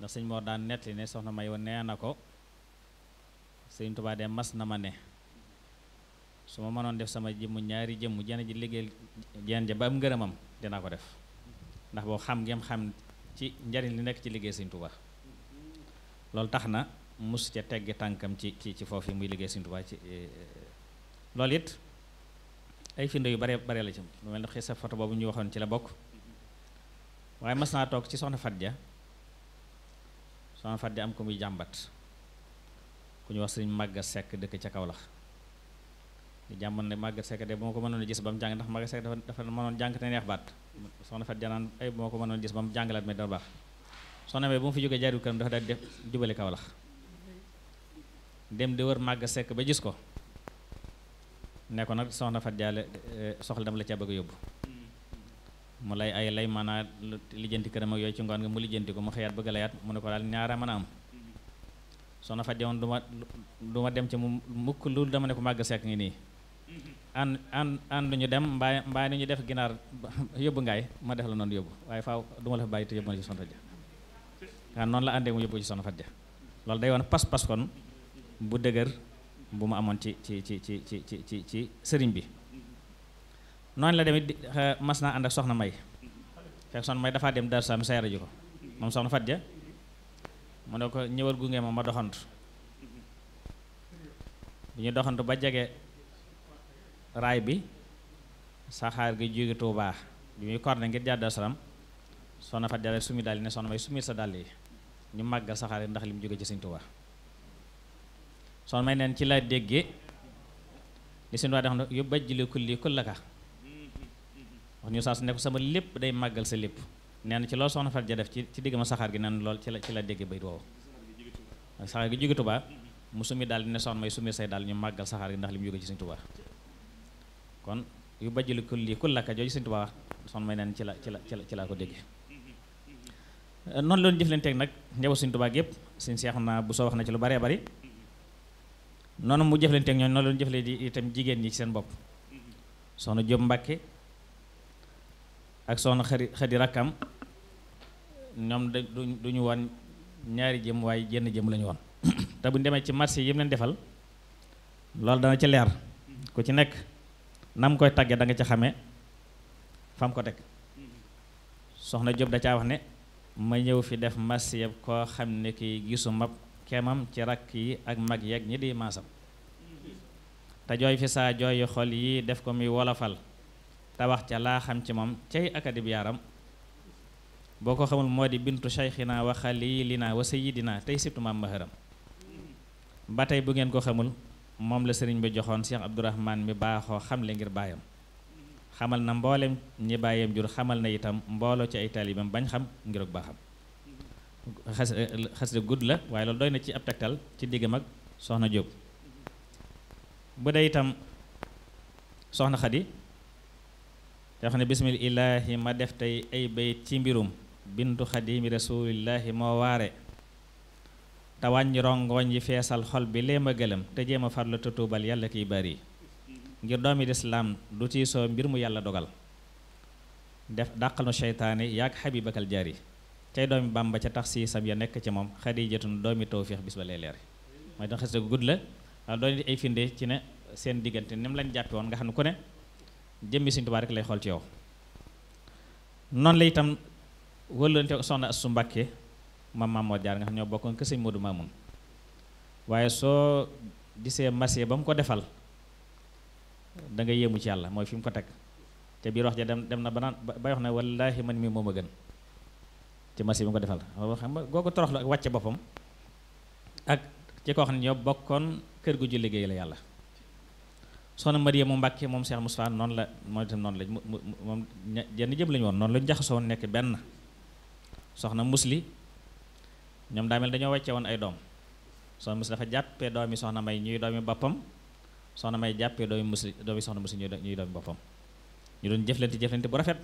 ndax sëñ moo daan nettali ne soxna may woon nee na ko Sëriñ Tuubaa de mas na ma ne suma manon def sama jëm ñaari jëm jëna ji liggéey jenn ja ba am dina ko def ndax bo xam ngeen xam ci njariñ li nek ci liggéey Touba taxna mus ca tegg tànkam ci ci ci sin muy liggéey Sëñ Touba ci e, e. loolu it ay firnde yu bare bare la ci lu mel xé sa photo bobu ñu waxon ci la bok waye masna tok ci soxna Fadja soxna Fadja am ko muy jambat ku ñu wax Magga Sek dëkk ci Kawlax di jàmman ne màgg Seck de bu ma ko mënoon a gis ba mu jàng ndax Maguette Seck dafa dafa mënoon jàng te neex baat soxna Fat Janaan ay bu ma ko mënoon gis ba mu jàngalaat mais dara baax soxna May bu fi jógee jaaribu këram dafa def jubale Kawlax dem di wër Maguette ba gis ko ne nag soxna Fat Jaale eh, soxla la ca bëgg yóbbu mu lay ay lay maanaa lijjanti këram ak yooyu ci ngoon nga mu lijjanti ko mu xëyaat mu ne ko daal ñaara mën a am soxna Fat Jawoon du ma dem ci mu mukk loolu dama ne ko màgg Seck ngi nii an an ànduñu dem mbaay mbaay ni ñu def ginaar yóbbu ngaay ma def la noonu yóbbu waaye faaw du ma la fa bàyyi te yóbbu ma ci soxna ja waaw noonu la àndee mu yóbbu ci soxna Fatou ja day woon pas-pas kon bu dëgër bu ma amon ci ci ci ci ci ci ci ci sëriñ bi noonu la demit mas naa namai ak soxna may fekk soxna may dafaa dem Darou Sam seera ji ko moom soxna Fatou ja mu ne ko ñëwal gunge ma ma doxantu bu doxantu ba jege ray bi saxaar gi jóge toba bi mi korne ngir jaar salam sona fa Faty sumi daal yi ne soxna may sumi sa dàll yi ñu magga saxaar ndax lim mu ci seigne Tuubaa soxna may neen ci la déggee li seigne Tuubaa yu xam ne kulli kullaka wax ñu saa su nekk sama lepp day magal sa lepp nee ci lo sona fa Jaara def ci ci digg ma saxaar gi neen lol ci la ci la déggee bay woowu saxaar gi jóge Tuubaa musumi dal ne may sumi say dal ñu gi ndax lim ci seigne kon yu bajjulu kulli kullaka jooju Sëñ seen wax son may neen ci laa ci la ci laa ko déggee euh, noonu loolu jëflanteeg nag njaboot Sëñ Tuubaa yëpp seen Seexu naa bu soo wax na ci lu baree bari noonu mu jëflanteeg ñoom noonu loolu jëfle di itam jigéen ñi ci seen bopp soxna Jóob Mbàkke ak soxna xari xadi rakkam ñoom da du ñu woon ñaari jëm waaye jenn jëm lañu woon (coughs) te bu ñu ci marché yi mu leen defal loolu dana ci leer ku ci nekk nam koy tagge da nga ci xamé fam ko tek soxna job da ca wax ne ma ñew fi def masiyab ko koo ki gisu mab kemam ci rak yi ak mag yeeg ñi di masam ta joy fi sa joy yu xol yi def ko wala fal ta wax ca la xam ci mom cey akadib yaram boko xamul modi bintu shaykhina wa khalilina wa sayyidina tay sibtu mam mahram batay bu ngeen ko xamul moom la sëriñ bi joxoon Cheikh Abdourahman mi baaxoo xamle ngir baayam xamal na mboolem ñi baayam jur xamal na itam mbooloo ci ay taalibeem bañ xam ngir ak baaxam xas xasida gudd la waaye loolu doy na ci ab tegtal ci diggam ak soxna Jóob bu dee itam soxna Xadi yoo xam ne bismillaahi ma def tey ay bayit ci mbirum bintu xadimi rasuulillaahi moo waare te wàññi rongoñ yi feesal xol bi léem a gëlëm te jéem a farlu te tuubal yàlla kiy bari ngir doomi lislaam du tiisoo mbir mu yàlla dogal def dàqal nu seytaane yaag xabibakal jaari cay doomi bàmba ca tax siisam ya nekk ci moom xadijatun doomi tawfiix bis ba lay leer mooy tax xasida gu gudd la doon ay finde ci ne seen diggante ni mu lañ jàppe woon nga xam ne ku ne jëmmi Sëriñ Tuubaa rek lay xool ci yow noonu la itam wëllante soxna su Mbàkke maam mo jaar nga xam ñoo bokkoon kër Modou Mamoun waaye soo gisee masiye ya, ba mu ko defal da nga yéemu ci yàlla mooy fi mu ko teg te biir wax ja dem dem na ba bay wax ne wallahi man mi moom gën ci masiye bi mu ko defal xam nga googu torox la ak wàcce boppam ak ci koo xam ne ñoo bokkoon kër gu ju la yàlla soxna Maria mu Mbàkke moom Cheikh Moustapha noonu la mooy itam noonu la moom jenn jëm la ñu woon noonu la ñu jaxasoo nekk benn soxna musli ñom daamel mel dañoo wàcce ay doom soxna musi dafa jàppee doomi soxna may ñuy doomi boppam soxna may jàppee doomi musi doomi soxna musi ñuy ñuy doomi boppam ñu doon jëflante jëflante bu rafet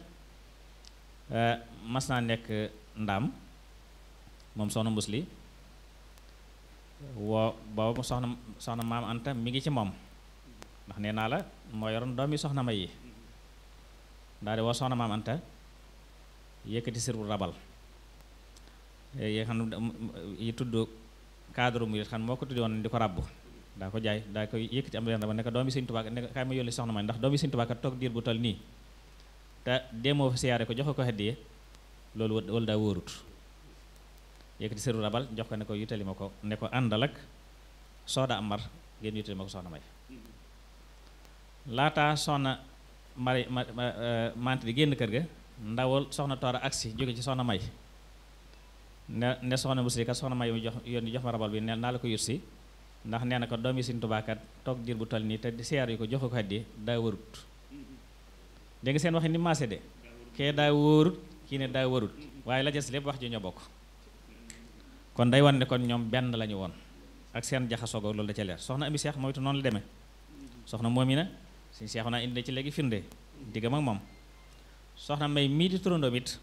euh, mas naa nekk ndaam moom soxna musli woo boobu soxna soxna maam Anta mi ngi ci moom ndax nee naa la moo yoroon doomi soxna may yi daal di woo soxna maam Anta yëkkati sir bu rabal Eh, yi xam yi tudd cadre mu xam moo ko tudd woon di ko ràbb daa ko jaay daa koy yëkkati am leen raba ne ko doom bi Sëñ Tuubaa ne ko kaay ma yónni soxna ma ndax doom bi Sëñ toog diir bu toll nii te demoo fa siyaare ko joxe ko hadiya loolu wala daa wóorut yëkkati seru rabal jox ko ne ko yutali ma ko ne ko àndal ak sooda amar ngeen yutali ma ko soxna may laataa soxna mari eh, mant di génn kër ga ndawal soxna toora agsi jóge ci soxna may ne ne soxna bu si kat soxna ma yu yoon jox ma rabal bi naa la ko yut si ndax nee na ko doom yi Sëriñ Tuubaa kat toog diir bu toll nii te seer yi ko jox ko addi daa warut dégg nga seen wax ni maase de kee daa wóorut kii ne daa warut waaye la des lépp wax ji ñoo bokk kon day wan ne kon ñoom benn lañu woon ak seen jaxasoo googu loolu da ca leer soxna Ami Seex moytu noonu la deme soxna Moomina Sëriñ Seexuna indi na ci léegi firnde diggam ak moom soxna May di turandoom it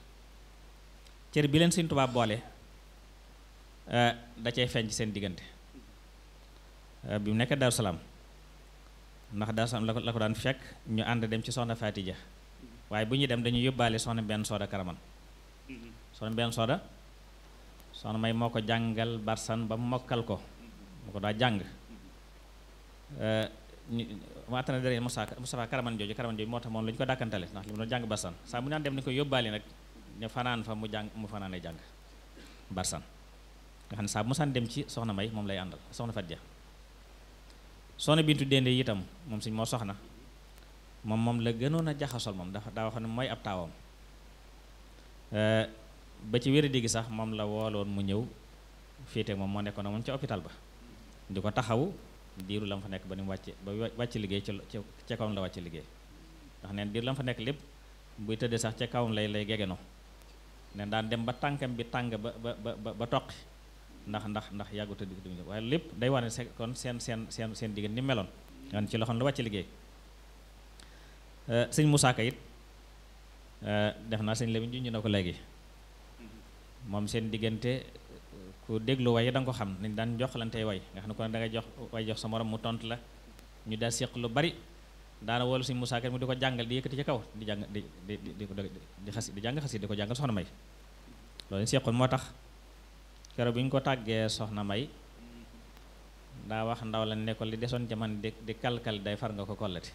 cër bi leen Sëñ Tuubaa boole eh, da cay feeñ ci seen diggante eh, bi mu nekk Daaru Salaam ndax Daaru Salaam la ko daan fekk ñu ànd dem ci soxna Faatija waaye bu dem dañu yóbbaale soxna benn sooda karaman soxna benn sooda soxna may moo ko jàngal barsan ba mokkal ko mu ko daa jàng eh, mu attana musa, musa Karaman jooju Karaman jooju moo tax moom la ko dàkkantale ndax li mu doon jàng barsan saa bu ñu dem ni ko yóbbaale nag ñu fanaan fa mu jang mu fanane jang barsan nga kan xam sa mu san dem ci soxna may mom lay andal soxna fadja soxna bintu dende yitam mom señ mo soxna mom mom la gënoon jaxasol mom dafa da wax ne mooy ab euh ba ci wéré digi sax mom la wolon mu ñëw féete moom moo nekkoon mom ci hôpital ba diko taxaw diiru fa nekk ba ni mu ba wàcc liggéey ci ci kawam la wàcc liggéey ndax neen lam fa nekk lepp buy sax ci kawam lay lay gegeno ne daan dem ba tankam bi tàng ba ba ba ba tok ndax ndax ndax yàggu tëdd ko duñu waaye lepp day wane sen kon sen sen sen sen diggante ni melon yoon ci loxon la wàcc euh eh, seigne Moussa kayit euh def naa sëñ ñu nako legi mom sen seen eh, ku deglu way da nga ko xam ni daan joxlante way nga xam ko da nga jox way jox sa morom mu tont la ñu da sekk lu bari daana woolu suñu Moussa Ka mu di ko jàngal di yëkkati ci kaw di jàng di di di di xas di jàng xas di ko soxna may loolu ñu seqoon moo tax keroog bi ñu ko tàggee soxna may daa wax ndaw la ne li desoon ci man di di day far nga ko kollati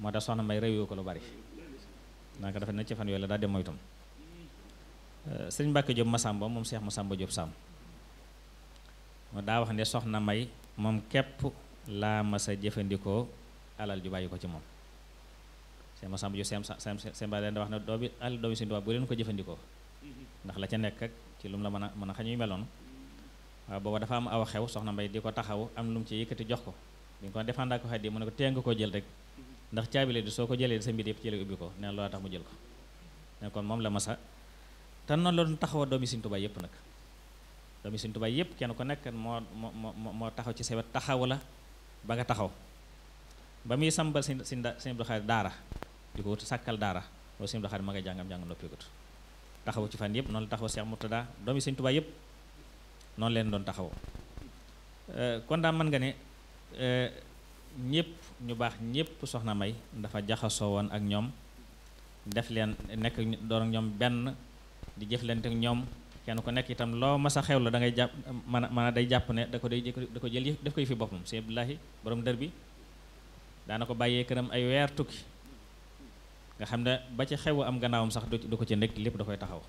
moo tax soxna may réewu ko lu bari naa ko dafa ne ci fan yooyu la daa dem moytum euh, sëñ Mbàkke Jóob Masamba moom Seex Masamba Jóob Sàmb moo daa wax ne soxna may moom képp laa masa jëfandikoo alal ju bàyyi ko ci moom seen masamba ju sem semba leen da wax na doomi alal doomi Sëñ Tuubaa bu ko jëfandikoo ndax la ca nekk ak ci lum la mën a mën a xañuy meloon waaw booba dafa am aw xew soxna mbay di ko taxaw am lu mu ci yëkkati jox ko bi nga ko defanda ko xaddi mu ne ko tee nga koo jël rek ndax caabi la di soo ko jëlee di sa mbir yëpp ci la ubbi ko neen loola tax mu jël ko ne kon moom la masa te noonu la doon taxawoo doomi Sëñ Tuubaa yëpp nag doomi Sëñ Tuubaa yëpp kenn ku nekk moo moo moo taxaw ci sa taxaw la ba nga taxaw ba muy sambal sin sin sin bu Khadre dara di ko wut sàkkal daara loolu sëñ Abdou Khadre ma jangam jàngam jàng noppeekut taxaw ci fan yeb non la taxaw Cheikh Murtada domi seigne touba yeb non len don taxaw eh, kon da man nga ne eh, ñepp ñu bax ñepp soxna may dafa jaxaso won ak ñom def leen nekk doon ñom ben di len ak ñom kenn ko nek itam lo ma sa xew la da ngay japp man man day ne da ko day da ko jël def ko fi boppam cheikh abdullahi borom derbi daana ko bàyyee këram ay weer tukki nga xam ne ba ci xewu am gannaawam sax du ko ci nekk lépp da koy taxaw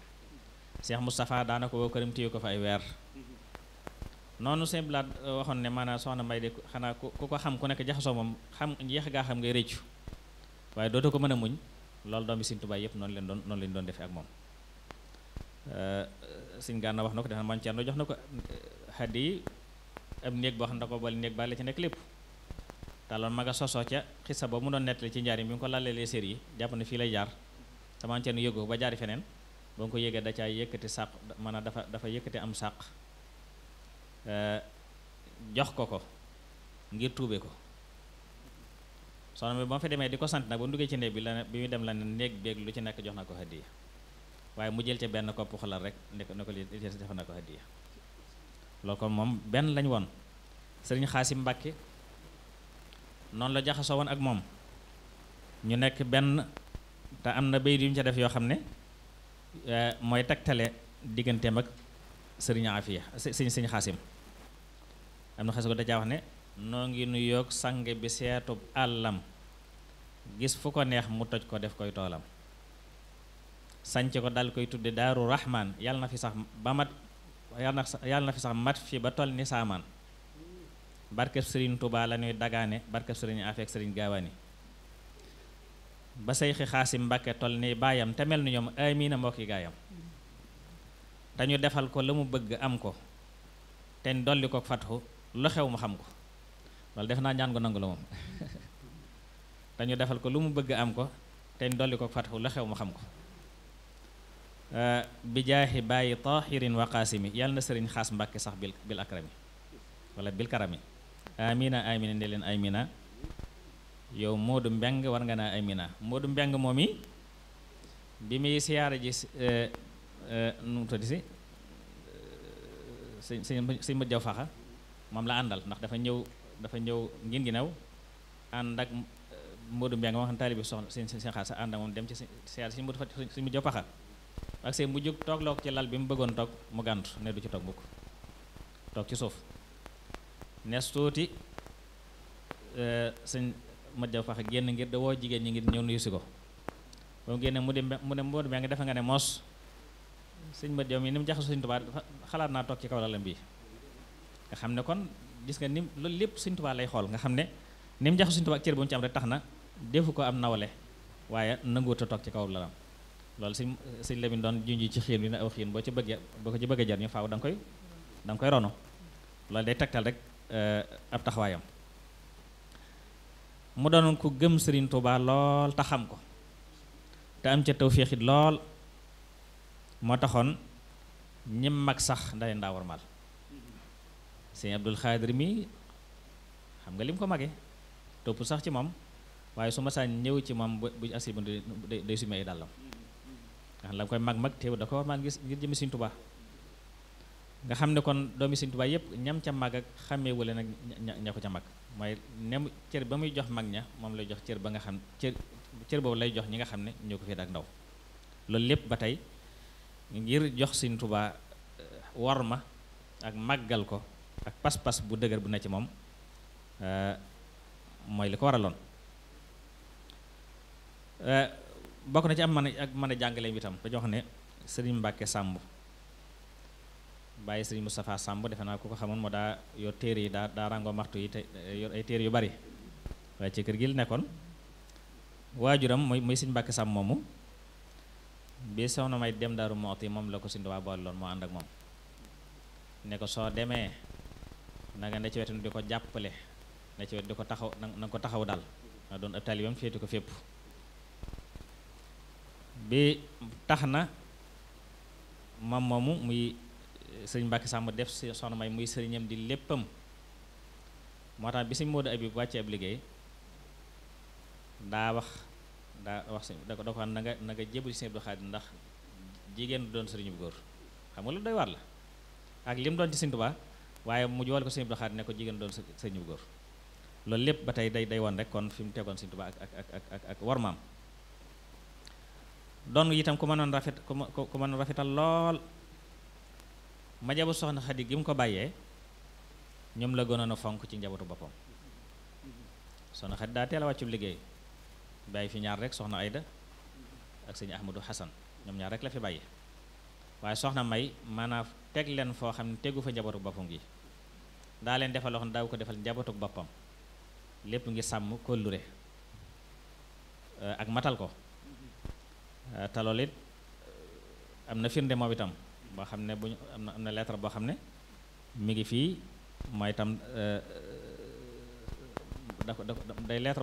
Cheikh Moustapha daana ko woo këram téye ko fa ay weer noonu sëñ Blaat euh, waxoon ne maanaam soxna Mbay de xanaa ku ku ko xam ku nekk jaxasoo moom xam njeex gaa xam ngay rëccu waaye dootu ko mën a muñ loolu doomi Sëñ Tuubaa yëpp noonu leen doon noonu leen doon defee ak moom euh, sëñ Gànna wax na ko defe man Cerno jox na ko euh, xaddi ab néeg boo xam ne da ko néeg baa ci nekk lépp talon maga soso ca xissa ba mu don netti ci njaariñ mi mu ko lalé les yi japp na fi lay jaar tamaan ceen yego ba jaari fenen ba ko yegge da ca yekati sax mana dafa dafa yekati am euh jox ko ko ngir tuube ko soxna bi ba fa démé diko sant nak bu ndugé ci néeg bi la bi mi dem la ne beeg lu ci nekk jox nako ko hadiya waye mu jël ci ben kopp xolal rek ne ko ne ko li def nako hadiya loolu mom ben lañ won serigne Xaasim mbacke non la jaxaso won ak mom ñu nek ben ta amna beuy yu ñu ca def yo xamne euh moy tegtale digganteem ak serigne Afiya serigne serigne Xaasim amna na ko da ja wax ne no ngi nu yok sangé bi gis fu ko neex mu toj ko def koy tolam sanc ko dal koy tuddé daru rahman yalna na fi sax ba mat yalna na fi sax mat fi ba tol ni saman barke Serigne Touba la ñuy dagaane barke Serigne Afek Serigne gawani. ba sayxi khasim Mbàkke tol ni bayam te melnu ñom amina mbokki gayam dañu defal ko lamu bëgg am ko te ndolli ko fatxu lu xew mu xam ko wal defna ñaan go nangul mom (laughs) dañu defal ko lu bëgg am ko te ndolli ko fatxu lu xew mu xam ko jahi bàyyi tahirin wa qasimi yalna Serigne khas Mbàkke sax bil akrami wala bil karami amina amina nde amina yow Modou mbeng war nga na amina Modou mbeng momi bi mi siara ji euh euh nu si eh, sëñ seigne seigne jaw faxa la andal ndax dafa ñew dafa ñew ngin ginaaw and ak eh, Modou mbeng waxan talib soxna seigne seigne xaar sa ànd ak mom dem ci siara si Modou Fatick seigne modou faxa ak seigne mu jóg toog ci lal bi mu bëggoon tok mu gantu ne du ci tok buku tok ci sof nestooti eh, sëñ Madiaw Fax génn ngir da woo jigéen ñi ngir ñëw nuyu si ko ba mu génne mu ne mu dem ngi nga defe nga ne moos sëñ Madiaw mi ni mu jaxasoo sëñ Tuubaa xalaat naa toog ci kaw lalam bi nga xam ne kon gis nga ni loolu lépp sëñ Tuubaa lay xool nga xam ne ni mu jaxasoo sëñ Tuubaa ak cër bu mu ci am rek tax na defu ko am nawle waaye nanguwut toog ci kaw lalam loolu sëñ sëñ Lamin doon junj ci xiin bi ne aw xiin boo ci bëggee boo ko ci bëggee jar ñu faaw da koy da koy rono loolu day tegtal rek Eh, ab taxwayam mu don ku gem Serigne Touba lol te xam ko te am ci tawfiqit lol mo taxoon ñim mak sax ndaleen daa warmal Serigne Abdul khadir mi xam nga lim ko magge top sax ci mom waye suma masaan ñew ci mom bu asibu day ay dalam nga la koy mag mag teew da ko war maa ngir jëm Serigne Touba nga xam ne kon doomi Sëriñ Tuubaa yëpp ñam ca mag ak xàmmee wala nag ña ko ca mag mooy nem cër ba muy jox mag ña moom lay jox cër ba nga xam cër boobu lay jox ñi nga xam ne ñoo ko féet ak ndaw loolu lépp ba tey ngir jox Sëriñ Tuubaa eh, war ma ak maggal ko ak pas-pas bu dëgër bu na ci moom eh, mooy li ko war waraloon eh, bokk na ci am mën a ak mën a jàngale itam dañoo wax ne Sëriñ Mbàkke Sàmb baye serigne Moustapha Sambu, defena naa ku ko xamone mo da yo téré da da rango ràngoo martu yi eh, te ay téré yu bari wa ci kër gil nekkon wajuram moy moy serigne sam momu may dem daru moti mom la ko sëriñ Tuubaa bolon mo and ak mom ne ko so demee na nga ne ci wétu diko ko na ci wétu diko ko taxaw na ko taxaw dal da don ab taalibeem ko bi taxna mam momu muy sëriñ Mbàkke sama def si may muy sëriñam di leppam moo bi sëñ modou Abib wacce ab liggéey da wax da wax si da ko da ko na nga na nga jébal si abdou khadim ndax jigéen doon sëriñ bu xam nga lu doy war la ak lim mu doon ci sëñ touba waye mu jowal ko sëñ abdou khadim ne ko jigéen doon sëriñ bu lepp ba day day won rek kon fim mu tegoon touba ak ak ak ak ak ak warmaam doon itam ku manon rafet ku manon rafetal lol ma jabu soxna Xadi gi mu ko bàyyee ñoom la gënoon a fonk ci njabootu boppam soxna Xadi daa teel a wàccu liggéey bàyyi fi ñaar rek soxna Ayda ak sëñ Ahmadou Xasan ñoom ñaar rek la fi bàyyi waaye soxna May maanaam teg leen foo xam ne tegu fa njabootu boppam gi daa leen defal loo xam ko defal njabootu boppam lépp ngi sàmm kóllure euh, ak matal ko euh, te loolu it euh, am na firnde moom itam boo xam ne bu ñu am na am na lettre boo xam ne mi ngi fii mooy itam euh, euh, da ko da boo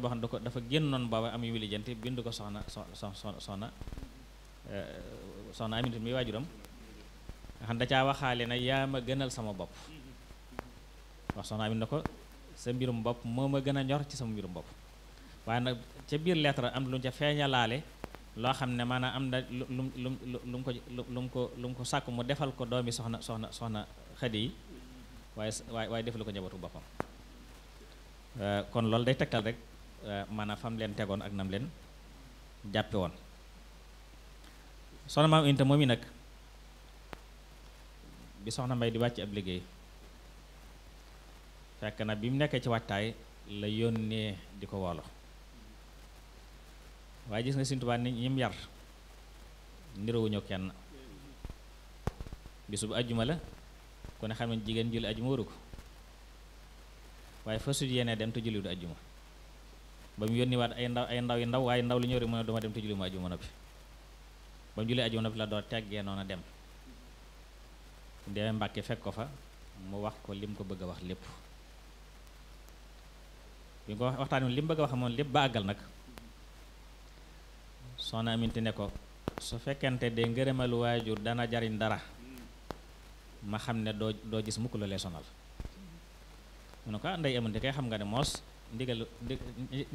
xam ne da ko dafa génnoon booba am yu lijjanti bind ko soxna so so soxna euh, soxna Aminata mi waajuram nga xam da caa waxaale na yaa ma gënal sama bopp wax soxna Aminata ko sa mbirum bopp moo ma gën a ñor ci sama mbirum bopp waaye nag ca biir lettre am lu ñu ca feeñalaale loo xam ne maanaam am na lu lu lu lu mu ko lu mu ko lu mu ko sàkk mu defal ko doomi soxna soxna soxna xadi yi waaye waaye defalu ko njabootu boppam euh, kon loolu day tegtal rek euh, maanaam fam leen tegoon ak nam leen jàppe woon soxna maam inta moom yi nag bi soxna mbay di wàcc ab liggéey fekk na bi mu nekkee ci waajtaay la yónnee di ko woolo waye gis nga seigne touba ni ñim yar niroowuñu kenn bisub ajjuma la ku ne xam ne jigéen julli ajjuma waru ko waaye fasu yene dem tu julliwut aljuma bam yoni wat ay ndaw ay ndaw yi ndaw waye ndaw li ñori mëna dama dem tu julli ma aljuma nabi bam mu aljuma nabi la do tagge nona dem dem mbacke fek ko fa mu wax ko lim ko bëgg wax lepp bi nga waxtaan lim bëgg wax mo lepp ba agal nak sona Aminti ne ko su fekente de ngërëmal wajur dana jariñ dara ma xamne do do gis mukk lo lesonal sonal mu ko ah ndey amante kay xam nga ne mos ndigal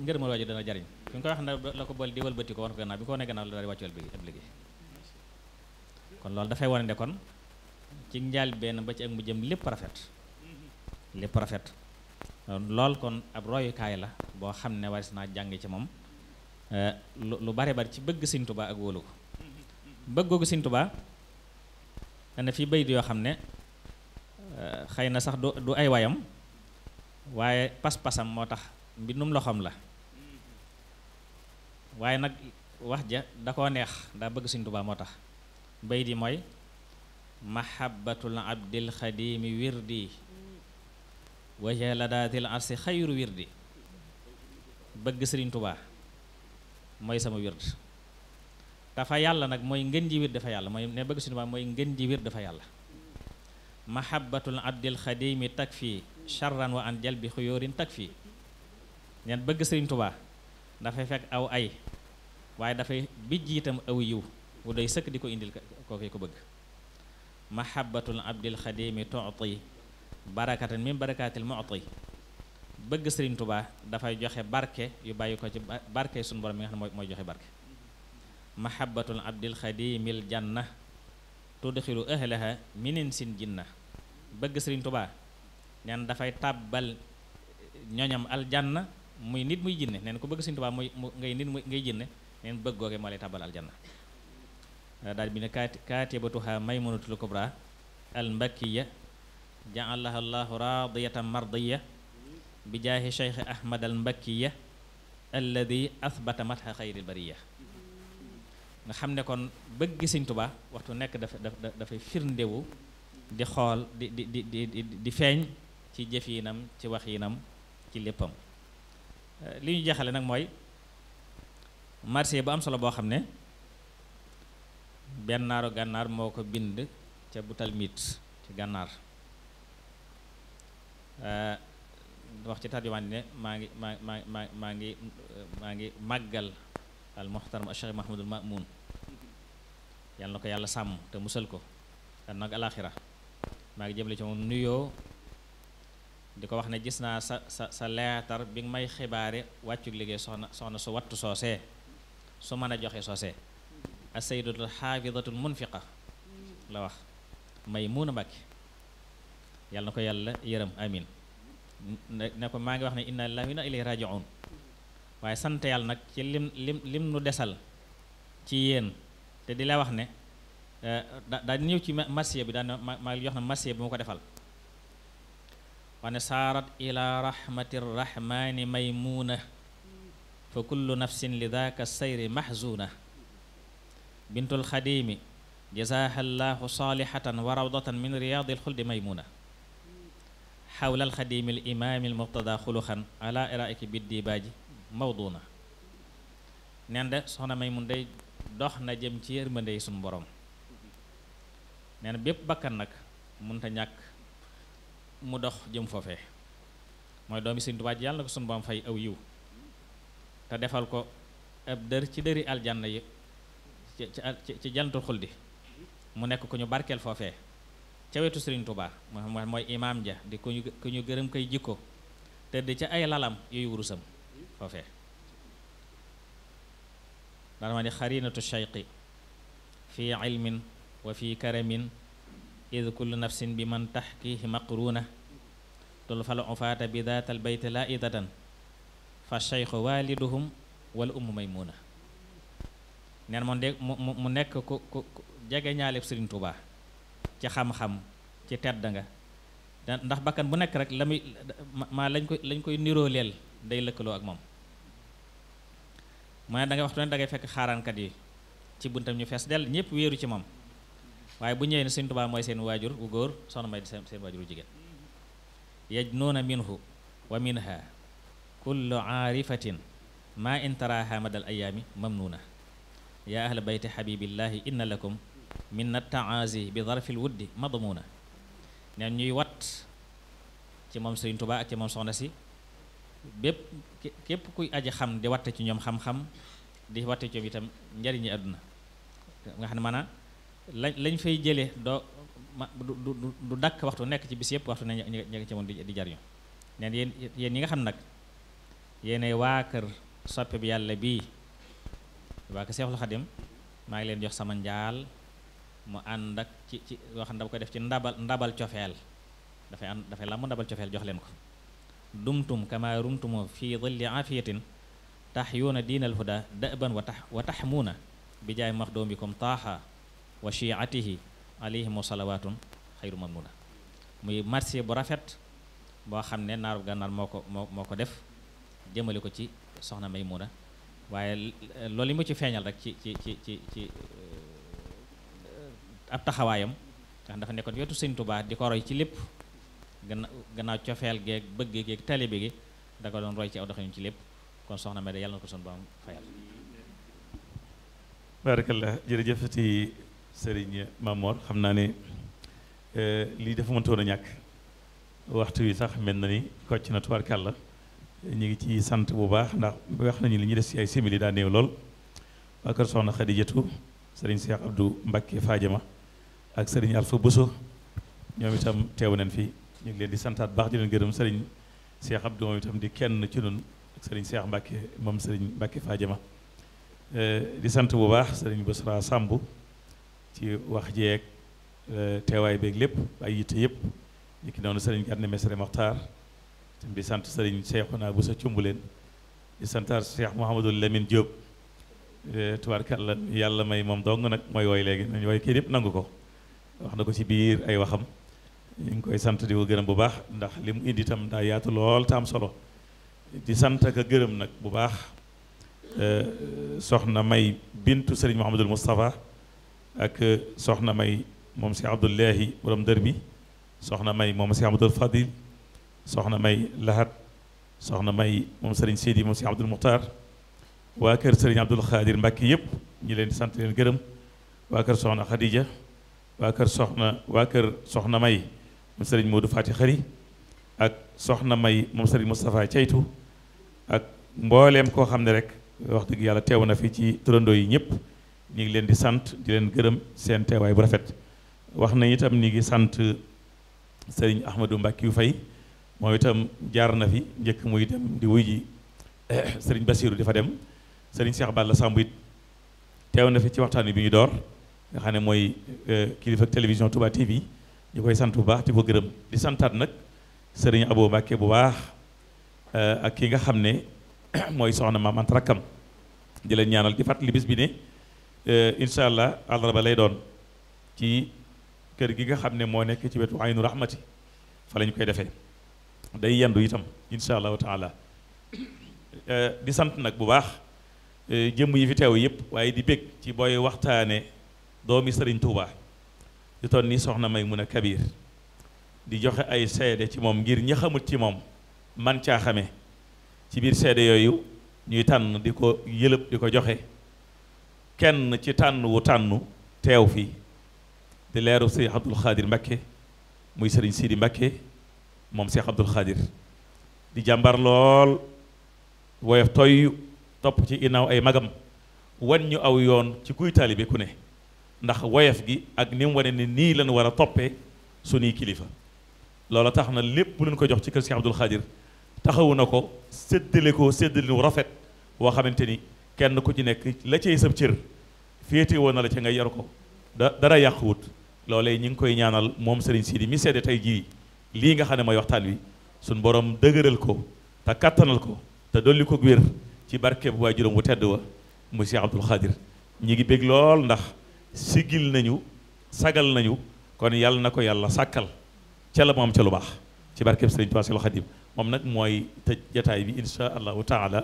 ngërëmal wajur dana jariñ fi ko wax ah, na la ko di ko won ko na bi ko ne gannaaw la daal bi ab kon lol da fay ne kon ci njaal ben ba ci ak mu jëm rafet lepp rafet lol kon ab kay la bo xamne ne waris ci mom Eh, lu bare bare ci bëgg Serigne Touba ak wolu bëgg gogu Serigne Touba dana fi bayit yo xamne eh, xeyna sax du ay wayam waye pas pasam motax mbindum loxam la waye nak wax ja da ko neex da bëgg Serigne Touba motax bayit yi moy mahabbatul abdil khadim wirdi wajha ladatil arsi khayru wirdi bëgg Serigne Touba mooy sama wird dafa yàlla nag mooy ngën ji wird dafa yàlla mooy ne bëgg suñu baa mooy ngën ji wird dafa yàlla mahabbatul abdil xadimi takfi charran wa an jalbi xuyóorin takfi neen bëgg sëriñ tubaa dafay fekk aw ay waaye dafay bijj itam aw yiw bu doy sëkk di ko indil kooku ko bëgg mahabbatul abdil xadimi tuuti barakatan min barakatil muti bëgg Serigne Touba dafay joxe barke yu bàyyi ko ci barke sun borom nga xam ne joxe barké mahabbatul abdil khadimil janna ahlaha minin sin jinna bëgg Serigne Touba neen dafay tabal ñoñam jannah, muy nit muy jinne neen ku bëgg Serigne Touba muy ngay nit muy ngay jinne neen bëgg goge mo lay al janna dal bi ne katibatuha maymunatul kubra al makkiyya jaalaha allah radiyatan mardiyya bi jaahi cheikh ahmad al mbakkiya alladi athbata bariya nga xam ne kon bëgg Sëñ Tuubaa waxtu nekk dafa dafay firndewu di xool di di di feeñ ci jëf yinam ci wax yinam ci léppam euh, li ñu jaxale nag mooy marché bu am solo boo xam ne bennaaru gànnaar moo ko bind ca butal talmit ci gànnaar euh, wax ci tarjumaan ne maa ngi maa maa maa maa ngi maa ngi màggal al muhtaram al cheikh Mahmadul Mamoun na ko yàlla sàmm te musal ko dan nag maa ngi jëmale ci moom nuyoo di ko wax ne gis naa sa sa sa leetar bi nga may xibaare wàccug liggéey soxna soxna su wattu soosee su mën a joxe soosee asaydatul xaafidatul munfiqa la wax may muuna mbàkke yàlla na ko yàlla yërëm amin ne ko maangi wax ne inna lillahi wa ilayhi raji'un waye sante yàlla nak ci lim lim lim nu dessal ci yéen te di la wax ne da daa ñëw ci masiya bi daan ma ngi wax na masiya bi moko defal wax ne saarat ila rahmatir rahmani maymuna fa kullu nafsin lidhaka daaka sayri mahzuna bintul khadimi jazaha allah salihatan wa rawdatan min riyadil alxuldi maymuna حول الخديم الإمام المقتدى خلوخا على إرائك بالديباج موضوعنا neen de soxna may mun day dox na jëm ci yërmandey suñu borom nee na bépp bakkan nag munta ñàkk mu dox jëm foofee mooy doomi Sëriñ Tuubaa yàlla na ko suñu borom fay aw yiw te defal ko ab dër ci dëri aljanna yi ci ci ci jantul xuldi mu nekk ku ñu barkeel foofee ca wetu Serigne Touba mooy mooy imaam ja di ko ñu ku ñu gërëm kay jikko di ca ay lalam yooyu wurusam foofee dana ma ni kharinatu shayqi fi ilmin wa fi karamin id kullu nafsin biman tahkihi maqruna tul fal ufata bi dhat al bayt la idatan fa shayqu waliduhum wal ummu maymuna neen moom de mu nek ko ku Serigne Touba ci xam-xam ci tedd nga ndax bakkan bu nek rek lamay ma lañ koy lañ koy niro lel day lekkelo ak mom ma da nga waxtu da ngay fekk kat yi ci buntam ñu fess del ñepp wëru ci mom waye bu ñëw ne Sëñ moy seen wajur soxna may seen wajur jigen yajnuna minhu wa minha kullu aarifatin ma in taraha madal ayami mamnuna ya ahla bayti habibillahi, inna lakum min na taazi bi darfil wuddi madmuna neen ñuy wat ci moom Sëriñ Tuubaa ak ci moom soxna si bépp képp kuy aji xam di watte ci ñoom xam-xam di watte ci ñoom itam njariñu àdduna nga xam ne maanaam lañ lañ fay jëlee doo ma du dakk waxtu nekk ci bis yëpp waxtu ne ñi ci moom di jariñu neen yéen yéen nga xam nag yéenay waa kër soppe bi yàlla bii waa kër Seexul Xadim maa ngi leen jox sama njaal mu ànd ak ci ci yoo xam ne dafa def ci ndabal ndabal cofeel dafay am dafay làmb ndabal cofeel jox leen ko dumtum kama rumtumu fi dilli afiyatin taxyuuna diina alhuda da'ban wa tax wa taxmuuna bi jaay maxdoomikum taaxa wa shiatihi alayhimu salawatun xayru mamnuuna muy marché bu rafet boo xam ne naaru gànnaar moo ko moo def jëmale ko ci soxna Maymuna waaye loolu mu ci feeñal rek ci ci ci ci ab taxawaayam ndax dafa nekkoon wetu sëñ Tuubaa di ko roy ci lépp gannaaw gannaaw cofeel geeg bëgge geeg talibe gi da ko doon roy ci aw doxalin ci lépp kon soxna Mbène yàlla ko son ba am fayal. ci Serigne Mamor xam naa ne eh, lii dafa mëntoon a ñàkk waxtu wi sax mel na ni kocc na tubaarkàlla ñu ngi ci sant bu baax ndax wax nañu li ñu des ci ay simili daa néew lool waa kër soxna Xadijatu Serigne Cheikh Abdou Mbacke Fadiama. ak sëriñ Alpha Bousso ñoom itam teew nañ fi ñu ngi leen di santaat baax di leen gërëm sëriñ Cheikh Abdou moom itam di kenn ci nun ak sëriñ Cheikh Mbacke moom sëriñ Mbacke Fadiama di sant bu baax sëriñ Boussra Samb ci wax jeeg teewaay beeg lépp ay yitte yëpp ñu ki noonu sëriñ Gane Mesere Mokhtar di sant sëriñ Cheikhouna Bousso Cumbuleen di santaat Cheikh Mouhamadul Lamine Diop tubaarkàlla yàlla may moom dong nag mooy woy léegi nañu woy kii yëpp nangu ko. wax na ko ci biir ay waxam ñu ngi koy sant di ko gërëm bu baax ndax li mu indi itam daa yaatu lool tam solo di sant ak gërëm nag bu baax soxna May bintu Serigne Mouhamadul Moustapha ak soxna May moom si Abdullahi borom dër bi soxna May moom si Abdul Fadil soxna May Lahat soxna May moom Serigne Sidi moom si Abdul Muxtaar waa kër Serigne Abdul Xaadir Mbàkke yëpp ñu leen di sant leen gërëm waa kër soxna Khadija. waa kër soxna waa kër soxna may moom sëriñ Modou Fati Xari ak soxna may moom sëriñ Moustapha Ceytu ak mbooleem koo xam ne rek wax dëgg yàlla teew na fi ci turandoo yi ñëpp ñu ngi leen di sant di leen gërëm seen teewaay bu rafet wax na itam ñu ngi sant sëriñ Ahmadou Mbackiou Faye moom itam jaar na fi njëkk muy dem di wuy ji sëriñ Bassirou di fa dem sëriñ Cheikh Balla Samb it teew na fi ci waxtaan wi bi ñu door xane moy ne mooy kilifa télévision Touba TV ñu koy sant bu baax di bu gërëm di santat nak serigne abou Mbàkke bu baax ak ki nga xamne moy soxna maam Anta rakkam di leen ñaanal di fàttali bis bi ne inshallah allah àllarba lay doon ci kër gi nga xamne mo moo nekk ci wetu aynu rahmati fa lañ koy defé day yandu itam inshallah allahu taala di sant nak bu baax jëmm yi fi tew yëpp waye di bég ci boy waxtane doomi sëriñ Touba di toll nii soxna may mun a kabiir di joxe ay seede ci moom ngir ñi xamul ci moom man caa xame ci biir seede yooyu ñuy tànn di ko yëlëb di ko joxe kenn ci tànn wu tànn teew fii di leeru Sëriñ Abdul Xaadir Mbakke muy sëriñ Sidi Mbakke moom Cheikh Abdul Xaadir di jàmbar lool woyof toy topp ci ginnaaw ay magam wan ñu aw yoon ci kuy taalibe ku ne ndax wayef gi ak nim mu ni ne nii lañ war a toppee suñuy kilifa loola tax na lépp luñ ko jox ci kër Cheikh Abdoul Khadir taxawu na ko séddale ko séddale wu rafet woo xamante ni kenn ku ci nekk la cay sab cër féete woon na la ca nga yar ko da dara yàquwut loolee ñi ngi koy ñaanal moom Serigne Sidi mi sedde tey jii lii nga xam ne mooy waxtaan wi suñ borom dëgëral ko te kattanal ko te dolli ko wér ci barke bu waajuram wu tedd wa mu Cheikh Abdoul Khadir ñi ngi bég lool ndax sigil nañu sagal nañu kon yàlla na ko yàlla sàkkal ca la moom ca lu baax ci barkeb sëriñ Tuubaa Seexul Xadiim moom nag mooy tëj jataay bi insha allahu taala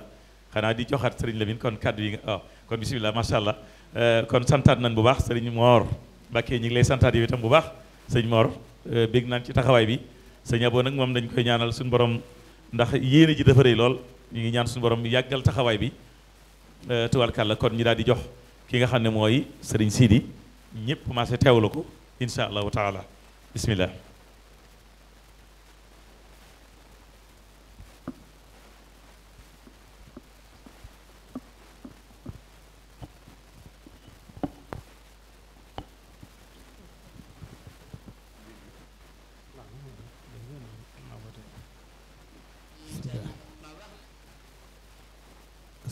xanaa di joxaat sëriñ Lamin kon kàddu yi nga waaw kon bisimilah macha allah euh, kon santaat nañ bu baax sëriñ Moor Mbàkke ñu ngi lay santaat yow itam bu baax sëñ Moor euh, bég naan ci taxawaay bi sëñ Abo nag moom dañ koy ñaanal suñu borom ndax yéene ji dafa lool ñu ngi ñaan suñu borom yàggal taxawaay bi euh, tubaarkàlla kon ñu daal di jox ki nga xam ne mooy sëriñ Sidi ñëpp commencé teewlu ko incha allahu taala bismillah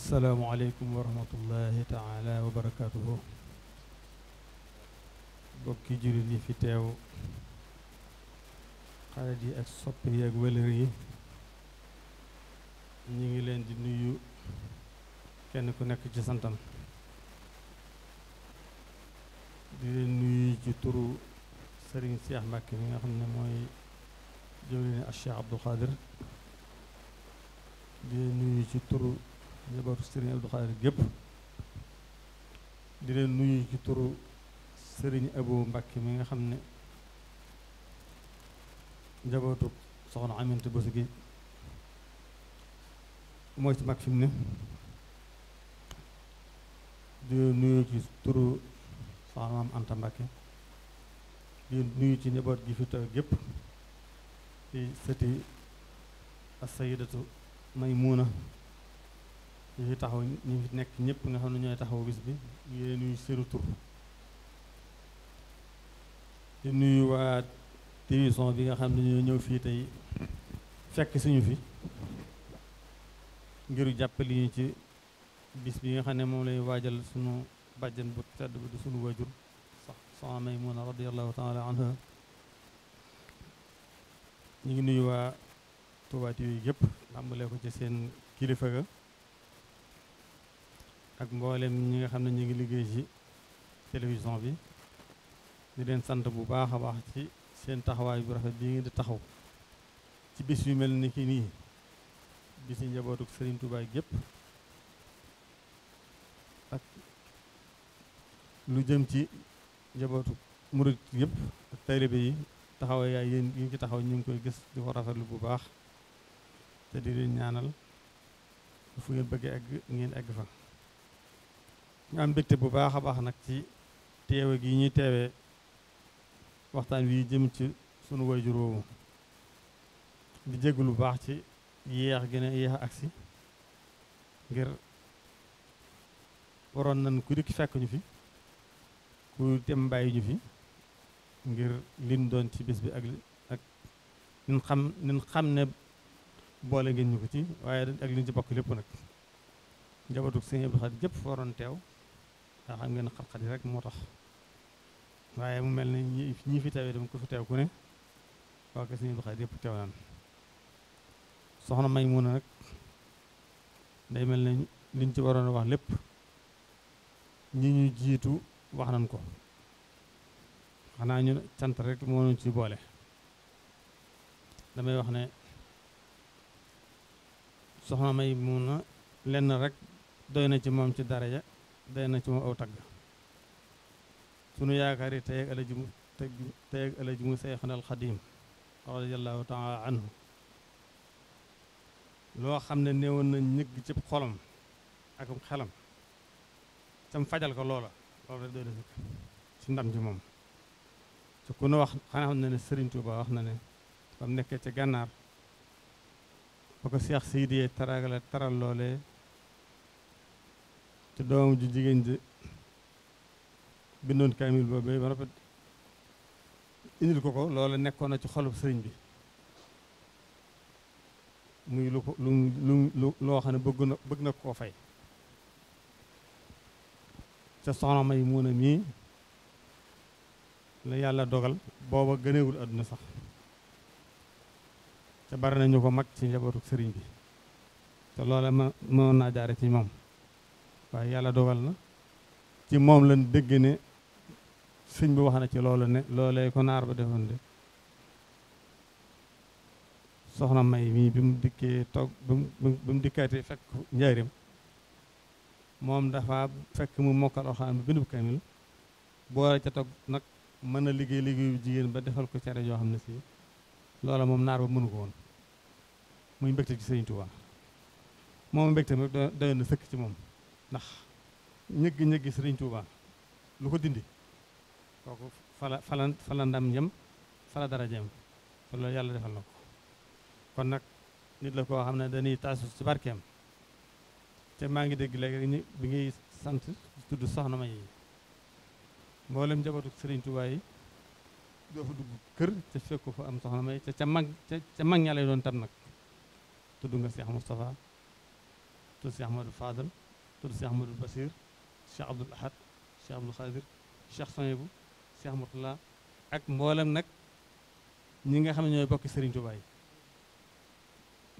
السلام عليكم ورحمة الله تعالى وبركاته بكي جريني في تاو تيو خالدي أكسوبي أكويلري نيجي لين دي نيو كان يكون نك جسانتم دي نيو جي ترو سرين سيح مكيني أخمنا موي جوليني أشياء عبد دي نيو جي njabootu Serigne Abdou Khadre gépp di leen nuyu ci turu Serigne Abou Mbacké mi nga xam ne njabootu soxna Aminata Bousso gi mooy ci mag fi ne di nuyu ci turu soxna Maam Anta Mbacké di nuyu ci njaboot gi fi taw gépp di sëti asayidatu Maymuna ñu fi taxaw ñu nekk ñëpp nga xam ne ñooy taxaw bis bi ñu nuyu seenu tur di nuyu waa bi nga xam ne ñoo ñëw fii tey fekk suñu fi ngir jàppali ñu ci bis bi nga xam ne moom lay waajal sunu bàjjan bu tedd bi di sunu waajur sax soxna Maymuna radiyallahu taala anha ñu ngi nuyu waa Touba TV yëpp tàmbalee ko ci seen kilifa ga ak mboolem ñi nga xamne ñi ngi liggéey ci télévision bi di leen sant bu baaxa baax ci seen taxawaay bu rafet bi ngi di taxaw ci bis yu mel ni ki nii bisi njabootuk Sëriñ Tuubaa gépp ak lu jëm ci njabootu murid yëpp ak taalibe yi taxawaay yaay yéen yi ci taxaw ñu ngi koy gis di ko rafetlu bu baax te di leen ñaanal fu ngeen bëggee egg ngeen egg fa ñu am mbégte bu baax a baax nag ci teewe gi ñuy teewe waxtaan wi jëm ci sunu wayjur woowu di jégg lu baax ci yéex gën a yéex si ngir waroon nan ku dikk fekk ñu fi ku dem bàyyi ñu fi ngir liñ doon ci bés bi ak ak liñ xam liñ xam ne boole ngeen ñu ko ci waaye ak liñ ci bokk lépp nag njabootu sëñ Abdou Khadre gépp waroon teew ndax xam yi rek moo tax waaye mu mel ni ñi fi tawee dama ko fi teew ku ne waa soxna may mun nag day mel ne liñ ci waroon a wax lépp ñi ñu jiitu wax nañ ko xanaa ñu cant rek moo ci boole damay wax ne soxna may mun a lenn rek doy na ci moom ci dara daraja dayna ci moom aw tag sunu yaakaari tay ak ëllëg mu tey ak ëllëg mu Seexuna al Xadiim radiyallahu taala anhu lo xamne neewon na ñëgg ci xolam ak xalam tam fajal ko lola lola do do ci ndam ji mom ci ku no wax xana xamne ne serigne touba wax na ne bam mu ci gànnaar ba ko Seex Siidiyee taragale taral lolé te doomam ju jigéen ji bindoon kaamil boobee ba rafet indil ko ko loola nekkoon na ci xolub sëriñ bi muy lu ko lu lu loo xam ne bëgg na bëgg nag koo fay ca soxna May mu a mii la yàlla dogal booba gënewul àdduna sax te bari nañu ko mag ci njabootu sëriñ bi te loola ma mënoon naa jaare ci moom waaye yàlla dogal na ci moom lañ dégg ni sëñ bi wax na ci loolu ne loolee ko naar ba defoon de soxna may mii bi mu dikkee toog bi mu dikkaatee fekk njaarim moom dafa fekk mu mokkal alxuraan bi bindub kamil boole ca toog nag mën na liggéey liggéeyu jigéen ba defal ko cere joo xam ne fii loola moom naar ba mënu ko woon muy mbégte ci sëñ Tuubaa moom mbégte mi doyoon na sëkk ci moom ndax ñëgg ñëggi sëriñ Touba lu ko dindi kooku fala fala fala ndam yem fala dara jëm te loolu yàlla defal na ko kon nag nit la koo xam ne dañuy taasu ci barkeem te maa ngi dégg léegi ni bi ngay sant tudd soxna ma yi mboolem njabootu sëriñ Touba yi doo fa dugg kër te ko fa am soxna may te ca mag ca mag ña lay doon tam nag tudd nga Cheikh Moustapha tudd Cheikh Ahmadou Fadal tudd Cheikh Amadou Basir Cheikh Abdoul Ahad Cheikh Abdoul Khadir Cheikh Soyebu Cheikh Mourtala ak mboolem nag ñi nga xam ne ñooy bokk Serigne Touba yi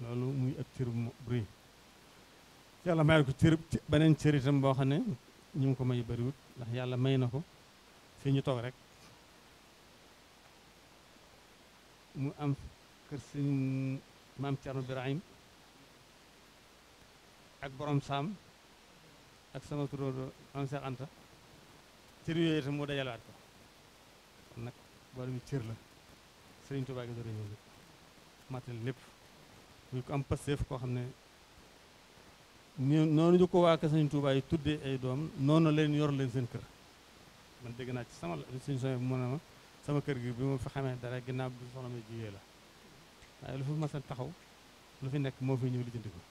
loolu muy ab cër bu rëy yàlla mayal ko cër beneen cër itam boo xam ne ñu ngi ko may bariwut ndax yàlla may na ko fii ñu toog rek mu am kër Serigne maam Thierno Birahim ak borom saam ak sama turóodo am Seex Anta cër yooyu itam moo dajalewaat ko kon nag boole bi cër la Sëriñ Tuubaa gi dara ñëw lépp matal lépp muy ko am pasteef koo xam ne noonu ñu ko waa ka Sëriñ Tuubaa yi tuddee ay doom noonu leen yor leen seen kër man dégg naa ci sama la suñ soñ bu mën a ma sama kër gi bi ma fi xamee dara ginnaaw bi soxna ma jigéen la waaye lu fi mas a taxaw lu fi nekk moo fi ñëw lijjanti ko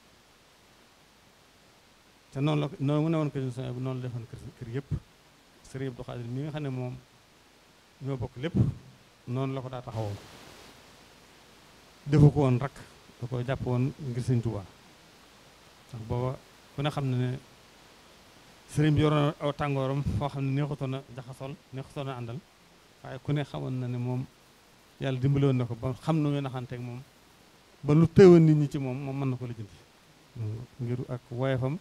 te noonu la noonu ne woon kër Sëriñ noonu la defoon kër kër mi nga xam ne moom bokk lépp noonu la ko daa taxawoo defu ko woon rak da ko jàpp woon ngir Sëriñ Tuubaa ndax booba ku ne xam ne ne sëriñ bi yoroon aw tàngooram foo xam ne neexutoon a jaxasool neexutoon àndal waaye ku ne xamoon na ne moom yàlla dimbali woon na ko ba xam nu muy naxanteeg moom ba lu teewoon nit ñi ci moom moom mën na ko lijjanti ngir ak woyefam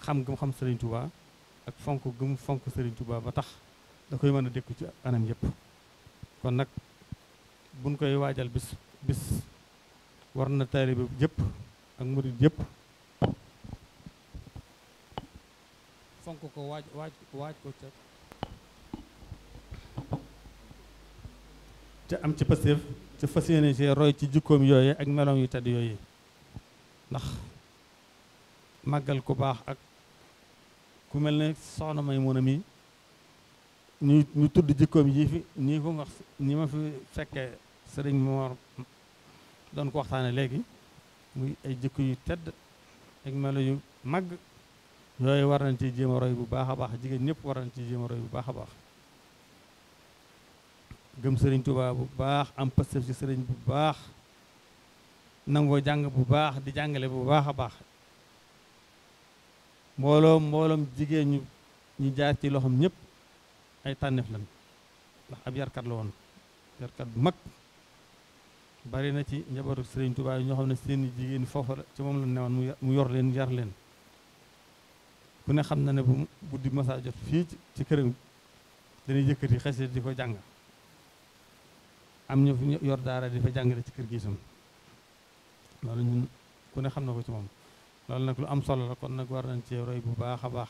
xam gëm xam Serigne Touba ak fonk gëm fonk Serigne Touba ba tax da koy mën a dékku ci anam yëpp kon nag buñ koy waajal bis bis war na taalibe yëpp ak murid yépp fonk ko waaj waaj waaj ko ca te am ci pastéef te fas yéene ci roy ci jikkoom yooye ak meloom yu tedd yooyu ndax màggal ku baax ak ku mel ne soxna may mun a mi ñu ñu tudd jikkoom yi fi ñii ko wax ñi ma fi fekkee sëriñ Moor doon ko waxtaane léegi muy ay jikko yu tedd ak melo yu màgg yooyu war nañ ci jéem a roy bu baax a baax jigéen ñëpp war nañ ci jéem a roy bu baax a baax gëm sëriñ Tuubaa bu baax am pastef ci sëriñ bu baax nangoo jàng bu baax di jàngale bu baax a baax mbooloom mbooloom jigéen ñu ñu jaar ci loxoom ñëpp ay tànneef lan ndax ab yarkat la woon yarkat bu mag bari na ci njabootu sëriñ Tuubaa yi ñoo xam ne seeni jigéen foofa ci moom la newoon mu yor leen yar leen ku ne xam na ne bu guddi masaa jot fii ci këram dañuy yëkkati yi di ko jàng am ñu yor daara di fa jàngale ci kër gi itam loolu ñun ku ne xam na ko ci moom loolu nag lu am solo la kon nag war nañ ci roy bu baax a baax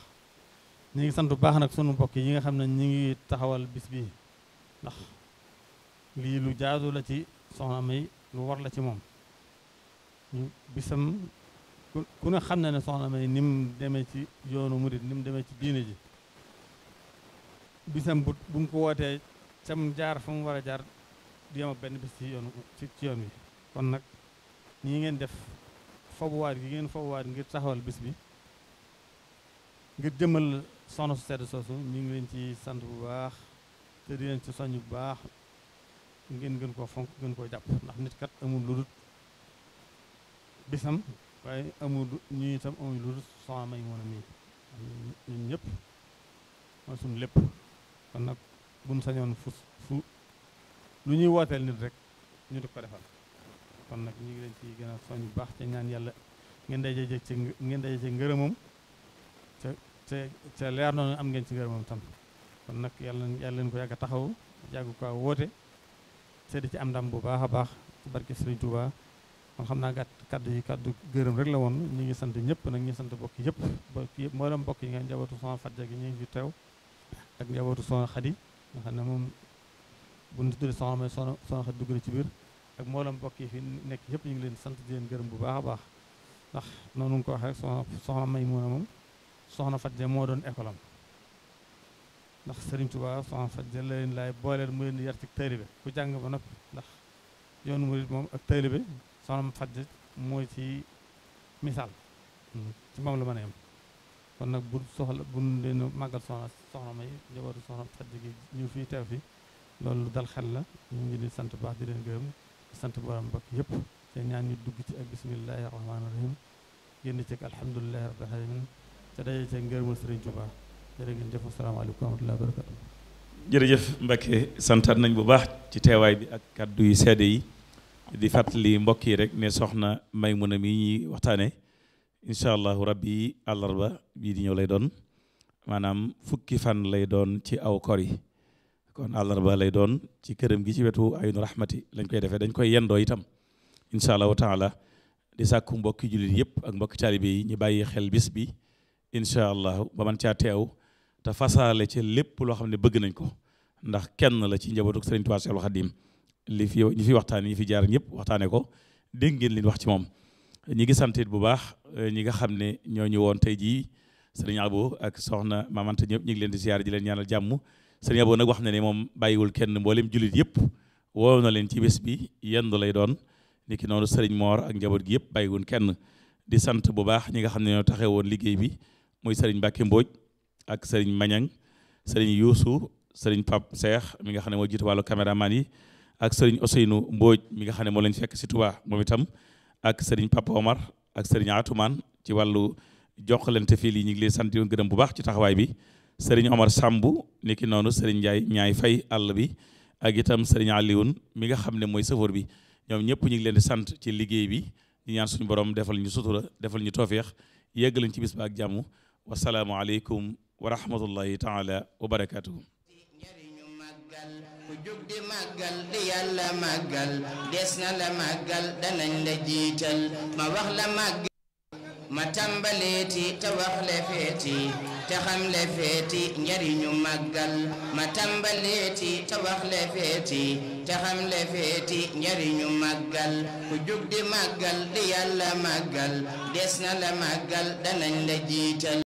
ñu ngi sant bu baax nag sunu mbokk yi nga xam ne ñu ngi taxawal bis bi ndax lii lu jaadu la ci soxna May lu war la ci moom ñu bisam ku ne xam ne ne soxna May ni mu demee ci yoonu murit ni mu demee ci diine ji bisam bu bu mu ko wootee cam jaar fu mu war a jaar du yem benn bis ci yoonu ci yoon wi kon nag ñi ngeen def fobuwaat gi ngeen fobuwaat ngir taxawal bis bi ngir jëmal soxna su sedd soosu ñu ngi leen ci sant bu baax te di leen ci soññ bu baax ngeen gën koo fonk gën koo jàpp ndax nit kat amul lu bisam waaye amul ñu itam amul lu dul may moon a mii ñun ñëpp mooy suñu lépp kon nag buñ sañoon fu lu ñuy wooteel nit rek ñu di ko defal kon nag ñu ngi leen ci gën a soñ bu baax ca ñaan yàlla ngeen daje jëg ci ngeen daje ci ngërëmam ca ca ca leer noonu am ngeen ci ngërëmam tam kon nag yàlla yàlla leen ko yàgg a taxaw yàgg ko woote seddi ci am ndam bu baax a baax ci barke Sëriñ Tuuba kon xam naa gàtt kaddu yi kaddu gërëm rek la woon ñu ngi sant ñëpp nag ñu sant bokk yëpp bokk yëpp moo doon bokk yi nga njabootu soxna Fadja gi ñu ngi fi teew ak njabootu soxna Xadi nga xam ne moom bu ñu tuddee soxna mooy soxna soxna Xadi dugg ci biir ak mboolem mbokk yi fi nekk yëpp ñu ngi leen sant di leen gërëm bu baax a baax ndax noonu nga ko waxee soxna soxna Maymuna moom soxna Fadja moo doon école ndax Serigne Touba soxna Fadja la leen laay booleel mu leen di yar ci taalibe ku ndax yoonu murid moom ak taalibe soxna Fadja mooy ci misaal hmm. ci moom la mën kon nag bu soxla bu leen màggal soxna soxna may njabootu soxna Fadja gi ñu fii teew fi loolu dal xel la ñu ngi leen sant bu baax di leen gërëm sant borom mbokk yëpp te ñaan ñu dugg ci ak bisimillahi rahmaani rahim génn ci ak alhamdulilahi rabbil alamin te daje ci ngërëmal Sëriñ Tuubaa jërë ngeen jëf asalaamaaleykum nañ bu baax ci teewaay bi ak kàddu yu seede yi di fàttali mbokk yi rek ne soxna Maymuna mi ñuy waxtaane incha allahu rabbi àllarba bii di ñëw lay doon maanaam fukki fan lay doon ci aw kor kon àllarba lay doon ci këram gi ci wetu aynu rahmati lañ koy defee dañ koy yendoo itam incha allahu taala di sàkku mbokki jullit yëpp ak mbokki taalibe ñi ñu bàyyi xel bis bi incha allahu ba man caa teew te fasaale ci lépp loo xam ne bëgg nañ ko ndax kenn la ci njabootu sëriñ Tuubaa Seexul Xadiim li fi ñi fi waxtaane ñi fi jaar ñëpp waxtaane ko dégg ngeen wax ci moom ñi ngi sant bu baax eh, ñi nga xam ne ñoo ñu woon tey jii sëriñ Abo ak soxna Mamante ñëpp ñu ngi leen di siyaar ji leen ñaanal jàmm sëriñ Abo nag wax na ne moom bàyyiwul kenn mboolem jullit yëpp woow na leen ci bés bi yendu lay doon ni ki noonu sëriñ Moor ak njaboot gi yëpp bàyyiwul kenn di sant bu baax ñi nga xam ne ñoo taxee woon liggéey bi muy sëriñ mbaki Mbooj ak sëriñ Mañang sëriñ Yuusu sëriñ Pape Cheikh mi nga xam ne moo jiitu wàllu caméraman yi ak sëriñ Ousseynou Mbooj mi nga xam ne moo leen fekk si Touba moom itam ak sëriñ Papa Omar ak sëriñ Atumaan ci wàllu jokkalante fii lii ñu ngi leen sant yoon gërëm bu baax ci taxawaay bi sëriñ Omar Samb niki noonu sëriñ Ndiaye ñaay fay àll bi ak itam sëriñ Alioune mi nga xam ne mooy sëfoor bi ñoom ñëpp ñu ngi leen sant ci liggéey bi di ñaan suñu borom defal ñu sutura defal ñu toofeex yegg lañ ci bis ba ak jàmm wasalaamualeykum wa rahmatullahi taala wa barakaatuhu. la màggal danañ la jiital ma wax la màggal. ma tàmbaleeti te wax le feeti te xam le feeti njariñu màggal ma tàmbaleeti te wax le feeti te le feeti njariñu màggal ku jug di màggal di yàlla màggal des na la màggal danañ la jiital